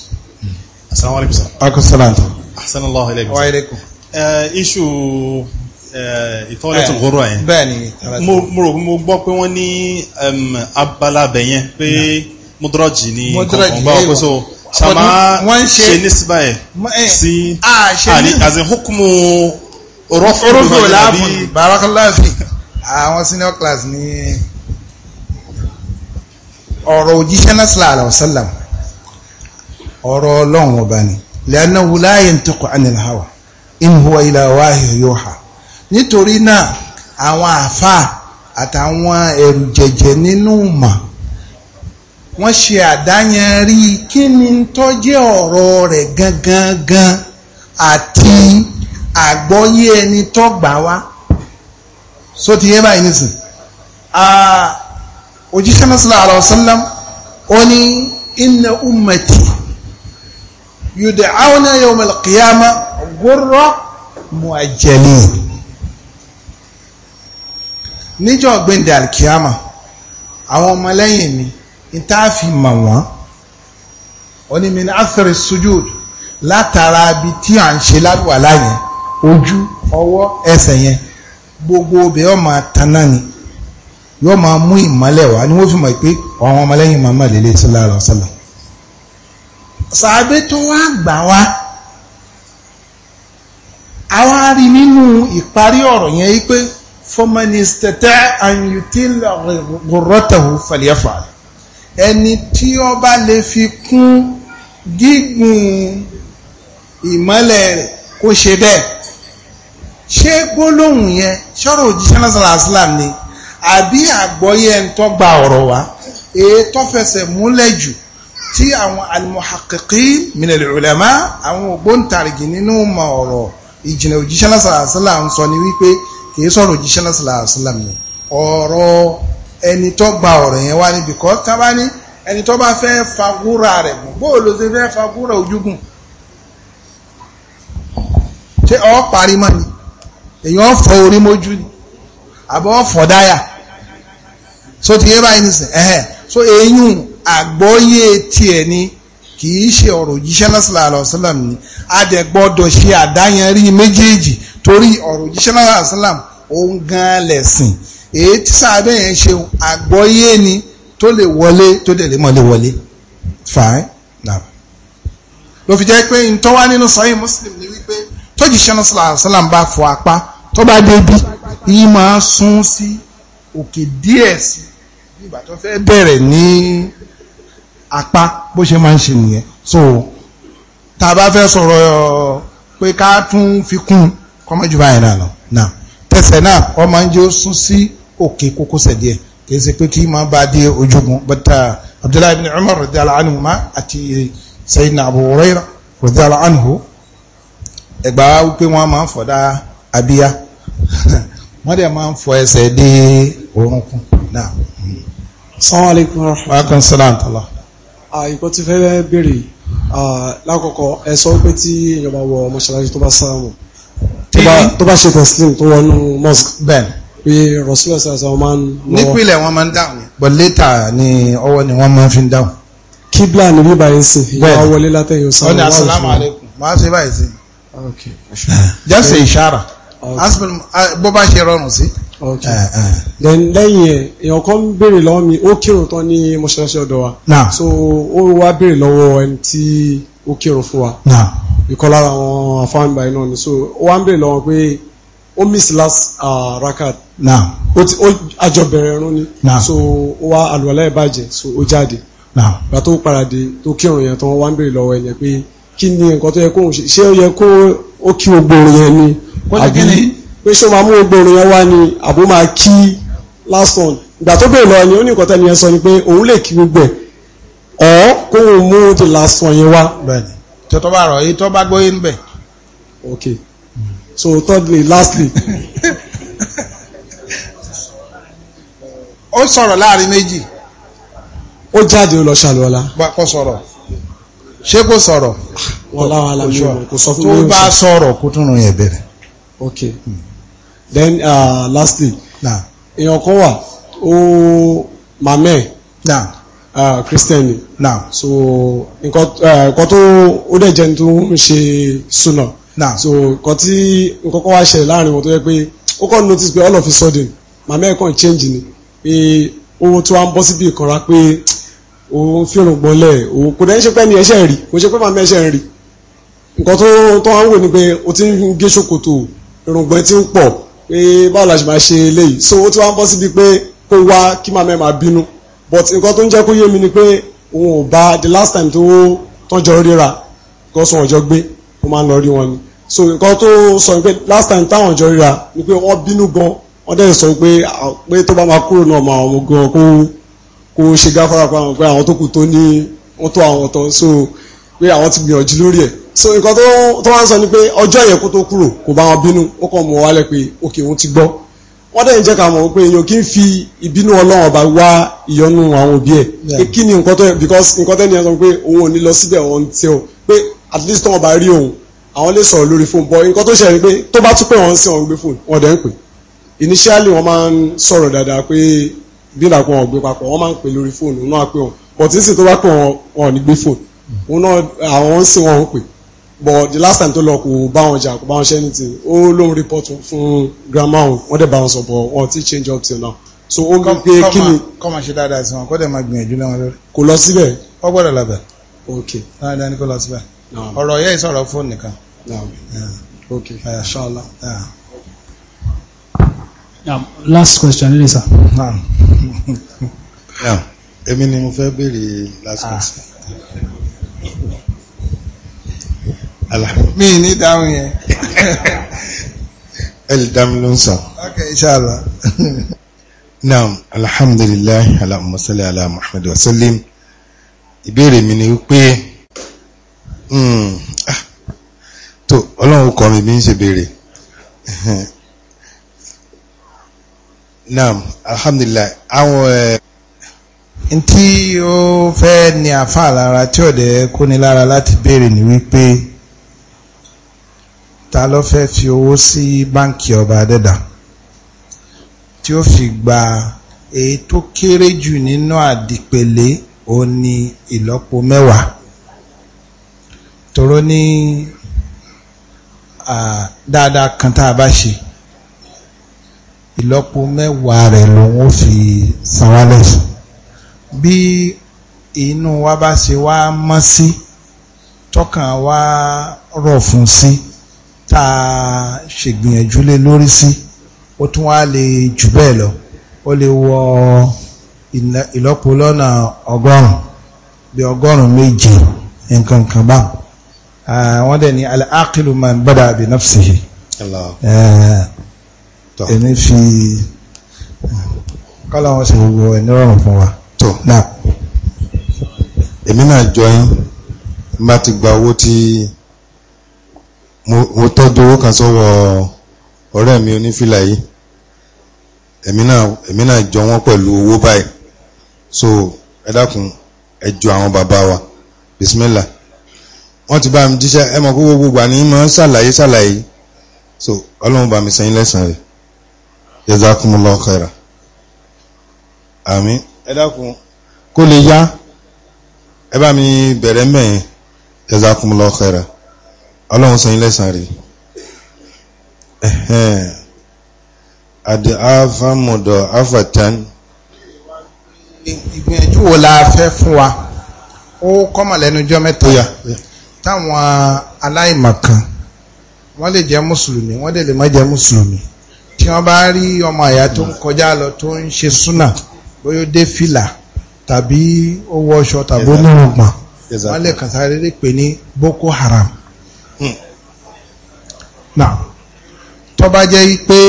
asalaamualeykum sir. akọ sọláńtà. asalaamualeykum sir. wa aleykum. Uh, iṣu uh, ìtọ́lẹ́tò eh, gbọ́rọ̀ yẹn. bẹ́ẹ̀ni um, abala abẹ yẹn mudraji ni kọ̀ọ̀kan bá wọ́n pẹ́ so sama ṣe ní síbà yẹn eh, sí ah, àní àti hukumu rọ́fù lọ́dọ̀ yẹn bí àwọn senior class ní ọ̀rọ̀ òjíṣẹ́ náà sílá àlọ́ sálàm ọ̀rọ̀ ọlọ́run ọba ni lẹ́nà wùláyé ń tukọ̀ anil hawa in huwa ila wahyu yuha nítorí náà àwọn àfáà àtàwọn ẹ̀rù jẹ̀jẹ̀ nínú mà wọ́n ṣe àdáyanrí kí ni tó ọ̀rọ̀ rẹ̀ gangan àti àgbọ́yé ẹni tó wá so ti yé báyìí nísìn òjíṣẹ́ náà sallallahu alaihi wasallam ó ní inna ummati yud'auna yawm al-qiyamah ghurra mu'ajjalin níjọ́ gbẹ̀ndẹ̀ alkiyama àwọn ọmọlẹ́yìn mi ìtààfi mà wọ́n oní min athari sujud látara bí tí à ń ṣe lábùwà láyẹn ojú ọwọ́ ẹsẹ̀ yẹn gbogbo obì yóò máa taná ni yóò máa mú ìmọ́lẹ̀ wá ni wọ́n fi mọ̀ pé àwọn ọmọlẹ́yìn màmá lélẹ̀ sallallahu alaihi wasallam sàbẹ́ tó wá gbà wá àwọn arí nínú ìparí ọ̀rọ̀ yẹn yí pé fọmọnìsítẹ̀tẹ̀ àyùtílẹ̀ rọ̀rọ̀tẹ̀hù fàlẹ́fà ẹni tí ó bá lè fi kún gígùn ìmọ́lẹ̀ kó ṣe bẹ́ẹ̀ ṣé gbólóhùn yẹn ṣọ́rọ̀ òjíṣẹ́ lọ́sọ̀rọ̀ àṣìlám ni àbí àgbọ́yé ń tọ́ gba ọ̀rọ̀ wá èyí tó fẹsẹ̀ múlẹ̀ jù tí àwọn alimuhakiki minal ulama àwọn ògbóǹtarìgì nínú ma ọ̀rọ̀ ìjìnà òjíṣẹ́ lọ́sọ̀rọ̀ àṣìlám sọ ni wípé kìí sọ̀rọ̀ òjíṣẹ́ lọ́sọ̀rọ̀ àṣìlám ni ọ̀rọ̀ ẹni tó gba ọ̀rọ̀ yẹn wá níbi kọ́ tábá ẹni tó bá fẹ́ fagúra rẹ̀ gùn bóòlù ti ọ parí mọ́ ni èyàn fọ orí mójú ni àbọ̀ fọ dáyà so ti yé báyìí nìsín ẹ̀hẹ́ so eyín àgbọ́yé tiẹ̀ ni kì í ṣe ọ̀rọ̀ òjíṣẹ́ náà sallallahu alaihi wasallam ni a dẹ̀ gbọ́dọ̀ ṣe àdáyanrí méjèèjì torí ọ̀rọ̀ òjíṣẹ́ náà sallallahu alaihi wasallam òun gan lẹ̀sìn èyí tí sábẹ́ yẹn ṣe àgbọ́yé ni tó lè wọlé tó dẹ̀ lè mọ́ lè wọlé fàáyé ló fi pé ntọ́wá nínú sọ́yìn Muslim ni wípé tọ́jì sẹ́nusọ́lá àṣálà ń bá fọ apá tó bá débi yìí máa sún sí òkè díẹ̀ sí ìgbà tó fẹ́ bẹ̀rẹ̀ ní apá bó ṣe máa ń ṣe nìyẹn so tá a bá fẹ́ sọ̀rọ̀ pé ká tún fi kún kọ́mọ́jú báyìí náà lọ náà tẹsẹ̀ náà wọ́n máa ń jẹ́ ó sún sí òkè kókósẹ̀ díẹ̀ kìí ṣe pé kí máa bá dé ojúgun bàtà uh, Abdullahi ibn Umar radiyallahu anhu ma àti Sayyidina Abu Hurairah radiyallahu anhu ẹ̀gbà wípé wọ́n máa ń fọ̀dá abíyá wọ́n dẹ̀ máa ń fọ ẹsẹ̀ dé orúnkún náà. Assalamu alaikum warahmatullahi. wákàn sọ́lá ntọ́lá. àìkọ́ ti fẹ́ẹ́ béèrè lákọ̀ọ́kọ́ ẹ sọ pé tí èèyàn bá wọ mọ́ṣáláṣí tó bá sáàmù tó bá ṣe tẹ̀sílìm tó wọnú mosque. bẹ́ẹ̀ pé rọ̀sílẹ̀ sàṣà wọn máa ń lọ. nípìnlẹ̀ wọn máa ń dáhùn but later ni ọwọ́ ni wọ́n máa ń fi dáhùn. kíblà ni bíbá yẹn sìn ìyá wọlé látẹ̀yìn ọ̀sán. Eh. just say ìṣára eh, bó bá ṣe rọrùn sí. Eh, then lẹ́yìn èèyàn kan béèrè lọ́wọ́ mi ó kírun tán ní mọ́ṣáláṣí ọ̀dọ̀ wa so ó wá béèrè lọ́wọ́ ẹni tí ó kírun fún wa ìkọlá àwọn ni so wá ń béèrè pé ó miss last uh, àjọ bẹ̀rẹ̀ ni. So ó wá ẹ̀ so ó jáde. Gbà tó tó kírun yẹn wá ń béèrè pé kí ni nǹkan tó yẹ kó ṣe ṣé ó yẹ kó ó kí ogbòrò yẹn ni àbí pé ṣé ó máa mú ogbòrò yẹn wá ni àbó máa kí last one ìgbà tó bèèrè lọ ni ó ní nǹkan tẹ́ni yẹn sọ ni pé òun lè kí gbogbo ẹ̀ ọ́ kó òun mú the last yẹn wá. bẹ́ẹ̀ni tó tó bá rọ èyí tó bá gbóyè ń bẹ. ok so thirdly lastly. ó sọ̀rọ̀ láàrin méjì. ó jáde ó lọ ṣàlùwọ́lá. bá a kọ́ sọ̀rọ̀. ṣé kò sọ̀rọ̀ tó bá sọ̀rọ̀ kó tún ràn yẹn bẹ̀rẹ̀. ok then uh, lastly èèyàn kan wà ó Na. Uh, Christian Na. so uh, nǹkan tó ó dẹ̀ jẹ́ tó ń ṣe Na. so nǹkan tí nǹkan kan wá ṣẹlẹ̀ láàrin wọn tó kàn notice pé all of a sudden kàn change ni pé owó tó wá ń pé òun fírùn gbọ́nlẹ̀ òun kò dẹ́n ṣe pẹ́ ní ẹṣẹ́ rí kò ṣe pẹ́ màmí ẹṣẹ́ rí nǹkan tó tó wá ń wò ní pé o ti ń gé ṣòkòtò irùngbọ̀n ti ń pọ̀ pé báwo la ṣe máa ṣe eléyìí so ó ti wá ń bọ́ síbi pé kó wá kí màmí ẹ̀ máa bínú but nǹkan tó ń jẹ́ kó yé mi ni pé òun ò bá the last time tó tọ́jọ́ ríra gọ́sùn ọjọ́ gbé ó máa ń lọ rí wọn ni so nǹkan tó sọ pé last time táwọn ọjọ́ ríra ni pé wọ́n bínú gan wọ́n dẹ̀ sọ pé ah, pé tó bá máa kúrò náà máa ọmọ gan kó kó ṣe gáfárà pa àwọn pé àwọn tó kù tó ní wọ́n tó àwọn tán so pé àwọn ti gbìyànjú lórí ẹ̀ so nǹkan tó wá ń sọ ni pé ọjọ́ yẹn kó tó kúrò kò bá wọn bínú ó kàn mọ̀ wálẹ̀ pé òkè òun ti gbọ́ wọ́n dẹ̀ ń jẹ́ ká mọ̀ pé èèyàn kì í fi ìbínú ọlọ́run ọba wá ìyọnu àwọn òbí ẹ̀ pé kí ni nǹkan tó yẹ because nǹkan tẹ́ni yẹn sọ pé òun ò ní lọ síbẹ̀ wọn tẹ o pé at least tó wọn bá rí òun àwọn lè sọ̀rọ̀ lórí fóònù bọ́ nǹkan tó ṣe ni pé tó bá tún pé wọ́n ń wọn gbé fóònù wọ́n dẹ̀ ń pè initially wọ́n máa ń sọ̀rọ̀ dáadáa pé bí làkọ wọn gbé papọ̀ wọ́n máa ń pè lórí fóònù náà pé wọn but nísìn tó bá pè wọn wọn ní gbé fóònù wọn náà àwọn ń sìn wọn ń pè but the last time tó lọ kò bá wọn jà kò bá wọn ṣe anything ó lóun report fún grandma wọn wọ́n dẹ̀ bá wọn sọ but wọn ti change up till now so ó ní pé kí ni. kọ́ máa ṣe dáadáa sí wọn kó dẹ̀ máa gbìyànjú lẹ́wọ̀n lórí. kò lọ síbẹ̀. wọ́n gbọ́dọ̀ lọ bẹ̀. ok dáadáa ni kò lọ síbẹ̀. ọ̀rọ̀ yẹ́ ìsọ̀rọ̀ fóònù nìkan. ok inshallah. Yeah. Yeah, um, last question really sir. now èmi ni mo fẹ́ béèrè last ah. question. mi ní dáhùn yẹn. ẹ lè dá mi ló ń sọ. ok inshallah. naam alhamdulilayi allahumma salli ala muhammad wa sallim ìbéèrè mi ni wípé hmm, ah, tó ọlọ́run kọ́ mi bí ń ṣe béèrè. naam alhamdulilayi àwọn ẹ̀ eh, ntí ó ni ní àfa lára tí ọ̀dẹ̀ kó ní lára láti béèrè ní wípé ta ló fẹ́ fi owó sí báǹkì ọba adẹ́dà tí ó fi gba èyí tó kéré jù nínú àdìpẹ̀lẹ̀ ó ní ìlọ́po mẹ́wàá tòró ní dáadáa kan tá a bá ṣe ìlọ́po mẹ́wàá rẹ̀ lòun ó fi san wá lẹ́sùn bí inú wa bá ṣe wá mọ́ sí tọ́kàn wa rọ̀ fún sí tá a ṣègbìyànjú lé lórí sí ó tún wá lè jù bẹ́ẹ̀ lọ ó lè wọ ìlọ́po lọ́nà ọgọ́rùn-ún bí ọgọ́rùn-ún méje nǹkan kan bá wọ́n dẹ̀ ní al-aqilu man bada bi nafsihi. Allah. Uh, ẹni fi kọ́lá wọn sì gbogbo ẹni rọrùn fún wa. tó náà èmi náà jọ yín bá ti gba owó tí mo tọ́jú owó kan sọ́wọ́ ọ̀rẹ́ mi onífìlà yìí èmi náà jọ wọ́n pẹ̀lú owó báyìí so ẹ dákun ẹ jọ àwọn bàbá wa bisimilá wọ́n ti bá mi jíṣẹ́ ẹ mọ̀ pé gbogbo gbà ní mọ̀ ṣàlàyé ṣàlàyé so ọlọ́run bá mi sẹ́yìn lẹ́sàn-án rẹ̀ jazakumullahu khaira àmín ẹ dákun kó lè yá ẹ bá mi bẹ̀rẹ̀ mẹ́yìn jazakumullahu khaira ọlọ́run sọ yín lẹ́sàn rí àdì àfàmùdọ̀ àfàtán. ìgbìyànjú wo la fẹ́ fún wa ó kọ́mọ̀ lẹ́nu ọjọ́ mẹ́ta táwọn aláìmọ̀kan wọ́n lè jẹ́ mùsùlùmí wọ́n lè lè má jẹ́ mùsùlùmí tí wọ́n bá rí ọmọ àyà tó ń kọjá lọ tó ń ṣe súnà bóyá dé fìlà tàbí ó wọṣọ tàbí ó ní ọgbọ̀n wọ́n lè kàn sáré pé ní Boko Haram. Hmm. Now, tó bá jẹ́ pé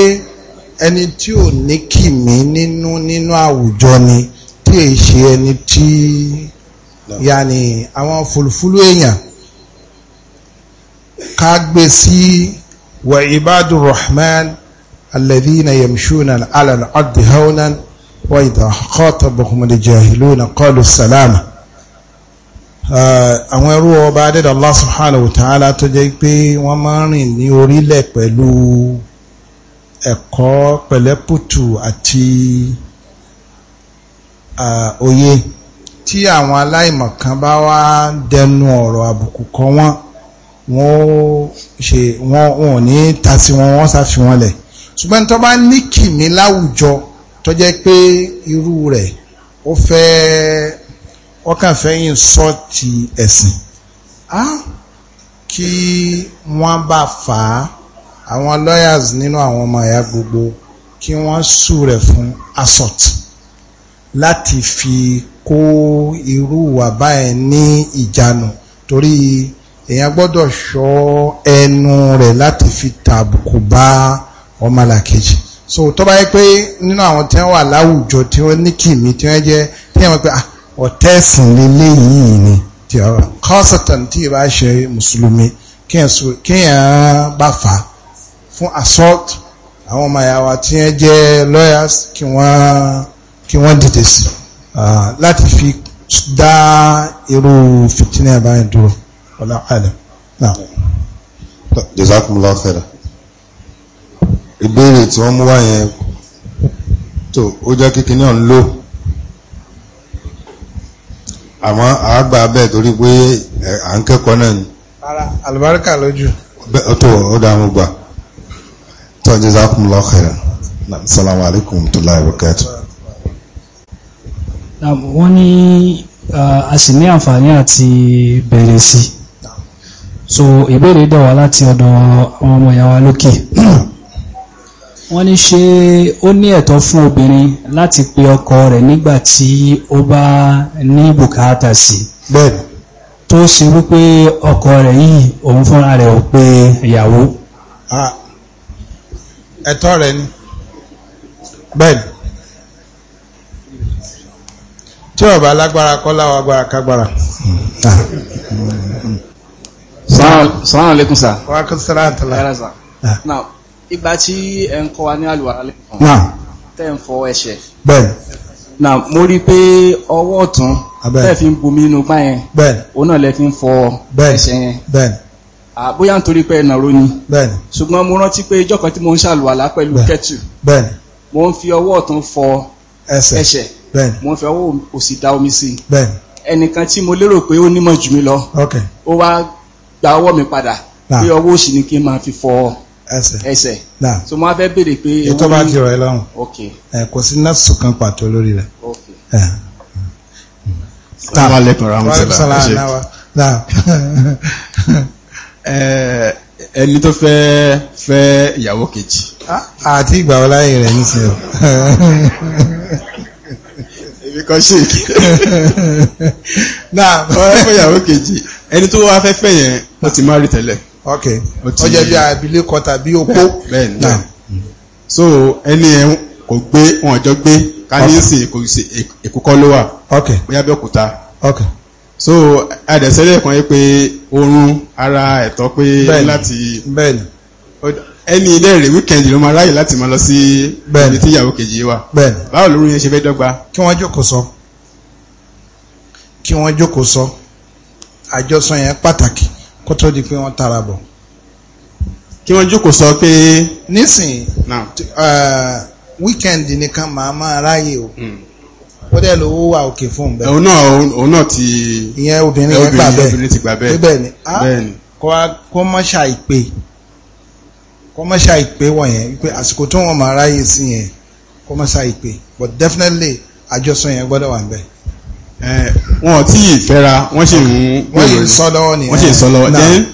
ẹni tí ò ní kìmí nínú nínú àwùjọ ni tí èyí ṣe ẹni tí yàní àwọn fùlùfúlù èèyàn ká gbé sí wa ibadu rahman الذين يمشون على العد هونا وإذا خاطبهم الجاهلون قالوا السلام àwọn ẹrú ọba adẹ́dà Allah subhanahu wa ta'ala tó jẹ́ pé wọ́n máa ń rìn ní orílẹ̀ pẹ̀lú ẹ̀kọ́ pẹ̀lẹ́pùtù àti uh, òye tí àwọn aláìmọ̀kan bá wá dẹnu ọ̀rọ̀ àbùkù kọ wọ́n wọ́n ní tasí wọn wọ́n sá fi wọn lẹ̀ ṣùgbọ́n tó bá ní kìmí láwùjọ tó jẹ́ pé irú rẹ̀ ó fẹ́ ọkàn fẹ́yìn sọ́ọ̀tì ẹ̀sìn á kí wọ́n bá fà á àwọn lawyers nínú àwọn ọmọ ẹ̀yà gbogbo kí wọ́n sù rẹ̀ fún assault láti fi kó irú wà báyẹn ní ìjánu torí èèyàn gbọ́dọ̀ ṣọ́ ẹnu rẹ̀ láti fi tàbùkù bá a ọmọ làkejì so tó bá yẹ pé nínú àwọn tí wọ́n wà láwùjọ tí wọ́n ní kìmí tí wọ́n jẹ́ tí wọ́n pé ah, ọ̀tẹ́ ẹ̀sìn lélẹ́yìí ni tí ọ̀rọ̀ kọ́sọ̀tàn tí ì bá ṣe mùsùlùmí kéèyàn bá fà á fún assault àwọn ọmọ àyàwó tí wọ́n jẹ́ lawyers kí wọ́n kí wọ́n dìde sí láti fi dá irú fìtínà báyìí dúró ọ̀la àlẹ́ náà. jazakumullahu khairan ìbéèrè tí wọ́n mú wá yẹn tó ó jẹ́ kíkí náà ń lò àmọ́ àágbà bẹ́ẹ̀ torí pé à ń kẹ́kọ̀ọ́ náà ni. ara àlùbáríkà lójú. bẹ́ẹ̀ tó ó dá mú gbà tó jazakumullahu khairan salamu alaykum wa rahmatulahi wa barakatuh. wọ́n ní a sì ní àǹfààní àti bẹ̀rẹ̀ sí so ìbéèrè dẹ̀ wá láti ọ̀dọ̀ àwọn ọmọ ìyá wa lókè. Okay wọ́n ní ṣé ó ní ẹ̀tọ́ fún obìnrin láti pe ọkọ rẹ̀ nígbà tí ó bá ní bùkátà sí bẹ́ẹ̀ni tó ṣe wípé ọkọ rẹ̀ yìí òun fúnra rẹ̀ ò pe ìyàwó ẹ̀tọ́ rẹ̀ ni bẹ́ẹ̀ni tí ó bá lágbára kọ́ láwọn agbára kágbára sáwọn lẹ́kùn sáà wákùn sáà àtàlà ìgbà tí ẹ ń kọ́ wa ní àlùwàrá lẹ́kọ̀ọ́ tẹ́ ń fọ ẹsẹ̀ bẹ́ẹ̀ na mo rí pé ọwọ́ ọ̀tún tẹ́ fi ń bomi inú gbá yẹn òun náà lẹ́ fi ń fọ ẹsẹ̀ yẹn bóyá nítorí pé ẹ̀nàró ni ṣùgbọ́n mo rántí pé ìjọ́ kan tí mo ń ṣàlùwàlá pẹ̀lú kẹ́tù mo ń fi ọwọ́ ọ̀tún fọ ẹsẹ̀ mo ń fi ọwọ́ òsì dá omi sí ẹnìkan tí mo lérò pé ó nímọ̀ jù mí lọ ó wá gba ọwọ́ mi padà pé ọwọ́ òsì ni kí n máa fi fọ ẹsẹ̀ ẹsẹ̀ so mo á fẹ́ béèrè pé. ètò bá ti rọ̀ ẹ́ lọ́rùn ẹ kò sí nọ́ọ̀sì kan pàtó lórí rẹ̀. salaamaleykum rahmatulah ẹni tó fẹ́ fẹ́ ìyàwó kejì. àti ìgbà ọláyè rẹ̀ ní sí o. èmi kan ṣèkì. náà wọ́n fẹ́ ìyàwó kejì ẹni tó wá fẹ́ fẹ́ yẹn wọ́n ti máa rí tẹ́lẹ̀ ok ọjọ́ bí abilékọ tàbí opó. bẹ́ẹ̀ni so ẹni ẹ kò gbé wọn jọ gbé ká ní í sìn kò sí èkó ló wà. bóyá bẹ́ẹ̀ kúta. so àdẹ̀sẹ́lẹ̀ kan yẹ pé oorun ara ẹ̀tọ́ pé láti. bẹ́ẹ̀ni ẹni ilé rẹ̀ wíkẹ̀ndì ló máa ráyè láti máa lọ sí ibi tí ìyàwó kejì wà. báwo lórí yẹn ṣe fẹ́ dọ́gba. kí wọ́n jókòó sọ kí wọ́n jókòó sọ àjọsọ yẹn pàtàkì kó tó di pé wọ́n tara bọ̀ kí wọ́n jókòó sọ pé nísìn wíkẹ́ndì uh, nìkan màá máa ráyè o hmm. ó dẹ̀ lówó wà òkè fún bẹ́ẹ̀. òun náà òun náà ti ìyẹn obìnrin yẹn gbà bẹ́ẹ̀ obìnrin ti gbà bẹ́ẹ̀ bẹ́ẹ̀ ni kó má ṣàìpè kó má ṣàìpè wọ̀nyẹn wípé àsìkò tó wọn máa ráyè sí yẹn kó má ṣàìpè but definitely àjọsọ yẹn gbọ́dọ̀ wà ń bẹ́ẹ̀ wọn tí ì fẹ́ra wọ́n ṣe ń wọ́n ṣe ń sọ lọ́wọ́ nìyẹn wọ́n then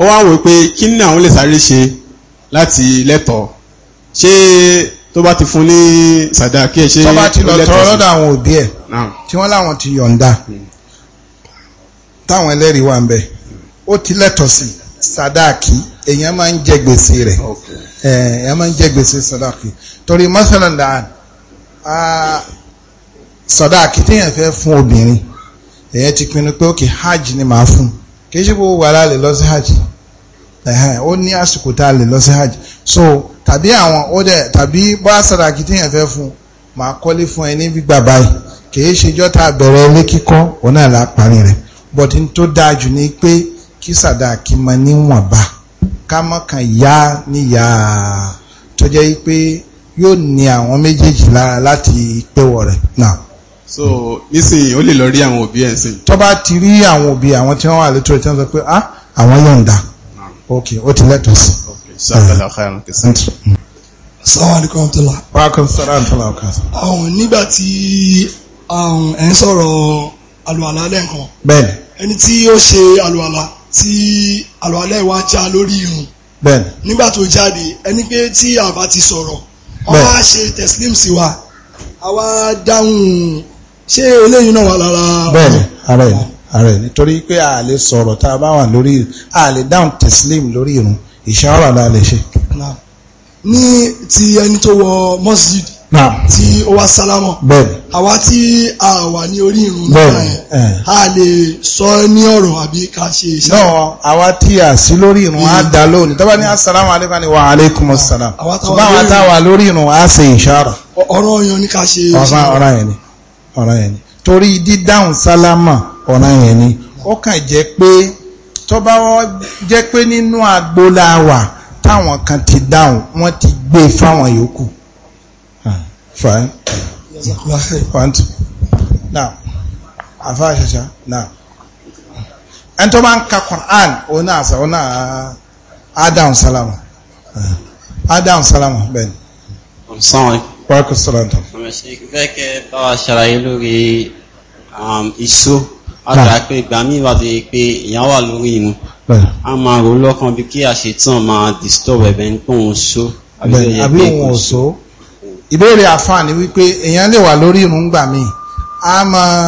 ó wá wò pé kí ni àwọn lè sáré ṣe láti lẹ́tọ̀ọ́ ṣé tó bá ti fún ní sàdákì ẹ̀ ṣe ó lẹ́tọ̀ọ́ sí. tó bá ti lọ tọrọ lọ́dọ̀ àwọn òbí ẹ̀ tí wọ́n láwọn ti yọ̀ǹda hmm. táwọn ẹlẹ́rìí wà ń bẹ̀ ó ti lẹ́tọ̀ọ́ sí sàdákì èèyàn máa ń jẹ gbèsè rẹ̀ èèyàn máa ń jẹ gbèsè sàdákì torí mọ́sálàndà sọdáàkì téèyàn fẹ́ fún obìnrin èyàn ti pinnu pé òkè hajj ni màá fún kì í ṣe gbogbo wàhálà lè lọ sí hajj ó ní àsìkò tá a lè lọ sí hajj so tàbí àwọn ó dẹ tàbí bá sọdáàkì téèyàn fẹ́ fún màá kọ́lé fún ẹ ní gbígbà báyìí kì í ṣe jọ́ta bẹ̀rẹ̀ ilé kíkọ́ òun náà la parí rẹ̀ but n tó dáa jù ni pé kí sọdáàkì mọ níwọ̀nba ká mọ̀ kan yá níyà tó jẹ́ pé yóò ní àwọn méjèèjì lára láti pẹ́wọ̀ rẹ̀ náà so nísìnyí ó lè lọ rí àwọn òbí ẹ̀ sìn. tó bá ti rí àwọn òbí àwọn tí wọ́n wà létò ẹ̀ tí wọ́n sọ pé ah àwọn yọ̀ǹda ok o ti lẹ́tọ̀ sí. ok sọ́kàlà ọ̀kà ẹ̀rọ kìsìn. sàwálìkọ́ ọ̀tọ́lá. wákùn sọ́ra ọ̀tọ́lá ọ̀kà. àwọn nígbà tí um, ẹ̀ ń sọ̀rọ̀ àlùwàlá lẹ́ẹ̀kan. bẹ́ẹ̀ni. ẹni tí ó ṣe àlùwàlá tí àlùwàlá ìwà já lórí irun. bẹ́ẹ̀ni. nígbà tó jáde ẹni pé tí àbá ti sọ̀rọ̀ wọ́n á ṣe tẹ̀sílímù sí wa àwa dáhùn ṣé eléyìí náà wà lára. bẹ́ẹ̀ni ara ẹni ara ẹni torí pé a lè sọ̀rọ̀ tá a bá wà lórí a lè dáhùn tẹsílẹm lórí irun ìṣàrà la lè ṣe. ní ti ẹni tó wọ mọ́sídìí tí ó wá sálámọ̀ àwa tí a wà ní orí irun náà a lè sọ ní ọ̀rọ̀ àbí ká ṣe iṣẹ́. náà àwa tí a sí lórí irun á mm. dá lónìí tọ́ba ní asalaamu aleykum ni wa aleykum asalaam àwa tá a wà lórí irun á ṣe ìṣàrà. ọ̀rọ̀ yan ni ká ṣe iṣẹ́. ọ̀rọ̀ yan ni ọ̀ràn yẹn ni torí dídáhùn sálámà ọ̀ràn yẹn ni ó kàn jẹ́ pé tó bá jẹ́ pé nínú agbóláwà táwọn kan ti dáhùn wọ́n ti gbé e fáwọn yòókù. Ah, fine. want now afa ṣaṣa now ẹni tó bá ń ka Quran òun náà àṣà òun náà á dáhùn sálámà ah, á dáhùn sálámà bẹ́ẹ̀ ni. sàwọn. Pákó Sọ́lántà. Fẹ́kẹ́ bá wa ṣàlàyé lórí um, ìṣó. A ṣàlàyé pé ìgbà míì wà tó yẹ pé èèyàn wà lórí inú. A máa rò lọ́kàn bí kí àṣetán máa disturb ẹ̀bẹ̀ ní pòun ṣó. Àbí òun ò ṣó. Ìbéèrè àfààní wípé èèyàn lè wà lórí inú gbà míì. A máa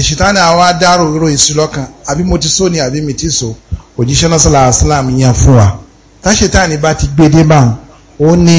ìṣìtánì àwọn adáró ìró ìṣú lọ́kàn. Àbí mo ti só ni àbí mi ti só. Òjíṣẹ́ náà sọ́lá àṣìláàmù yẹn fún wa. Táṣetánì bá ti gbé dé báwọn. Ó ní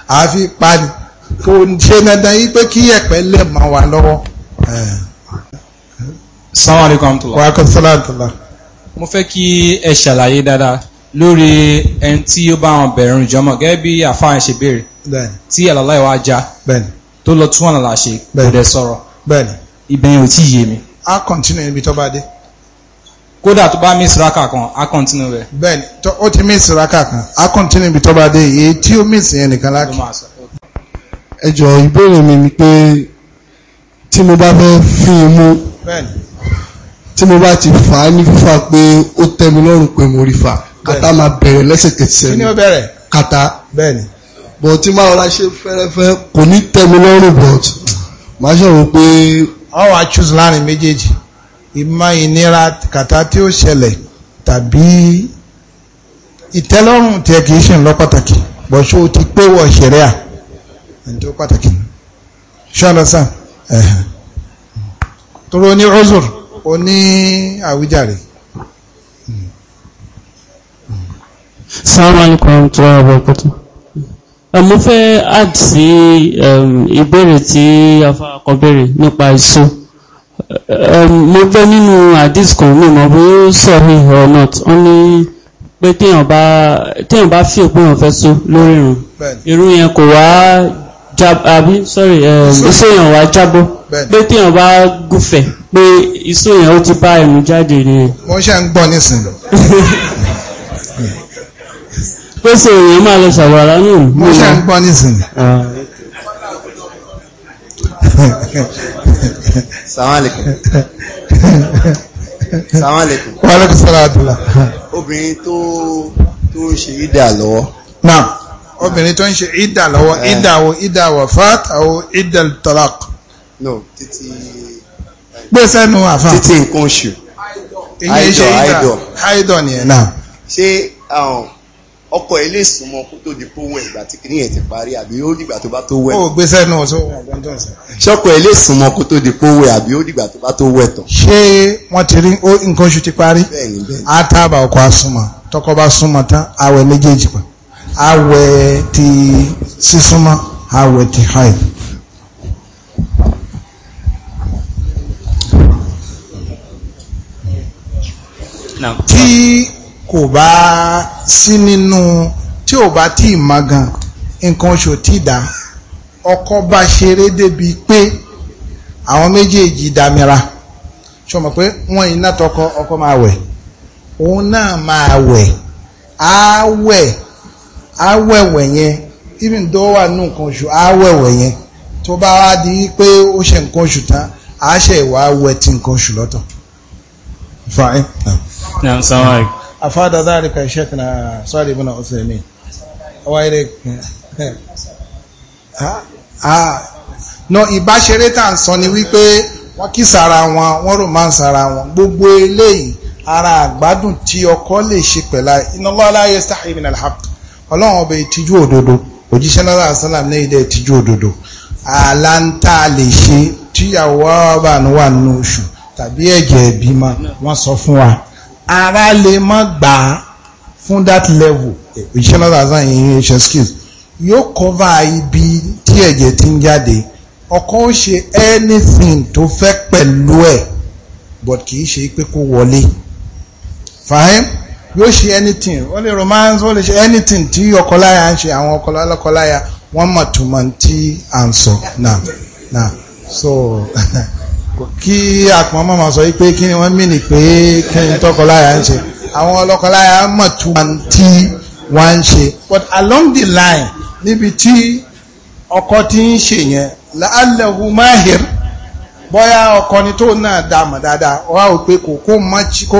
àfi pani kò ṣe dandan yí pé kí ẹ̀pẹ́ lè mọ wa lọ́wọ́. sáwọn àríkọ́ àmútọ́lá. wà á kọ́ sọ́lá àtọ́lá. mo fẹ́ kí ẹ ṣàlàyé dáadáa lórí ẹni tí ó bá wọn bẹ̀rẹ̀ ìjọmọ̀ gẹ́gẹ́ bí àfáà ṣe béèrè tí àlàlá ìwà já tó lọ tún àlàlà ṣe kò dẹ̀ sọ̀rọ̀ ìbẹ̀yìn ò tí ì yé mi. a continue ibi tó bá dé kódà tó bá miss raka kan a continue rẹ̀. bẹ́ẹ̀ni ó ti miss raka kan a continue ibi tó bá dé èyí tí ó miss yẹn nìkan láti. ẹ jọ̀ọ́ ìbéèrè mi ni pé tí mo bá fẹ́ fi imú tí mo bá ti fà á ní fífà pé ó tẹ́ mi lọ́rùn pé mo rí fà kàtà máa bẹ̀rẹ̀ lẹ́sẹ̀kẹsẹ̀ ni kàtà bọ̀ tí máa rọra ṣe fẹ́rẹ́fẹ́ kò ní tẹ́ mi lọ́rùn but máa ṣe rò pé. ọ̀hún a choose láàrin méjèèjì ìmọ̀ ìnira kàtà tí ó ṣẹlẹ̀ tàbí ìtẹ́lọ́rùn tí ẹ kì í ṣe ń lọ pàtàkì bọ̀ṣọ́ ó ti pé wọ̀ ṣẹ̀rẹ́ à ẹni tó pàtàkì ṣọ́nà sàn ẹ̀hàn tóró ní ọ́sùr ó ní àwíjàre. sáwọn kan tó ọ̀rọ̀ kọ́tù mo fẹ́ add sí um, ìbéèrè tí afa akọ béèrè nípa iṣu mo gbọ́ nínú àdís kan mi mọ̀ bí ó sọ̀rí or not wọ́n ní pé téèyàn bá téèyàn bá fi òpin ọ̀fẹ́ so lórí irun irú yẹn kò wá àbí sorry iṣẹ́ èèyàn wá jábọ́ pé téèyàn bá gúfẹ̀ pé iṣẹ́ èèyàn ó ti bá irun jáde nìyẹn. wọ́n ṣe ń gbọ́ nísìnyí. pé sọ èèyàn máa lọ ṣàwárá náà. wọ́n ṣe ń gbọ́ nísìnyí. Ah. sàmàlìkù sàmàlìkù. wàhálà sara àdúrà. obìnrin tó tó ń ṣe ìdà lọ́wọ́. náà obìnrin tó ń ṣe ìdà lọ́wọ́ eh. ìdà wo ìdà wafat àwọn ìdà talaq. no títí. Eh, gbèsè nu àfa. títí nǹkan oṣù. ìyẹn ṣe ìdà haidọ nìyẹn náà. ṣé ọkọ ẹ lè súnmọ́ kó tó di pówó ìgbà tí kìnìyàn ti parí àbí ó dìgbà tó bá tó wẹ̀. ó gbé sẹ́nu ọ̀ṣọ́ ọ̀gbọ́n ṣọ́kọ ẹ lè súnmọ́ kó tó di pówó àbí ó dìgbà tó bá tó wẹ̀ tán. ṣé wọ́n ti rí nǹkan oṣù ti parí á tábà ọkọ asúnmọ́ tọkọ bá súnmọ́ tán àwẹ̀ méjèèjì pa àwẹ̀ ti sísúnmọ́ àwẹ̀ ti haid. tí kò bá sí nínú tí ò bá tí ì mọ gan nǹkan oṣù tí ì dá ọkọ bá ṣeré débi pé àwọn méjèèjì dámira ṣọ mọ̀ pé wọ́n iná tọkọ ọkọ máa wẹ̀ òun náà máa wẹ̀ á wẹ̀ á wẹ̀wẹ̀ yẹn even though wà nù nǹkan oṣù á yẹn tó bá wá di pé ó ṣe nǹkan oṣù tán á ṣe ìwà wẹ̀ ti nǹkan oṣù lọ́tọ̀. fine. Yeah, أفاد ذلك شيخنا صالح بن عثيمين وإليك ها ها no ìbáṣeré tà ń sọ ni wípé wọ́n kí sára wọn wọ́n rò máa ń sára wọn gbogbo eléyìí ara àgbádùn tí ọkọ lè ṣe pẹ̀lá innallaha la yastahi minal haqq ọlọ́run ọba ìtìjú òdodo òjíṣẹ́ náírà sálàm ní ilé ìtìjú òdodo ààlà ń tà lè ṣe tíyàwó ọba àánú wà nínú oṣù tàbí ẹ̀jẹ̀ ìbímọ wọ́n sọ wa ara lè má gbà á fún that level òṣìṣẹ́ náà àzá ìyẹn ṣe skills yóò cover ibi tí ẹ̀jẹ̀ ti ń jáde ọkọ ó ṣe anything tó fẹ́ pẹ̀lú ẹ̀ but kì í ṣe pé kó wọlé fahim yóò ṣe anything ó lè romance ó lè ṣe anything tí ọkọláya ń ṣe àwọn ọkọláya wọ́n mọ̀ túmọ̀ tí à ń sọ náà náà so. kí àpọ̀n mọ́mọ́ sọ wípé kí ni wọ́n mìnì pé kí tọkọláya ń ṣe àwọn ọlọ́kọláya mọ̀ tí wọ́n ń ṣe but along the line níbi tí ọkọ ti ń ṣe yẹn la'allahu mahir bọ́yá ọkọ ni tó náà dá mọ̀ dáadáa wá ò pé kò kó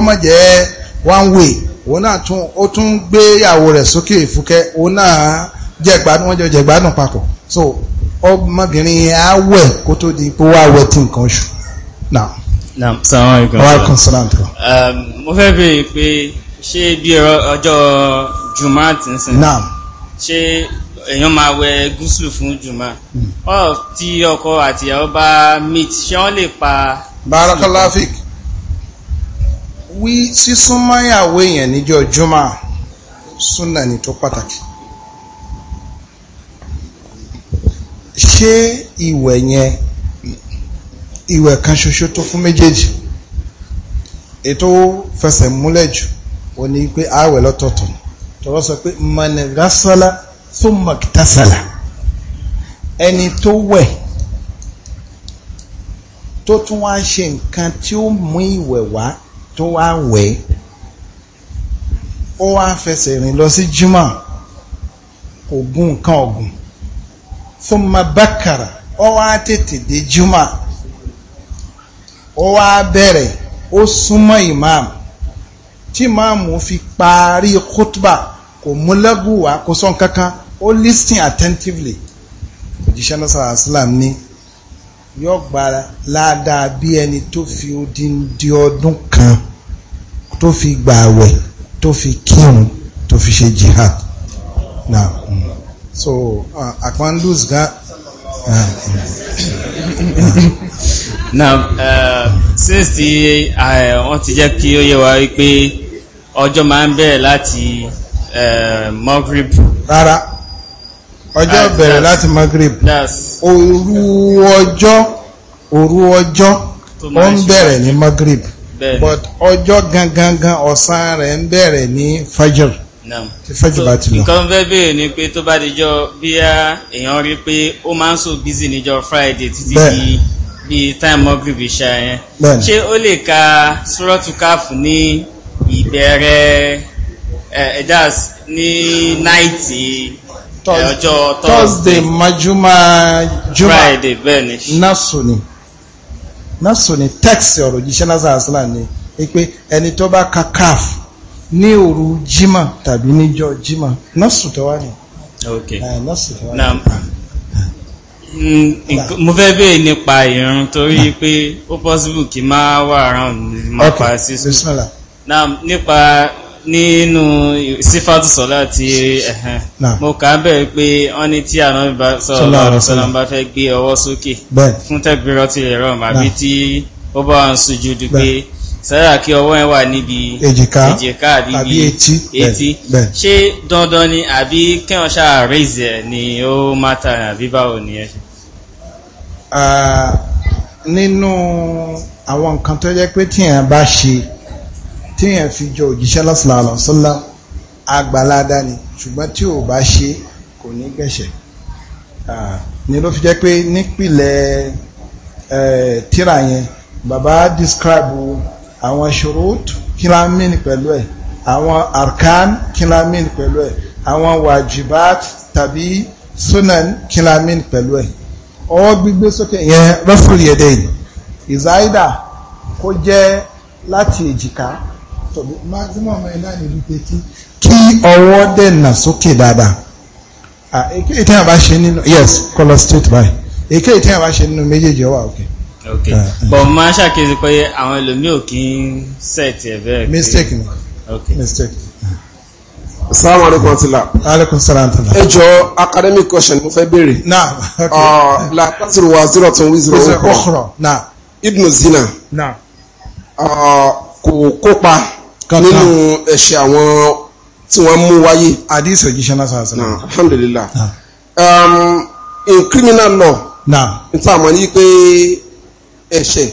mọ̀ jẹ́ one way òun náà tún ó tún gbé ìyàwó rẹ̀ sókè ìfúkẹ́ òun náà jẹ̀gbádùn wọ́n jọ jẹ̀gbádùn papọ̀ so ọmọbìnrin yẹn á wẹ̀ kó tó di pé wọ́n á wẹ̀ tí nǹkan oṣù náà. naam salaam aleykum. waaleykum salaam tó. mo fẹ́ béèrè pé ṣé bí ọjọ́ jùmọ̀ àti nsìn. naam. ṣé èèyàn máa wẹ gúúsù fún jùmọ̀. Hmm. ọ tí ọkọ àti ìyàwó bá meet ṣé wọ́n lè pa. barakalafik wí sísúnmọ́ ìyàwó èèyàn níjọ́ jùmọ̀ súnà ni tó pàtàkì. ṣé ìwẹ̀ yẹn ìwẹ̀ kan ṣoṣo tó fún méjèèjì ètò fẹsẹ̀ múlẹ̀ jù ó ní pé àwẹ̀ lọ́tọ̀ọ̀tọ̀ tọ́rọ sọ pé managasala thumma iktasala ẹni tó wẹ̀ tó tún wá ṣe nǹkan tí ó mú ìwẹ̀ wá tó wá wẹ̀ ó wá fẹsẹ̀ rìn lọ sí jimá kò nǹkan ọ̀gùn thumma bakara ó wá tètè dé jimá ó wá bẹ̀rẹ̀ ó súnmọ́ imam tí imam fi parí khutba kò mú lẹ́gùwà kò sọ kankan ó listen attentively òjíṣẹ́ náà sọ̀rọ̀ islam ní yóò gba ládàá bí ẹni tó fi odindi ọdún kan tó fi gbààwẹ̀ tó fi kírun tó fi ṣe jihad now so uh, akwan lose gan. Now, uh, since ti uh, wọ́n ti jẹ́ kí ó yé wa wípé ọjọ́ máa ń bẹ̀rẹ̀ láti uh, Maghrib. Rárá, ọjọ́ bẹ̀rẹ̀ láti Maghrib. Òru ọjọ́, òru ọjọ́, ó ń bẹ̀rẹ̀ ní Maghrib. But ọjọ́ gangan gan ọ̀sán rẹ̀ ń bẹ̀rẹ̀ ní Fajr. Fajr bá ti Nǹkan fẹ́ ni pé tó bá dijọ́ bí èèyàn rí pé ó máa ń so busy níjọ́ Friday títí di bí time magrib ṣá yẹn ṣé ó lè ka surọ́tù káfù ní ìbẹ̀rẹ̀ ẹ̀dá ní náìtì ọjọ́ thursday majuma juma friday bẹ́ẹ̀ ni. nasu ni nasu ni text ọ̀rọ̀ jíṣẹ́ nasa aslan ni pé ẹni tó bá ka káfù ní òru jimá tàbí níjọ́ jimá nasu wà ní. ok nasu Mm, mo fẹ́ bèèrè nípa ìrun torí hmm. pé ó possible kí máa wà around ma pa sísun nípa nínú sífàtù sọ́lá ti ẹ̀hẹ̀n mo kà ń bẹ̀rẹ̀ pé wọ́n ní tí ànábì sallallahu alaihi wasallam bá fẹ́ gbé ọwọ́ sókè fún tẹ́gbẹ̀rọ̀ ti ẹ̀rọ àbí tí ó bá ń sùjúdù pé sára kí ọwọ́ ẹ̀ wà níbi èjìká èjìká àbí etí etí ṣé dandan ni àbí kẹ́hàn ṣáà raise ni ó mátà àbí báwo ni ẹ ṣe. nínú àwọn nǹkan tó jẹ́ pé tíyẹn bá ṣe tíyẹn fi jọ òjíṣẹ́ lọ́sọ̀lọ́ sọ́lá ni ṣùgbọ́n tí ò bá ṣe kò ní gbẹ̀ṣẹ̀ ni ló fi jẹ́ pé nípìnlẹ̀ tíra yẹn bàbá describe àwọn ṣurut kí la mean pẹ̀lú ẹ̀ àwọn arkan kí la mean pẹ̀lú ẹ̀ àwọn wajibat tàbí sunan kí la mean pẹ̀lú ẹ̀ ọwọ́ gbígbé sókè yẹn rọ́fùlì ẹ̀dẹ́ yìí ìzáídà kó jẹ́ láti èjìká tọ̀bí maximum ẹ̀ náà nílùú pẹ̀kí kí ọwọ́ dẹ̀nà sókè dáadáa èké ìtẹ́yà bá ṣe nínú yes color state by èké ìtẹ́yà bá ṣe nínú méjèèjì ọwà òkè. Okay ok ah, ah. but máa ṣàkíyèsí pé àwọn ẹlòmíì ò kí ń sẹ̀tì ẹ̀ mistake ni okay mistake. Assalamu alaikum tila. Alaikum salam tila. Ẹ academic question mo fẹ́ béèrè. Na ok. Ah, la tasiru wa zero tun wizero. Wizero okoro. Na. Ibn Zina. Na. Kò kópa nínú ẹ̀ṣẹ̀ àwọn tí wọ́n mú wáyé. Hadith òjíṣẹ́ náà sọ̀rọ̀ sọ̀rọ̀. Na Um, in criminal law. Na. N ta mọ̀ ní pé ẹ̀ṣẹ̀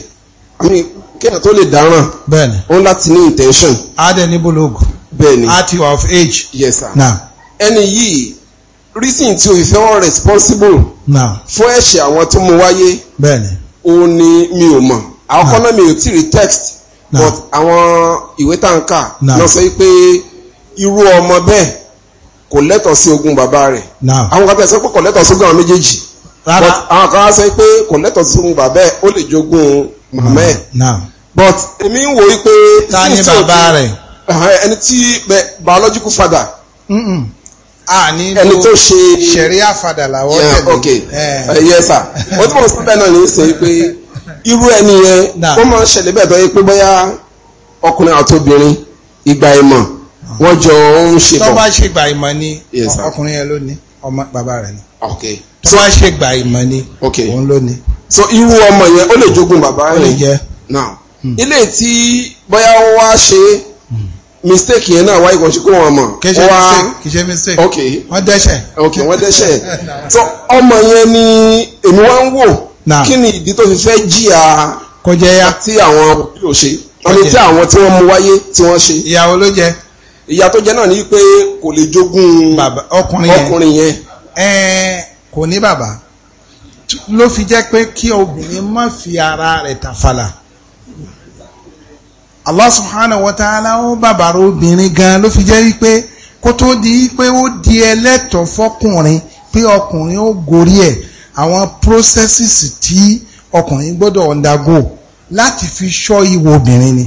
kéèyàn tó lè dáràn bẹ́ẹ̀ni òun láti ní intention. adé ní bólógù. bẹ́ẹ̀ni at you of age. yes sir. Now, ẹni yìí reason tí o fi fẹ́ responsible. Now, fún ẹ̀ṣẹ̀ àwọn tó mú wáyé. bẹ́ẹ̀ni òun ni mi ò mọ̀ àkọ́kọ́ náà mi ò tí rí text nah. but àwọn ìwé tàǹkà lọ sọ wípé irú ọmọ bẹ́ẹ̀ kò lẹ́tọ̀ọ́ sí ogún bàbá rẹ̀ àwọn kan tẹ̀ sọ pé kò lẹ́tọ̀ọ́ sí ogún àwọn méjèèjì rárá àwọn kan á sọ pé kò lẹ́tọ̀ọ́ sí fún bàbá ẹ̀ ó lè jogún màmá ẹ̀ but èmi ń wò ó pé. ta ni bàbá rẹ̀. ẹni tí biological father. àní ẹni tó ṣe ṣẹ̀ríà father làwọn tẹ̀lé. ok eh. Eh, yes sir ó túbọ̀ sí bẹ́ẹ̀ náà ní í sọ pé irú ẹni yẹn ó máa ń ṣẹlẹ̀ bẹ́ẹ̀ bẹ́ẹ̀ pé bóyá ọkùnrin àti obìnrin ìgbà ìmọ̀ wọ́n jọ ń ṣe bọ̀. tó bá ṣe ìgbà ìmọ̀ ni ọkùnrin yẹn ló ọmọ bàbá rẹ̀ ni. ok tí wọ́n ṣe gba ìmọ̀ ni. òun ló ni. so irú ọmọ yẹn ó lè jogún bàbá rẹ̀. ó lè jẹ. now hmm. ilé tí bóyá ó wá ṣe hmm. mistake yẹn náà wáyé kan ṣe kó wọn mọ̀. kì mistake kì í ṣe mistake. ok wọ́n dẹ́ṣẹ̀. ok wọ́n dẹ́ṣẹ̀. so ọmọ yẹn ni èmi wá ń wò. now kí ni ìdí tó fi fẹ́ jìyà. kọjá ya tí àwọn òbí ò ṣe. ọ̀nà àwọn tí wọ́n mú wáyé tí wọ́n ṣe. ìyàwó ló jẹ ìyá tó jẹ náà ni pé kò lè jogún ọkùnrin yẹn kò ní bàbá ló fi jẹ́ pé kí obìnrin má fi ara rẹ̀ tàfàlà Allah subhanahu wa ta'ala ó bàbàrà obìnrin gan ló fi jẹ́ wípé kó tó di pé ó di ẹlẹ́tọ̀ fọkùnrin pé ọkùnrin ó gorí ẹ̀ àwọn processes tí ọkùnrin gbọ́dọ̀ undergo láti fi ṣọ́ ìwọ obìnrin ni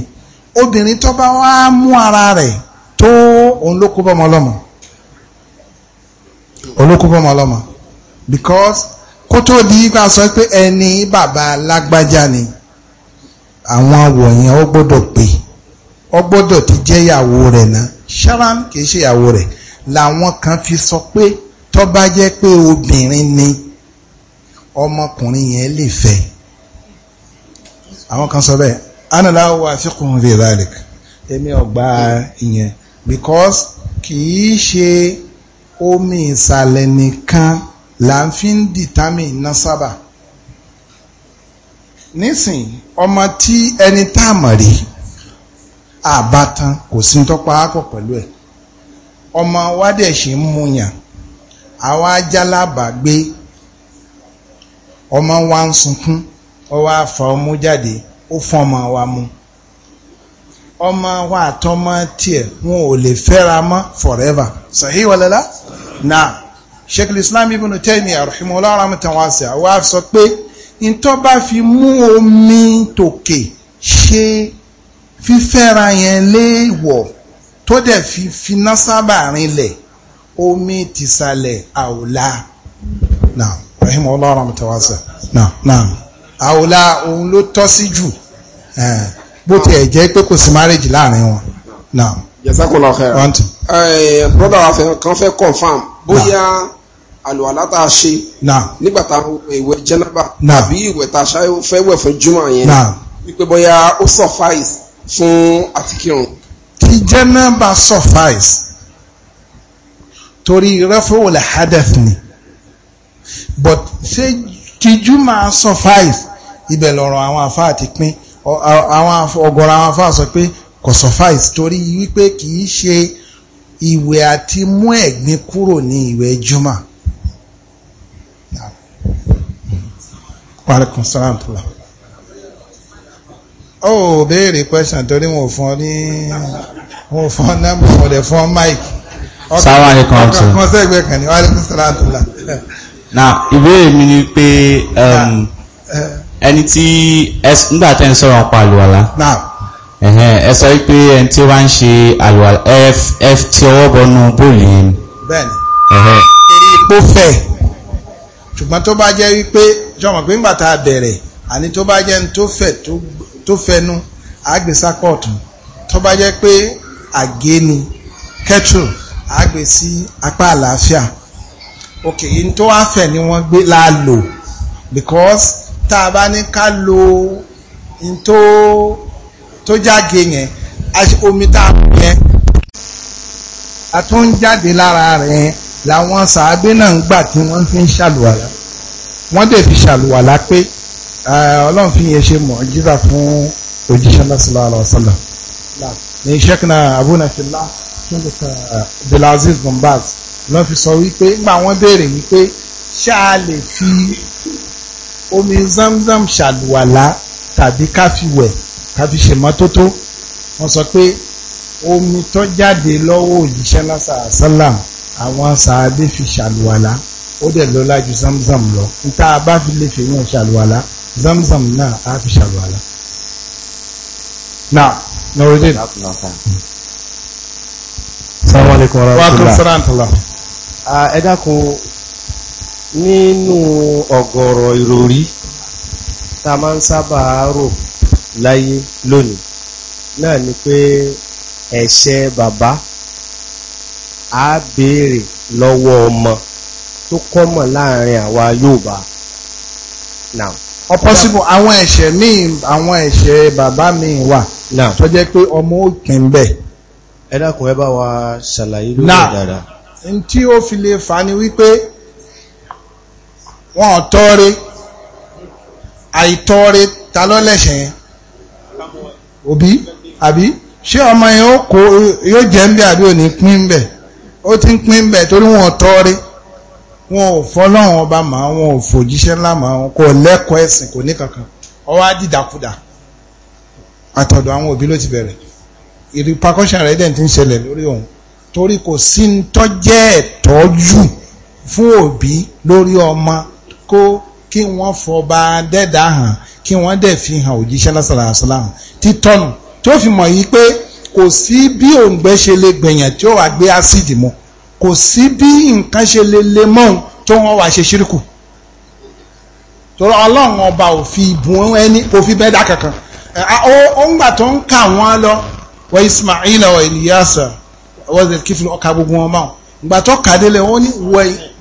obìnrin tó bá wá mú ara rẹ̀ tó òun ló kó bọ́mọ ọlọ́mọ òun because kó tó di gbà sọ pé ẹni bàbá lágbájá ni àwọn wọ̀nyẹn ó gbọ́dọ̀ pé ó gbọ́dọ̀ ti jẹ́ ìyàwó rẹ̀ náà sharam kì í ṣe ìyàwó rẹ̀ làwọn kan fi sọ pé tó bá jẹ́ pé obìnrin ni ọmọkùnrin yẹn lè fẹ́ àwọn kan sọ bẹ́ẹ̀ ana la wa fiqhum fi dhalik èmi ọgbà ìyẹn because kìí ṣe omi ìsàlẹ̀ nìkan là ń fi ń dìtámì násábà nísìn ọmọ tí ẹni tá a mọ̀ rí àbátan kò sí tọ́pa ápọ̀ pẹ̀lú ẹ̀ ọmọ wa dẹ̀ ṣe ń múyàn àwọn ajálàbà gbe ọmọ wa ń sunkún ọwọ́ àfà ọmú jáde ó ọmọ wa mu. ọmọ wa àtọmọ tiẹ̀ wọn ò lè fẹ́ra mọ́ forever sahih walala na sheikh islam ibn taymiyyah rahimahullah rahmatan wasi'a wa sọ pé ntọ́ bá fi mú omi tòkè ṣe fífẹ́ra yẹn léèwọ̀ tó dẹ̀ fi finá sábà rinlẹ̀ omi tìsàlẹ̀ àwòlá náà rahim ọlọ́run tẹwàṣà náà náà àwòlá òun ló tọ́ sí jù. Eh bó tiẹ̀ jẹ́ pé kò sí marriage láàrin wọn. now jazakallah khairan eh, brother wa kan fẹ́ confam bóyá àlùwàlá tá a ṣe nígbà tá a ìwẹ̀ jẹ́nàbà àbí ìwẹ̀ tá a ṣe fẹ́ wẹ̀ fún jùmọ̀ yẹn wípé bóyá ó suffice fún àtikírun. tí jẹ́nàbà suffice torí raf'ul hadath ni but ṣé kíjú máa suffice ibẹ̀ lọ́rọ̀ àwọn àfáà ti pín àwọn ọ̀gọ̀rọ̀ àwọn afá sọ pé kò suffice torí wípé kì í ṣe ìwẹ̀ àti mú ẹ̀gbin kúrò ní ìwẹ̀ juma. Wàlẹ́kùn sálàm tó lọ. Ó béèrè question torí wọn ò fún ọ ní wọn ò fún ọ nọ́mbà wọn dẹ̀ fún ọ máìkì. Sáwọn àlekàn ọ̀tún. Ọkàn sẹ́gbẹ̀ kan ní wàlẹ́kùn sálàm tó lọ. Na ìbéèrè mi ni pé. Um, uh, uh, ẹni tí nígbà tẹ́ ń sọ̀rọ̀ pa àlùwàlá ẹ sọ pé ẹni tí ó bá ń ṣe àlùwàlá ẹ ti ọwọ́ bọnú bóòlù yẹn. bẹ́ẹ̀ni eré epo fẹ ṣùgbọ́n tó bá jẹ́ wípé jọmọ pé ńgbà tá a bẹ̀rẹ̀ àní tó bá jẹ́ tó fẹ̀ tó fẹnu àgbèsápọ̀ ọ̀tún tó bá jẹ́ pé àgénu kettle àgbè apá àlàáfíà ok n tó wá fẹ̀ ni wọ́n gbé láàlò because tá a bá ní ká lo ntó tó jáde yẹn omi tá a mú yẹn a tó ń jáde lára rẹ̀ làwọn sàábé náà ń gbà tí wọ́n fi ń ṣàlùwàlà wọ́n dẹ̀ fi ṣàlùwàlà pé ọlọ́run fi yẹn ṣe mọ̀ jíra fún òjíṣẹ́ náà sallallahu alaihi wasallam ní ṣẹ́kìnà abúnafilá ṣẹ́kìnà gombaz lọ́n fi sọ wípé nígbà wọ́n béèrè wípé ṣáà lè fi omi zamzam ṣàlùwàlá tàbí káfíwẹ̀ káfí ṣe mọ́tótó wọ́n sọ pé omi tó jáde lọ́wọ́ òjíṣẹ́ lásà sálàm àwọn sàábé fi ṣàlùwàlá ó dẹ̀ lọ́lá ju zamzam lọ níta bá fi lè fi yàn ṣàlùwàlá zamzam náà á fi ṣàlùwàlá. náà nọrọdẹ. salamu alaykum wa rahmatulah. wa akun sara ntala. ẹ dákun Ninu ọ̀gọ̀rọ̀ irori. Ta ma máa ń sábà rò láyé lónìí náà ni pé ẹ̀ṣẹ̀ bàbá á béèrè lọ́wọ́ ọmọ tó kọ́mọ̀ láàrin àwa Yorùbá now ọ̀pọ̀sibù àwọn ẹ̀ṣẹ̀ míì àwọn ẹ̀ṣẹ̀ bàbá míì wà tó jẹ́ pé ọmọ òkè ń bẹ̀. ẹ dákun ẹ bá wa ṣàlàyé lórí dáadáa. náà tí ó fi lè ni wọn ò tọ́re àìtọ́re ta ló lẹ́sẹ̀ yẹn òbí àbí ṣé ọmọ yẹn ó kó yóò jẹ́ ń bẹ̀ àbí ò ní pín ń bẹ̀ ó ti ń pín ń bẹ̀ torí wọn ò tọ́re wọn ò fọlọ́run ọba màá wọn ò fòjíṣẹ́ ńlá màá wọn kò lẹ́kọ̀ọ́ ẹ̀sìn kò ní kankan ọwọ́ á àtọ̀dọ̀ àwọn òbí ló ti bẹ̀rẹ̀ ìrìpakọ́ṣẹ́ rẹ̀ dẹ̀ ti ń ṣẹlẹ̀ lórí òun torí kò sí ń tọ́jẹ́ ẹ̀tọ́ fún òbí lórí ọmọ kó kí wọ́n fọba dẹ́dà hàn kí wọ́n dẹ̀ fi hàn òjíṣẹ́ lásàlàsàlà hàn títọ́nù tí ó fi mọ̀ yìí pé kò sí bí òǹgbẹ ṣe lè gbẹ̀yàn tí ó wà gbé ásìdì mu kò sí bí nǹkan ṣe lè le mọ́hun tó wọ́n wá ṣe ṣírìkù torí ọlọ́run ọba ò fi ìbùn ẹni kò fi bẹ́ẹ̀ kankan ó ń gbà tó ń kà wọ́n lọ wọ Ismaila wọ Ilyasa wọ́n ti kí fún ọkà gbogbo wọn mọ́ ìgbà tó kà délé wọ́n ní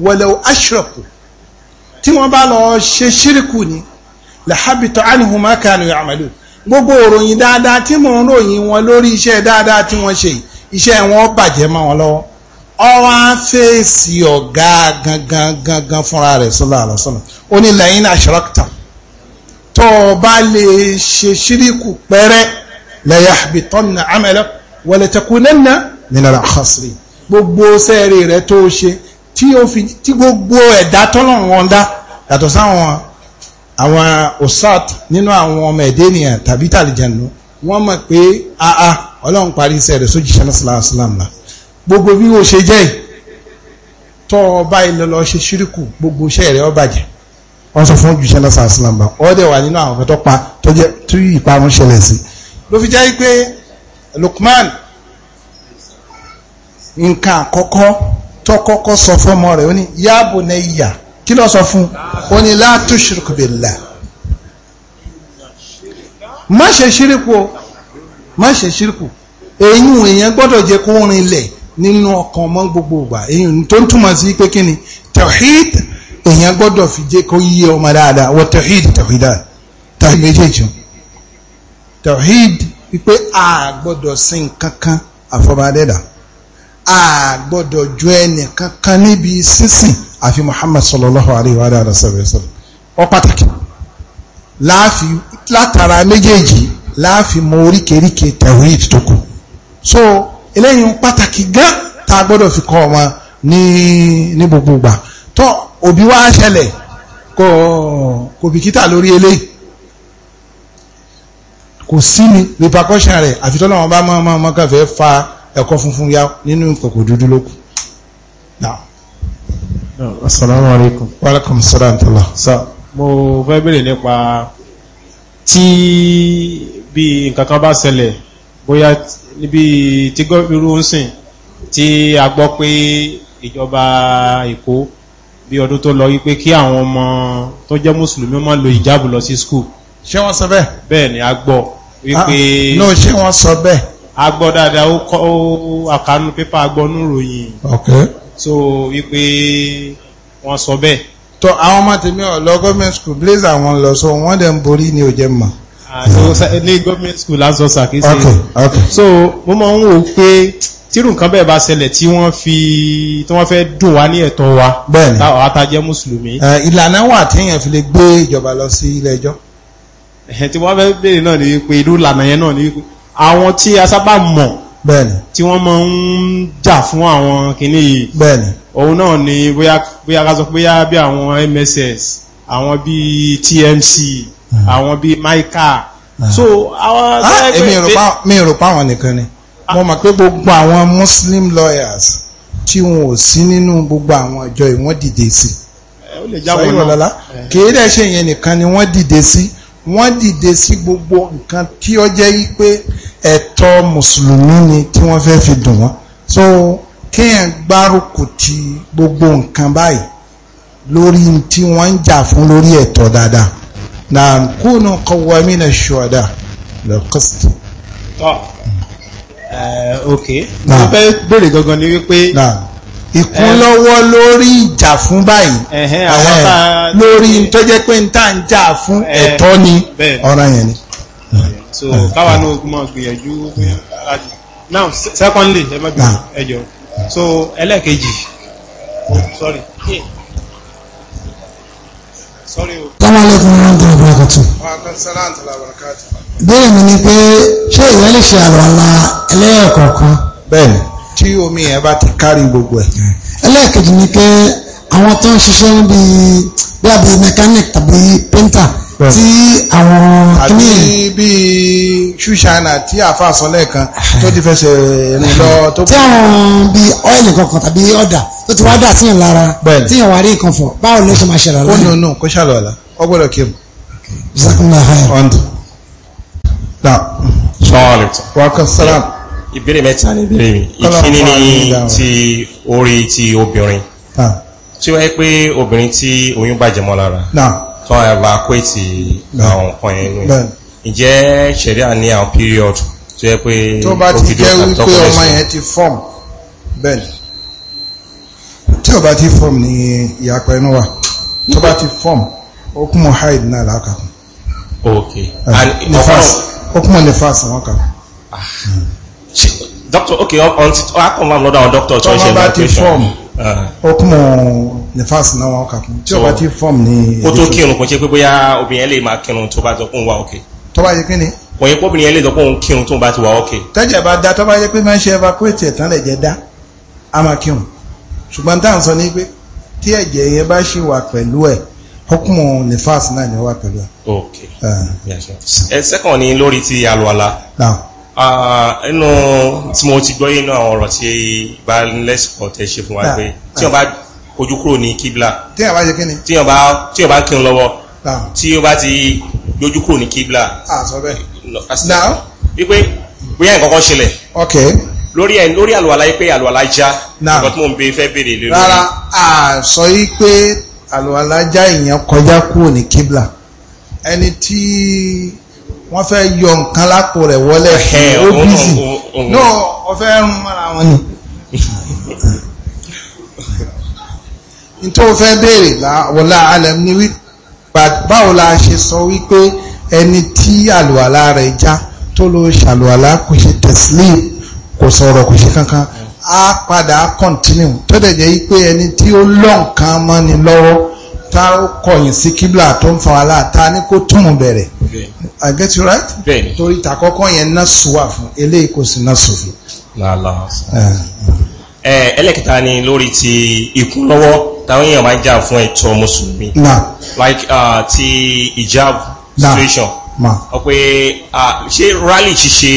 wọlé aṣọ́kù tí wọ́n bá lọ ṣe ṣírìkù ni làhábìtọ ánìhùn mákàánù àmàlù gbogbo òròyìn dáadáa tí mò ń ròyìn wọn lórí iṣẹ́ dáadáa tí wọ́n ṣe iṣẹ́ wọn bàjẹ́ mọ́ wọn lọ́wọ́ ọwọ́ á fèsì ọ̀gá gangan gangan fúnra rẹ̀ sọ́lá àlọ́sọ́lá ó ní lẹ́yìn àṣírọ́kítà tó o bá lè ṣe ṣíríkù pẹ́rẹ́ lẹ́yà àbìtọ́nà àmẹ́lẹ́ wọlé tẹkùnẹ́nà nínú àkọsílẹ̀ gbogbo sẹ́ẹ̀rì rẹ̀ tó ṣe tí ó fi tí gbogbo ẹ̀dá tọ́lọ́run wọn dá yàtọ̀ sáwọn àwọn osat nínú àwọn ọmọ ẹ̀dẹ́ ènìyàn tàbí tàlìjẹ̀nu wọ́n mọ̀ pé aa ọlọ́run parí iṣẹ́ rẹ̀ sójìṣẹ́ náà sàlámù la gbogbo bí ó ṣe jẹ́ tọ́ ọba ìlọlọ ṣe ṣíríkù gbogbo iṣẹ́ rẹ̀ ó bàjẹ́ wọ́n sọ fún òjìṣẹ́ náà sàlámù sàlámù la ọ̀ọ́dẹ̀ wà nínú àwọn tó pa tó jẹ́ tí ìparun ṣẹlẹ̀ sí ló fi jẹ́ pé Lukman nǹkan àkọ́kọ́ tó kọ́kọ́ sọ fọ́mọ rẹ̀ ó ní yáàbò ní ìyà kí ló sọ fún ó ní la tushrik billah má ṣe ṣíríkù má ṣe ṣíríkù èyí èèyàn gbọ́dọ̀ jẹ́ kó rinlẹ̀ nínú ọkàn mọ́ gbogbo ìgbà èyí tó ń túmọ̀ sí pé kí ni tawhid èèyàn gbọ́dọ̀ fi jẹ́ kó yí ọmọ dáadáa wọ tawhid tawhid tawhid méjèèjì tawhid wípé a gbọ́dọ̀ sin kankan àfọmọdẹ́dàá a gbọ́dọ̀ ju ẹnì kankan níbi sísìn àfi Muhammad sallallahu alayhi wa alayhi wa sallam ọ pàtàkì láàfin látara méjèèjì láàfin mọ oríkèéríkèé tawhid tó kù so eléyìí pàtàkì gan tá a gbọ́dọ̀ fi kọ́ ọmọ ní ní gbogbo ìgbà tó òbí wa ṣẹlẹ̀ kò kò bìkítà lórí eléyìí kò sí ni repercussion rẹ̀ àfi tọ́lọ́wọ́n bá mọ́ ọmọ ọmọ kan fẹ́ fa ẹ̀kọ́ funfun yá nínú kòkò dúdú lókù assalamu alaikum sa mo fẹ́ bèèrè nípa tí bí nǹkan kan bá ṣẹlẹ̀ bóyá níbi tí gọ́ọ̀rù ń sìn tí a gbọ́ pé ìjọba èkó bí ọdún tó lọ wípé kí àwọn ọmọ tó jẹ́ mùsùlùmí má lo ìjáàbù lọ sí skul ṣé wọ́n sọ bẹ́ẹ̀ ni a gbọ́ wípé ah, no ṣé wọ́n sọ bẹ́ẹ̀ agbọ́ dáadáa ó kọ́ àkánú pépà agbọ́nú ròyìn okay so wípé wọ́n sọ bẹ́ẹ̀ tó àwọn ọmọ tèmi ọ̀lọ́ government school blaze àwọn lọ so wọ́n dẹ̀ ń borí ní òjẹ́ mọ̀ ní government school lásán sàkíyèsí okay okay so mo máa ń wò pé tírù nǹkan bẹ́ẹ̀ bá ṣẹlẹ̀ tí wọ́n fi tí wọ́n fẹ́ dùn wá ní ẹ̀tọ́ wa bẹ́ẹ̀ni táwọn atajẹ́ mùsùlùmí ìlànà wà tí èèyàn fi lè gbé ìjọba lọ sí ilé ẹjọ́ ẹ̀hẹ̀ tí wọ́n fẹ́ béèrè náà ni wípé irú ìlànà yẹn náà ni wípé àwọn tí a sábà mọ̀ bẹ́ẹ̀ni tí wọ́n máa ń jà fún àwọn kìíní yìí bẹ́ẹ̀ni òun náà ni bóyá ká sọ bóyá bí àwọn MSS àwọn bí TMC hmm. àwọn bí maika hmm. so àwọn ah, mi rò pa àwọn nìkan ni ah. mo mọ̀ pé gbogbo àwọn Muslim lawyers tí wọn ò sí nínú gbogbo àwọn àjọ ìwọ́n dìde sí eh, ó eh. dẹ̀ ṣe ìyẹn nìkan ni wọ́n dìde sí. Si wọ́n dìde sí gbogbo nǹkan tí ó jẹ́ wípé ẹ̀tọ́ mùsùlùmí ni tí wọ́n fẹ́ fi dùn wọ́n so kéèyàn gbárùkù ti gbogbo nǹkan báyìí lórí tí wọ́n ń jà fún lórí ẹ̀tọ́ dáadáa na kúnnù kọwàmínà ṣọ́dá lọ́kọ́sìtì. ok mo fẹ́ bèrè gangan ni wípé ìkúnlọ́wọ́ lórí ìjà fún báyìí lórí tó jẹ́ pé ń tà ń jà fún ẹ̀tọ́ ni ọ̀ràn yẹn ni. so káwa náà ogun máa gbìyànjú now secondly ẹ má bí ẹjọ so ẹlẹ́ẹ̀kejì sorry. Tọ́mọ́lẹ́kùn ló ń tẹ̀lé bọ́ọ̀kọ̀tù. ni pé ṣé ìyá lè ṣe àlọ́ àlá ẹlẹ́yọ̀ Bẹ́ẹ̀ni tí omi yẹn bá ti kárí gbogbo ẹ̀. ẹlẹ́ẹ̀kejì ni pé àwọn tó ń ṣiṣẹ́ níbi bíi bíi mechanic tàbí painter tí àwọn kíní. àbí bíi ṣùṣàánà tí àfa sọ lẹ́ẹ̀kan tó ti fẹsẹ̀ rìn lọ. tí àwọn bíi ọ́ìlì kankan tàbí ọ̀dà tó ti wá dà síyàn lára tíyàn wá rí nǹkan fọ̀ báwo ló ṣe máa ṣẹlẹ̀ lára. ó nù nù kó ṣàlọ́ọ̀lá ọgbọ́dọ̀ kí mu. bisakunle ahayi. ọ̀ndù. na. sọ́wọ́n alẹ́ tí. wàá kọ́ sálàmù ìbéèrè mẹ́ta ni ìbéèrè mi ìkíní ni ti orí ti obìnrin tí ó yẹ pé obìnrin tí oyún bàjẹ́ mọ́ lára tó ẹ̀bà pé ti àwọn nǹkan ẹnu ìjẹ́ ṣẹ̀ríà ní àwọn period tó yẹ pé tó bá ti jẹ́ wípé ọmọ yẹn ti form bẹ́ẹ̀ tí ó form ní ìyàpẹ́ inú wa tó bá form okùnmọ̀ hide náà lákàkùn ok ah. and okùnmọ̀ nefas àwọn kàkùn doctor okay until I come am lọ́dọ̀ àwọn doctor tó ń ṣe evacuation. okùnmọ̀ ní fásitì náà wọn kà fún tí ọba ti fọ́ọ̀mù ní. kó tó kírun kò ṣe pé bóyá obìnrin lè máa kírun tó bá sọ pé òun wà òkè. tó bá yẹ kí ni. kò yẹ kóbìnrin yẹn lè sọ pé òun kírun tó bá ti wà òkè. tẹ́jẹ̀ bá da tó bá yẹ pé máa ń ṣe evacuate ẹ̀tàn lè jẹ́ dá a máa kírun ṣùgbọ́n táà ń sọ ní pé tí ẹ̀jẹ̀ yẹn bá ṣì wà pẹ̀lú ẹ̀ hukumu nifas náà ni wà pẹ̀lú ẹ̀. ok ah. ẹ sẹ́kàn ni lórí ti àlùwàlá. now inú tí mo ti gbọ́ yìí náà ọ̀rọ̀ tí bá lẹ́sìkọ̀ tẹ́ ṣe fún wa pé tí wọ́n bá kojú kúrò ní kíbla tí wọ́n bá ṣe kíni tí wọ́n bá kírun lọ́wọ́ tí wọ́n bá ti dojú kúrò ní kíbla. wípé bóyá nǹkan kan ṣẹlẹ̀ lórí ẹ̀ lórí àlùwàlá yìí pé àlùwàlá já nǹkan tí mò ń bẹ fẹ́ béèrè lórí. rárá a sọ yìí pé àlùwàlá já ìyẹn kọjá kúrò ní kíbla ẹni tí wọ́n fẹ́ yọ nǹkan lápò rẹ̀ wọlé ẹ̀ ó bísì náà ọ̀fẹ́ rún mọ́ra wọn ni nítorí fẹ́ béèrè wọlá alẹ́m ní wípé báwo la ṣe sọ wípé ẹni tí àlùwàlá rẹ̀ já tó ló ṣàlùwàlá kò ṣe tẹ̀sílẹ̀ kò sọ̀rọ̀ kò ṣe kankan á padà á kọ̀ntínú tó dẹ̀ jẹ́ wípé ẹni tí ó lọ́ǹkan mọ́ni lọ́wọ́ tá ó kọ̀yìn sí kíbla tó ń fa wàhálà ta ní kó tún bẹ̀rẹ̀ i get you right torí tàkọ́kọ́ yẹn náà sùwà fún eléyìí kò sí náà sòfin. ẹlẹ́kẹta ni lórí ti ìkúnlọ́wọ́ táwọn èèyàn máa ń jà fún ẹ̀tọ́ mùsùlùmí like uh, ti hijab situation ọ pé ah, ṣé rally ṣíṣe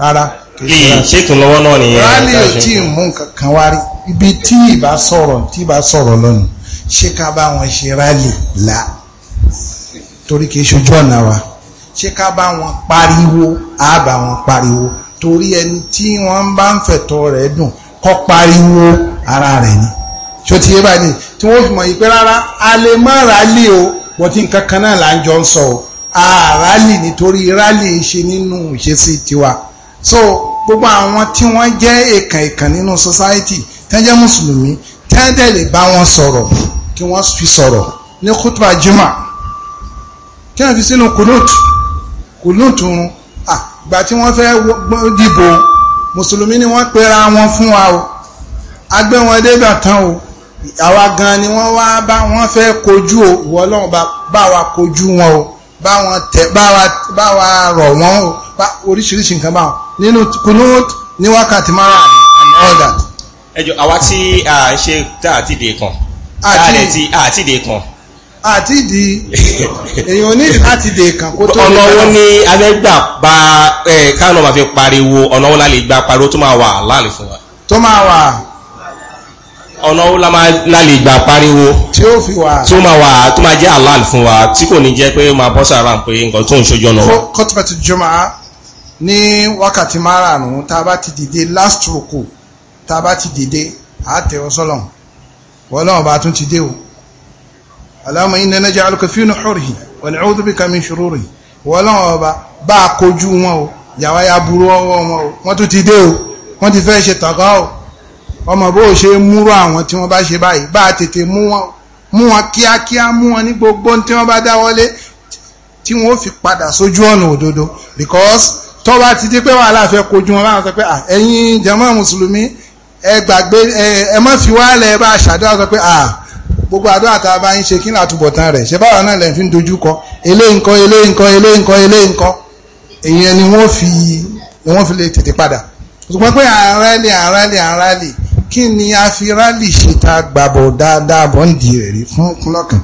rárá lè ṣètò lọ́wọ́ náà nìyẹn rally ò tí ì mú nǹkan kan wá rí ibi tí ì bá sọ̀rọ̀ tí ì bá sọ̀rọ̀ lónìí ṣé ká bá wọn ṣe rálì là torí kìí ṣojú ọ̀nà wa ṣé ká bá wọn pariwo á bá wọn pariwo torí ẹni tí wọ́n bá ń fẹ̀tọ́ rẹ̀ dùn kọ́ pariwo ara rẹ̀ ni ṣó ti yé báyìí tí wọ́n mọ̀ yìí pé rárá a lè má rálì o wọ́n ti nǹkan kan náà là ń jọ ń sọ o a rálì nítorí rálì ṣe nínú ìṣesí tiwa so gbogbo àwọn tí wọ́n jẹ́ èkàn èkàn nínú society tẹ́jẹ́ mùsùlùmí tẹ́jẹ́ lè bá wọn sọ̀rọ̀ kí wọ́n fi sọ̀rọ̀ ní kútùbà jimá kí wọ́n fi sínú kùnúùtù kùnúùtù run àgbà tí wọ́n fẹ́ dìbò mùsùlùmí ni wọ́n pera wọn fún wa o agbẹ́ wọn débà tán o àwa gan ni wọ́n wá bá wọ́n fẹ́ kojú o ìwọ ọlọ́run bá wa kojú wọn o bá wọn tẹ bá wa rọ̀ wọ́n o oríṣiríṣi nǹkan báwọn nínú kùnúùtù ní wákàtí márùn-ún and all that. ẹ jọ àwa tí a ṣe tá àti dè kan àti ìdè kan àti ìdí èyàn ní láti dè kàn kó tó lè ọ̀nà wọn ní abẹ́gbà bá káànà máa fi pariwo ọ̀nà wọn lálẹ́ gba pariwo tó máa wà láàlè fún wa tó máa wà ọ̀nà wọn lálẹ́ gba pariwo tí ó fi wà tó máa wà tó máa jẹ́ àlàlè fún wa tí kò ní jẹ́ pé máa bọ́ sára pé nǹkan tó ń ṣojú ọ̀nà wọn. kọ́tùpẹ̀tù jọmọ́ ní wákàtí márùn-ún tá a bá ti dìde last roko tá a bá ti dìde àátẹ̀wọ́sọ́lọ́hún wọ́lọ́wọ́ bá tún ti dé o Allahumma inna naj'aluka fi nuhurihi wa na'udhu bika min shururihi wọ́lọ́wọ́ bá bá kojú wọn o yàwá ya burú ọwọ́ wọn o wọ́n tún ti dé o wọ́n ti fẹ́ ṣe tàgá o because tó ti di pé wàhálà kojú wọn láwọn sọ pé ẹ̀yin jàmáà ẹ gbàgbé ẹ má fi wálẹ̀ ẹ bá ṣàdúrà sọ pé ah gbogbo àdúrà tá a bá ń ṣe kí ní àtúbọ̀tán rẹ̀ ṣe báwa náà lẹ́yìn fi ń dojú kọ eléyìí ńkọ́ eléyìí ńkọ́ eléyìí ńkọ́ eléyìí ńkọ́ èèyàn ni wọ́n fi ni wọ́n fi lè tètè padà ṣùgbọ́n pé à ń rálì à ń rálì à ń rálì kí ni a fi rálì ṣe ta gbàbọ̀ dáadáa bọ́ǹdì rẹ̀ rí fún kúlọ̀kàn.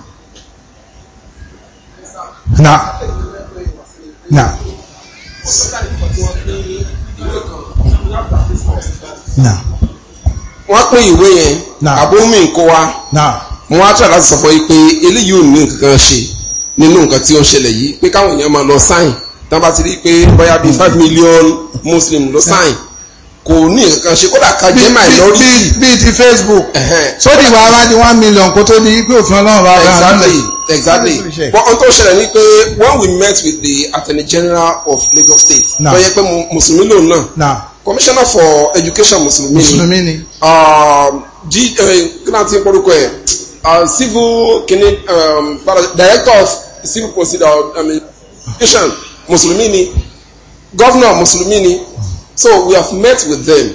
na na wọ́n pín ìwé yẹn àbómi nǹkó wa mo wá tọ́ láti sọ fún yín pé eléyìí ò ní nǹkan ṣe nínú nǹkan tí ó ṣẹlẹ̀ yìí pé káwọn èèyàn máa lọ sáìn tán bá ti rí i pé bóyá bíi five million muslim ló sáìn kò ní nǹkan kan ṣe kódà ká jẹ́ minority. bíi ti facebook sódì wàá wá di one million kó tó di pé òfin ọlọ́run bá wà lálẹ́. exactly exactly but ohun tó ṣẹlẹ̀ ni pé when we met with the attorney general of lagos state tó yẹ pé mùsùlùmí lòun náà commissioner for education mùsùlùmí mùsùlùmí ni um, g eh, kíná ti ń porúkọ ẹ uh, civil kini um, director of civil procedure I mean, education mùsùlùmí ni governor mùsùlùmí ni so we have met with them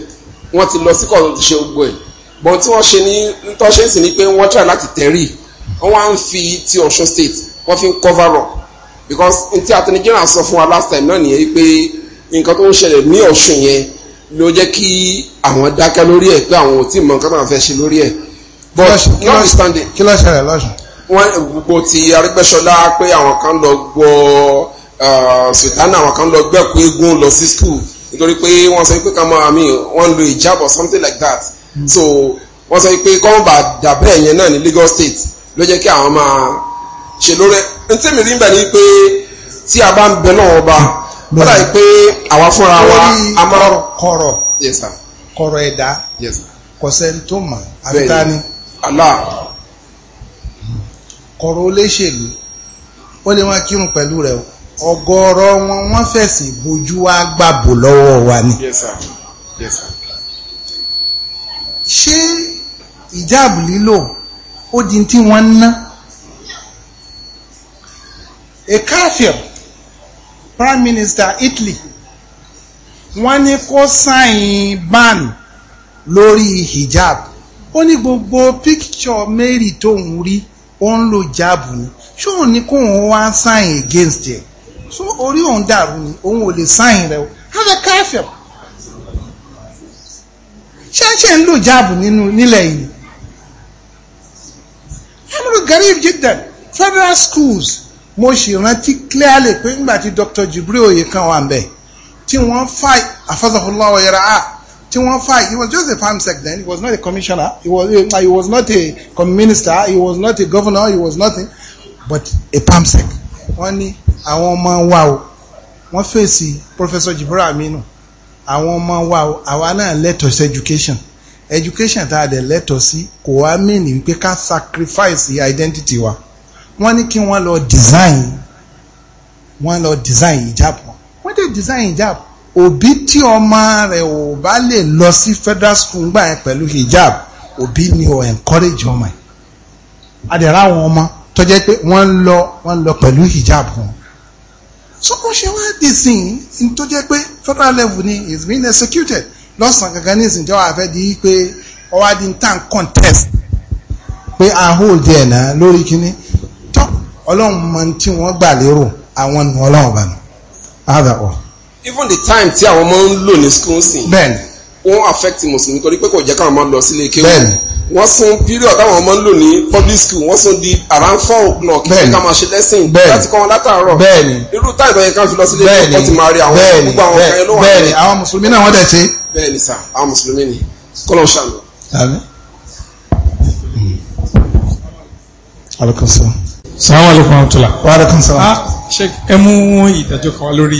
wọ́n ti lọ sí kọ́ọ̀tù ti ṣe gbogbo ẹ̀ bọ́n tí wọ́n ṣe ní tọ́ṣẹ́ sì ni pé wọ́n try láti tẹ̀rí wọ́n wá ń fi ti Ọ̀ṣun state wọ́n fi ń cover up because n tí attorney general sọ fún wa last time náà nìyẹn pé nǹkan tó ń ṣẹlẹ̀ ní Ọ̀ṣun yẹn ló jẹ́ kí àwọn dákẹ́ lórí ẹ̀ pé àwọn ò tí mọ nǹkan náà fẹ́ ṣe lórí ẹ̀ but notwithstanding kí ló ṣẹlẹ̀ lọ́sùn. wọ́n gbogbo ti Arẹ́gbẹ́ṣọlá pé àwọn kan lọ gbọ́ uh, sultana àwọn kan lọ gbẹ́kú eégún lọ sí school nítorí pé wọ́n sọ pé kàmọ́ àmì wọ́n ń lo hijab or something like that hmm. so wọ́n sọ pé kọ́mọ́ bá dàbẹ́ yẹn náà ní Lagos state ló jẹ́ kí àwọn máa ṣe lórí ẹ̀ ntẹ́mi rí bẹ́ẹ̀ ni pé tí a bá ń bẹ náà wọ́n bá ó dàbí pé àwa fúnra wa a máa kọ̀rọ̀ kọ̀rọ̀ ẹ̀dá kọ̀sẹ́ni tó mọ̀ àbítání kọ̀rọ̀ olóṣèlú ó lè wọ́n kírun pẹ̀lú rẹ̀ ọ̀gọ̀rọ̀ wọn wọ́n fẹ̀sìn bojú wa gbàbò lọ́wọ́ wa ni. ṣé ìjáàbù lílò ó di tí wọ́n ná? a káfíọ̀ prime minister Italy wọ́n ní kó sáìn ban lórí hijab ó ní gbogbo picture Mary tóun rí ó ń lo jáàbù ni ṣóun ní kóun wá sáìn against ẹ̀ so orí òun dàrú ni òun ò lè sáìn rẹ o hàdà káfíà ṣáṣẹ́ ń lò jáàbù nínú nílẹ̀ yìí amúlò garib jiddan federal schools mo sì rántí clearly pé nígbà tí Dr. Jibril oyè kan wà nbẹ tí wọ́n fà afasahullah ọyẹra a tí wọ́n fà he was just a farm sec then he was not a commissioner he was he was not a minister he was not a governor he was nothing but a farm sec wọ́n ní àwọn ọmọ wa o wọ́n fèsì Professor Jibril Aminu àwọn ọmọ wa o àwa náà lẹ́tọ̀ọ́ education education tá a dẹ̀ lẹ́tọ̀ọ́ sí kò wá mí ní pé ká sacrifice identity wa wọ́n ní kí wọ́n lọ design wọ́n lọ design hijab wọn wọ́n dé design hijab òbí tí ọmọ rẹ̀ ò bá lè lọ sí federal school gbà yẹn pẹ̀lú hijab òbí ni ò encourage ọmọ yẹn adẹ̀rẹ̀ àwọn ọmọ tó jẹ́ pé wọ́n lọ wọ́n lọ pẹ̀lú hijab wọn so wọ́n ṣe wá dì sí i tó pé federal level ni is being executed lọ́sàn-án gangan ní ìsìnjẹ́ wà fẹ́ di pé ọwádìí ń tàn contest pé a hold there náà lórí kínní tọ́ ọlọ́run mọ tí wọ́n gbà lérò àwọn nù ọlọ́run bá nù ádà ọ. even the time tí àwọn ọmọ ń lò ní school sin. bẹ́ẹ̀ni. wọ́n affect mùsùlùmí torí pé kò jẹ́ káwọn máa lọ sílé kéwù. bẹ́ẹ̀ni wọ́n sún period táwọn ọmọ ń lò ní public school wọ́n sún di around four o'clock kí ká máa ṣe lesson láti kọ́ wọn látàárọ̀ irú táì tó yẹ ká fi lọ sílé ẹ̀kọ́ kọ́ ti máa rí àwọn gbogbo àwọn ọ̀kan ló wà bẹ́ẹ̀ ni àwọn mùsùlùmí náà wọ́n dẹ̀ ṣe. bẹ́ẹ̀ ni sà àwọn mùsùlùmí ni kọ́lọ̀ ṣàlù. Hmm. alákòóso. Assalamu alaikum warahmatullahi wa alaikum salaam. Ah, ṣe ẹ mú ìdájọ́ kan wá lórí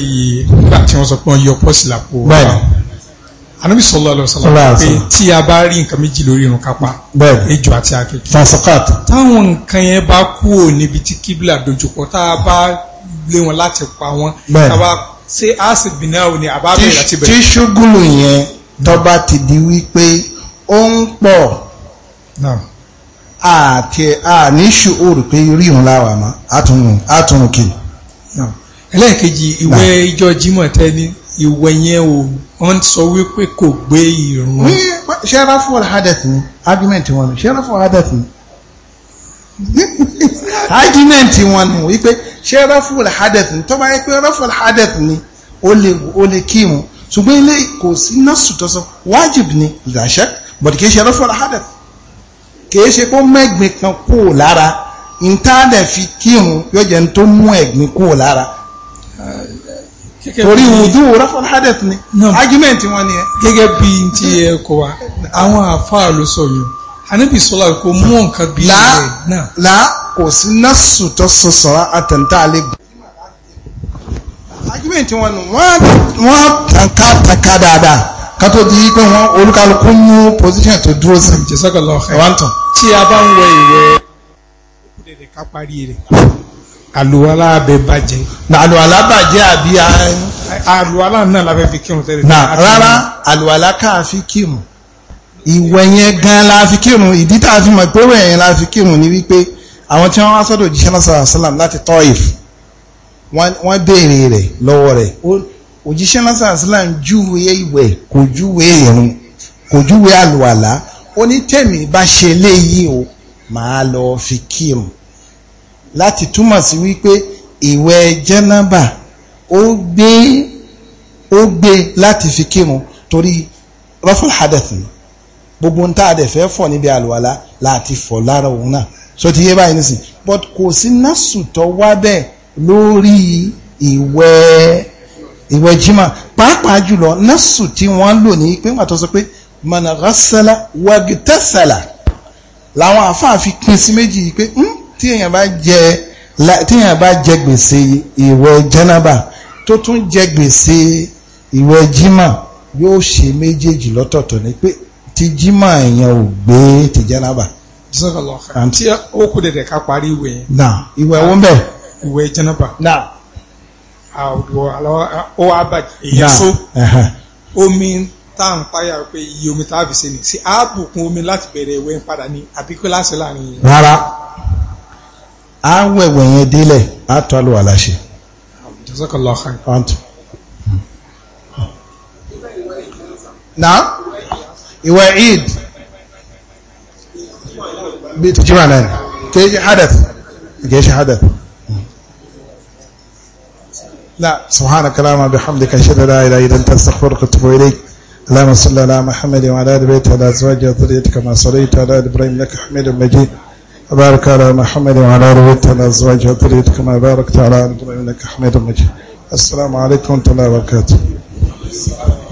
nígbà tí wọ́n sọ pé wọ́n yọ pọ́sì lápò. bẹ́ẹ̀ni anabi sallallahu alaihi wasallam pé tí a bá rí nǹkan méjì lórí irun kápá ejò àti akéèké. fasakat. táwọn nǹkan yẹn bá kúrò níbi tí kíbla dojúkọ tá a bá lé wọn láti pa wọn. bẹ́ẹ̀ni tá a bá ṣe àṣì bìnnáwó ni àbá bẹ̀rẹ̀ láti bẹ̀rẹ̀. tí ṣúgùlù yẹn tó bá ti di wípé ó ń pọ̀ àti àní ṣòòrò pé rí òun láwà mọ́ àtúnrùn kì. ẹlẹ́ẹ̀kejì ìwé ìjọ Jímọ̀ tẹ́ni ìwé yẹn o wọ́n sọ wípé kò gbé ìrun. ṣẹ́ra fún ọ̀rọ̀ hadith ni argument wọn ni ṣẹ́ra fún ọ̀rọ̀ hadith ni argument wọn ni wípé ṣẹ́ra fún ọ̀rọ̀ hadith ni tó bá yẹ pé ọ̀rọ̀ fún ọ̀rọ̀ hadith ni ó lè kí wọn ṣùgbọ́n ilé kò sí nọ́ọ̀sì tó sọ wájib ni ìdáṣẹ́ bọ̀dì kì í ṣẹ́ra fún ọ̀rọ̀ hadith kìí ṣe kó mẹ́gbin kan kúrò lára ìtaàdẹ̀ fi kírun yóò jẹ́ tó mú ẹ̀gbin kúrò lára torí wùdú rafal ni argument wọn ni ẹ. gẹ́gẹ́ bí n ti ẹ kọ wa àwọn àfáà ló sọ yìí anabi sọlá kò mú nǹkan bí ilé náà. là kò sí násù tó sọ sọ̀rọ̀ àtẹ̀ntà àlegbè. argument wọn nù wọ́n tànká tànká dáadáa kátó di pé wọ́n olúkálukú mú position tó dúró sí. jẹ́sọ́kọ̀ lọ́ọ̀ọ́ ẹ̀ wá ń tàn tí a bá ń wẹ ìwẹ̀ òkú dẹ̀dẹ̀ ká parí rẹ̀ àlùwalá abẹ bàjẹ́. àlùwalá bàjẹ́ àbí a. náà la fi kírun tẹ́lẹ̀. na rárá àlùwalá ká fi kírun ìwẹ̀ yẹn gan la fi kírun ìdí tá a fi mọ̀ pé wẹ̀ yẹn la fi kírun ni wípé àwọn tí wọ́n wá sọ́dọ̀ òjíṣẹ́ náà sàrà sàlám láti Tọ́ìf wọ́n béèrè rẹ̀ lọ́wọ́ rẹ̀ òjíṣẹ́ náà sàrà sàlám júwe ìwẹ̀ kò júwe ìrun kò júwe àlùwalá ó ní tèmi bá ṣe léyìí o màá lọ fi kírun láti túmọ̀ sí wípé ìwẹ̀ jẹ́nàbà ó gbé ó gbé láti fi kírun torí raful hadath ni gbogbo ń tá a dẹ̀ fẹ́ fọ̀ níbi àlùwàlá láti fọ̀ lára òun náà so ti yé báyìí nísìn but kò sí násù tó wá bẹ́ẹ̀ lórí ìwẹ̀ ìwẹ̀ jimá pàápàá jùlọ násù tí wọ́n lò ní pé wọ́n tó pé mọ̀nà ghassala wagtasala làwọn àfáà fi pín sí méjì yìí pé hmm, tí èèyàn bá jẹ tí èèyàn bá jẹ gbèsè ìwẹ̀ jẹ́nàbà tó tún jẹ gbèsè ìwẹ̀ jimá yóò ṣe méjèèjì lọ́tọ̀ọ̀tọ̀ ni pé ti jimá èèyàn ò gbé ti jẹ́nàbà. tí ó kù dẹ̀dẹ̀ ká parí ìwẹ̀ yẹn. na ìwẹ̀ wo ń bẹ̀. ìwẹ̀ jẹ́nàbà. na àwọ̀ àlọ́ ó wá bàjẹ́ èyí so omi tá à ń páyà pé iye omi tá a fi ṣe ni ṣe ààbò omi láti bẹ̀rẹ̀ ẹ̀wẹ̀ ń padà ní àbí láàrin yẹn. rárá a wẹ̀wẹ̀ yẹn délẹ̀ a tọ́ àlọ́ wà náà لا سبحانك اللهم بحمدك اشهد ان لا اله الا انت استغفرك واتوب اليك اللهم صل على محمد وعلى ال بيت وعلى ازواجه وذريته كما صليت على ابراهيم انك حميد مجيد وبارك على محمد وعلى ال بيت وعلى ازواجه وذريته كما باركت على ابراهيم انك حميد مجيد السلام عليكم ورحمه الله وبركاته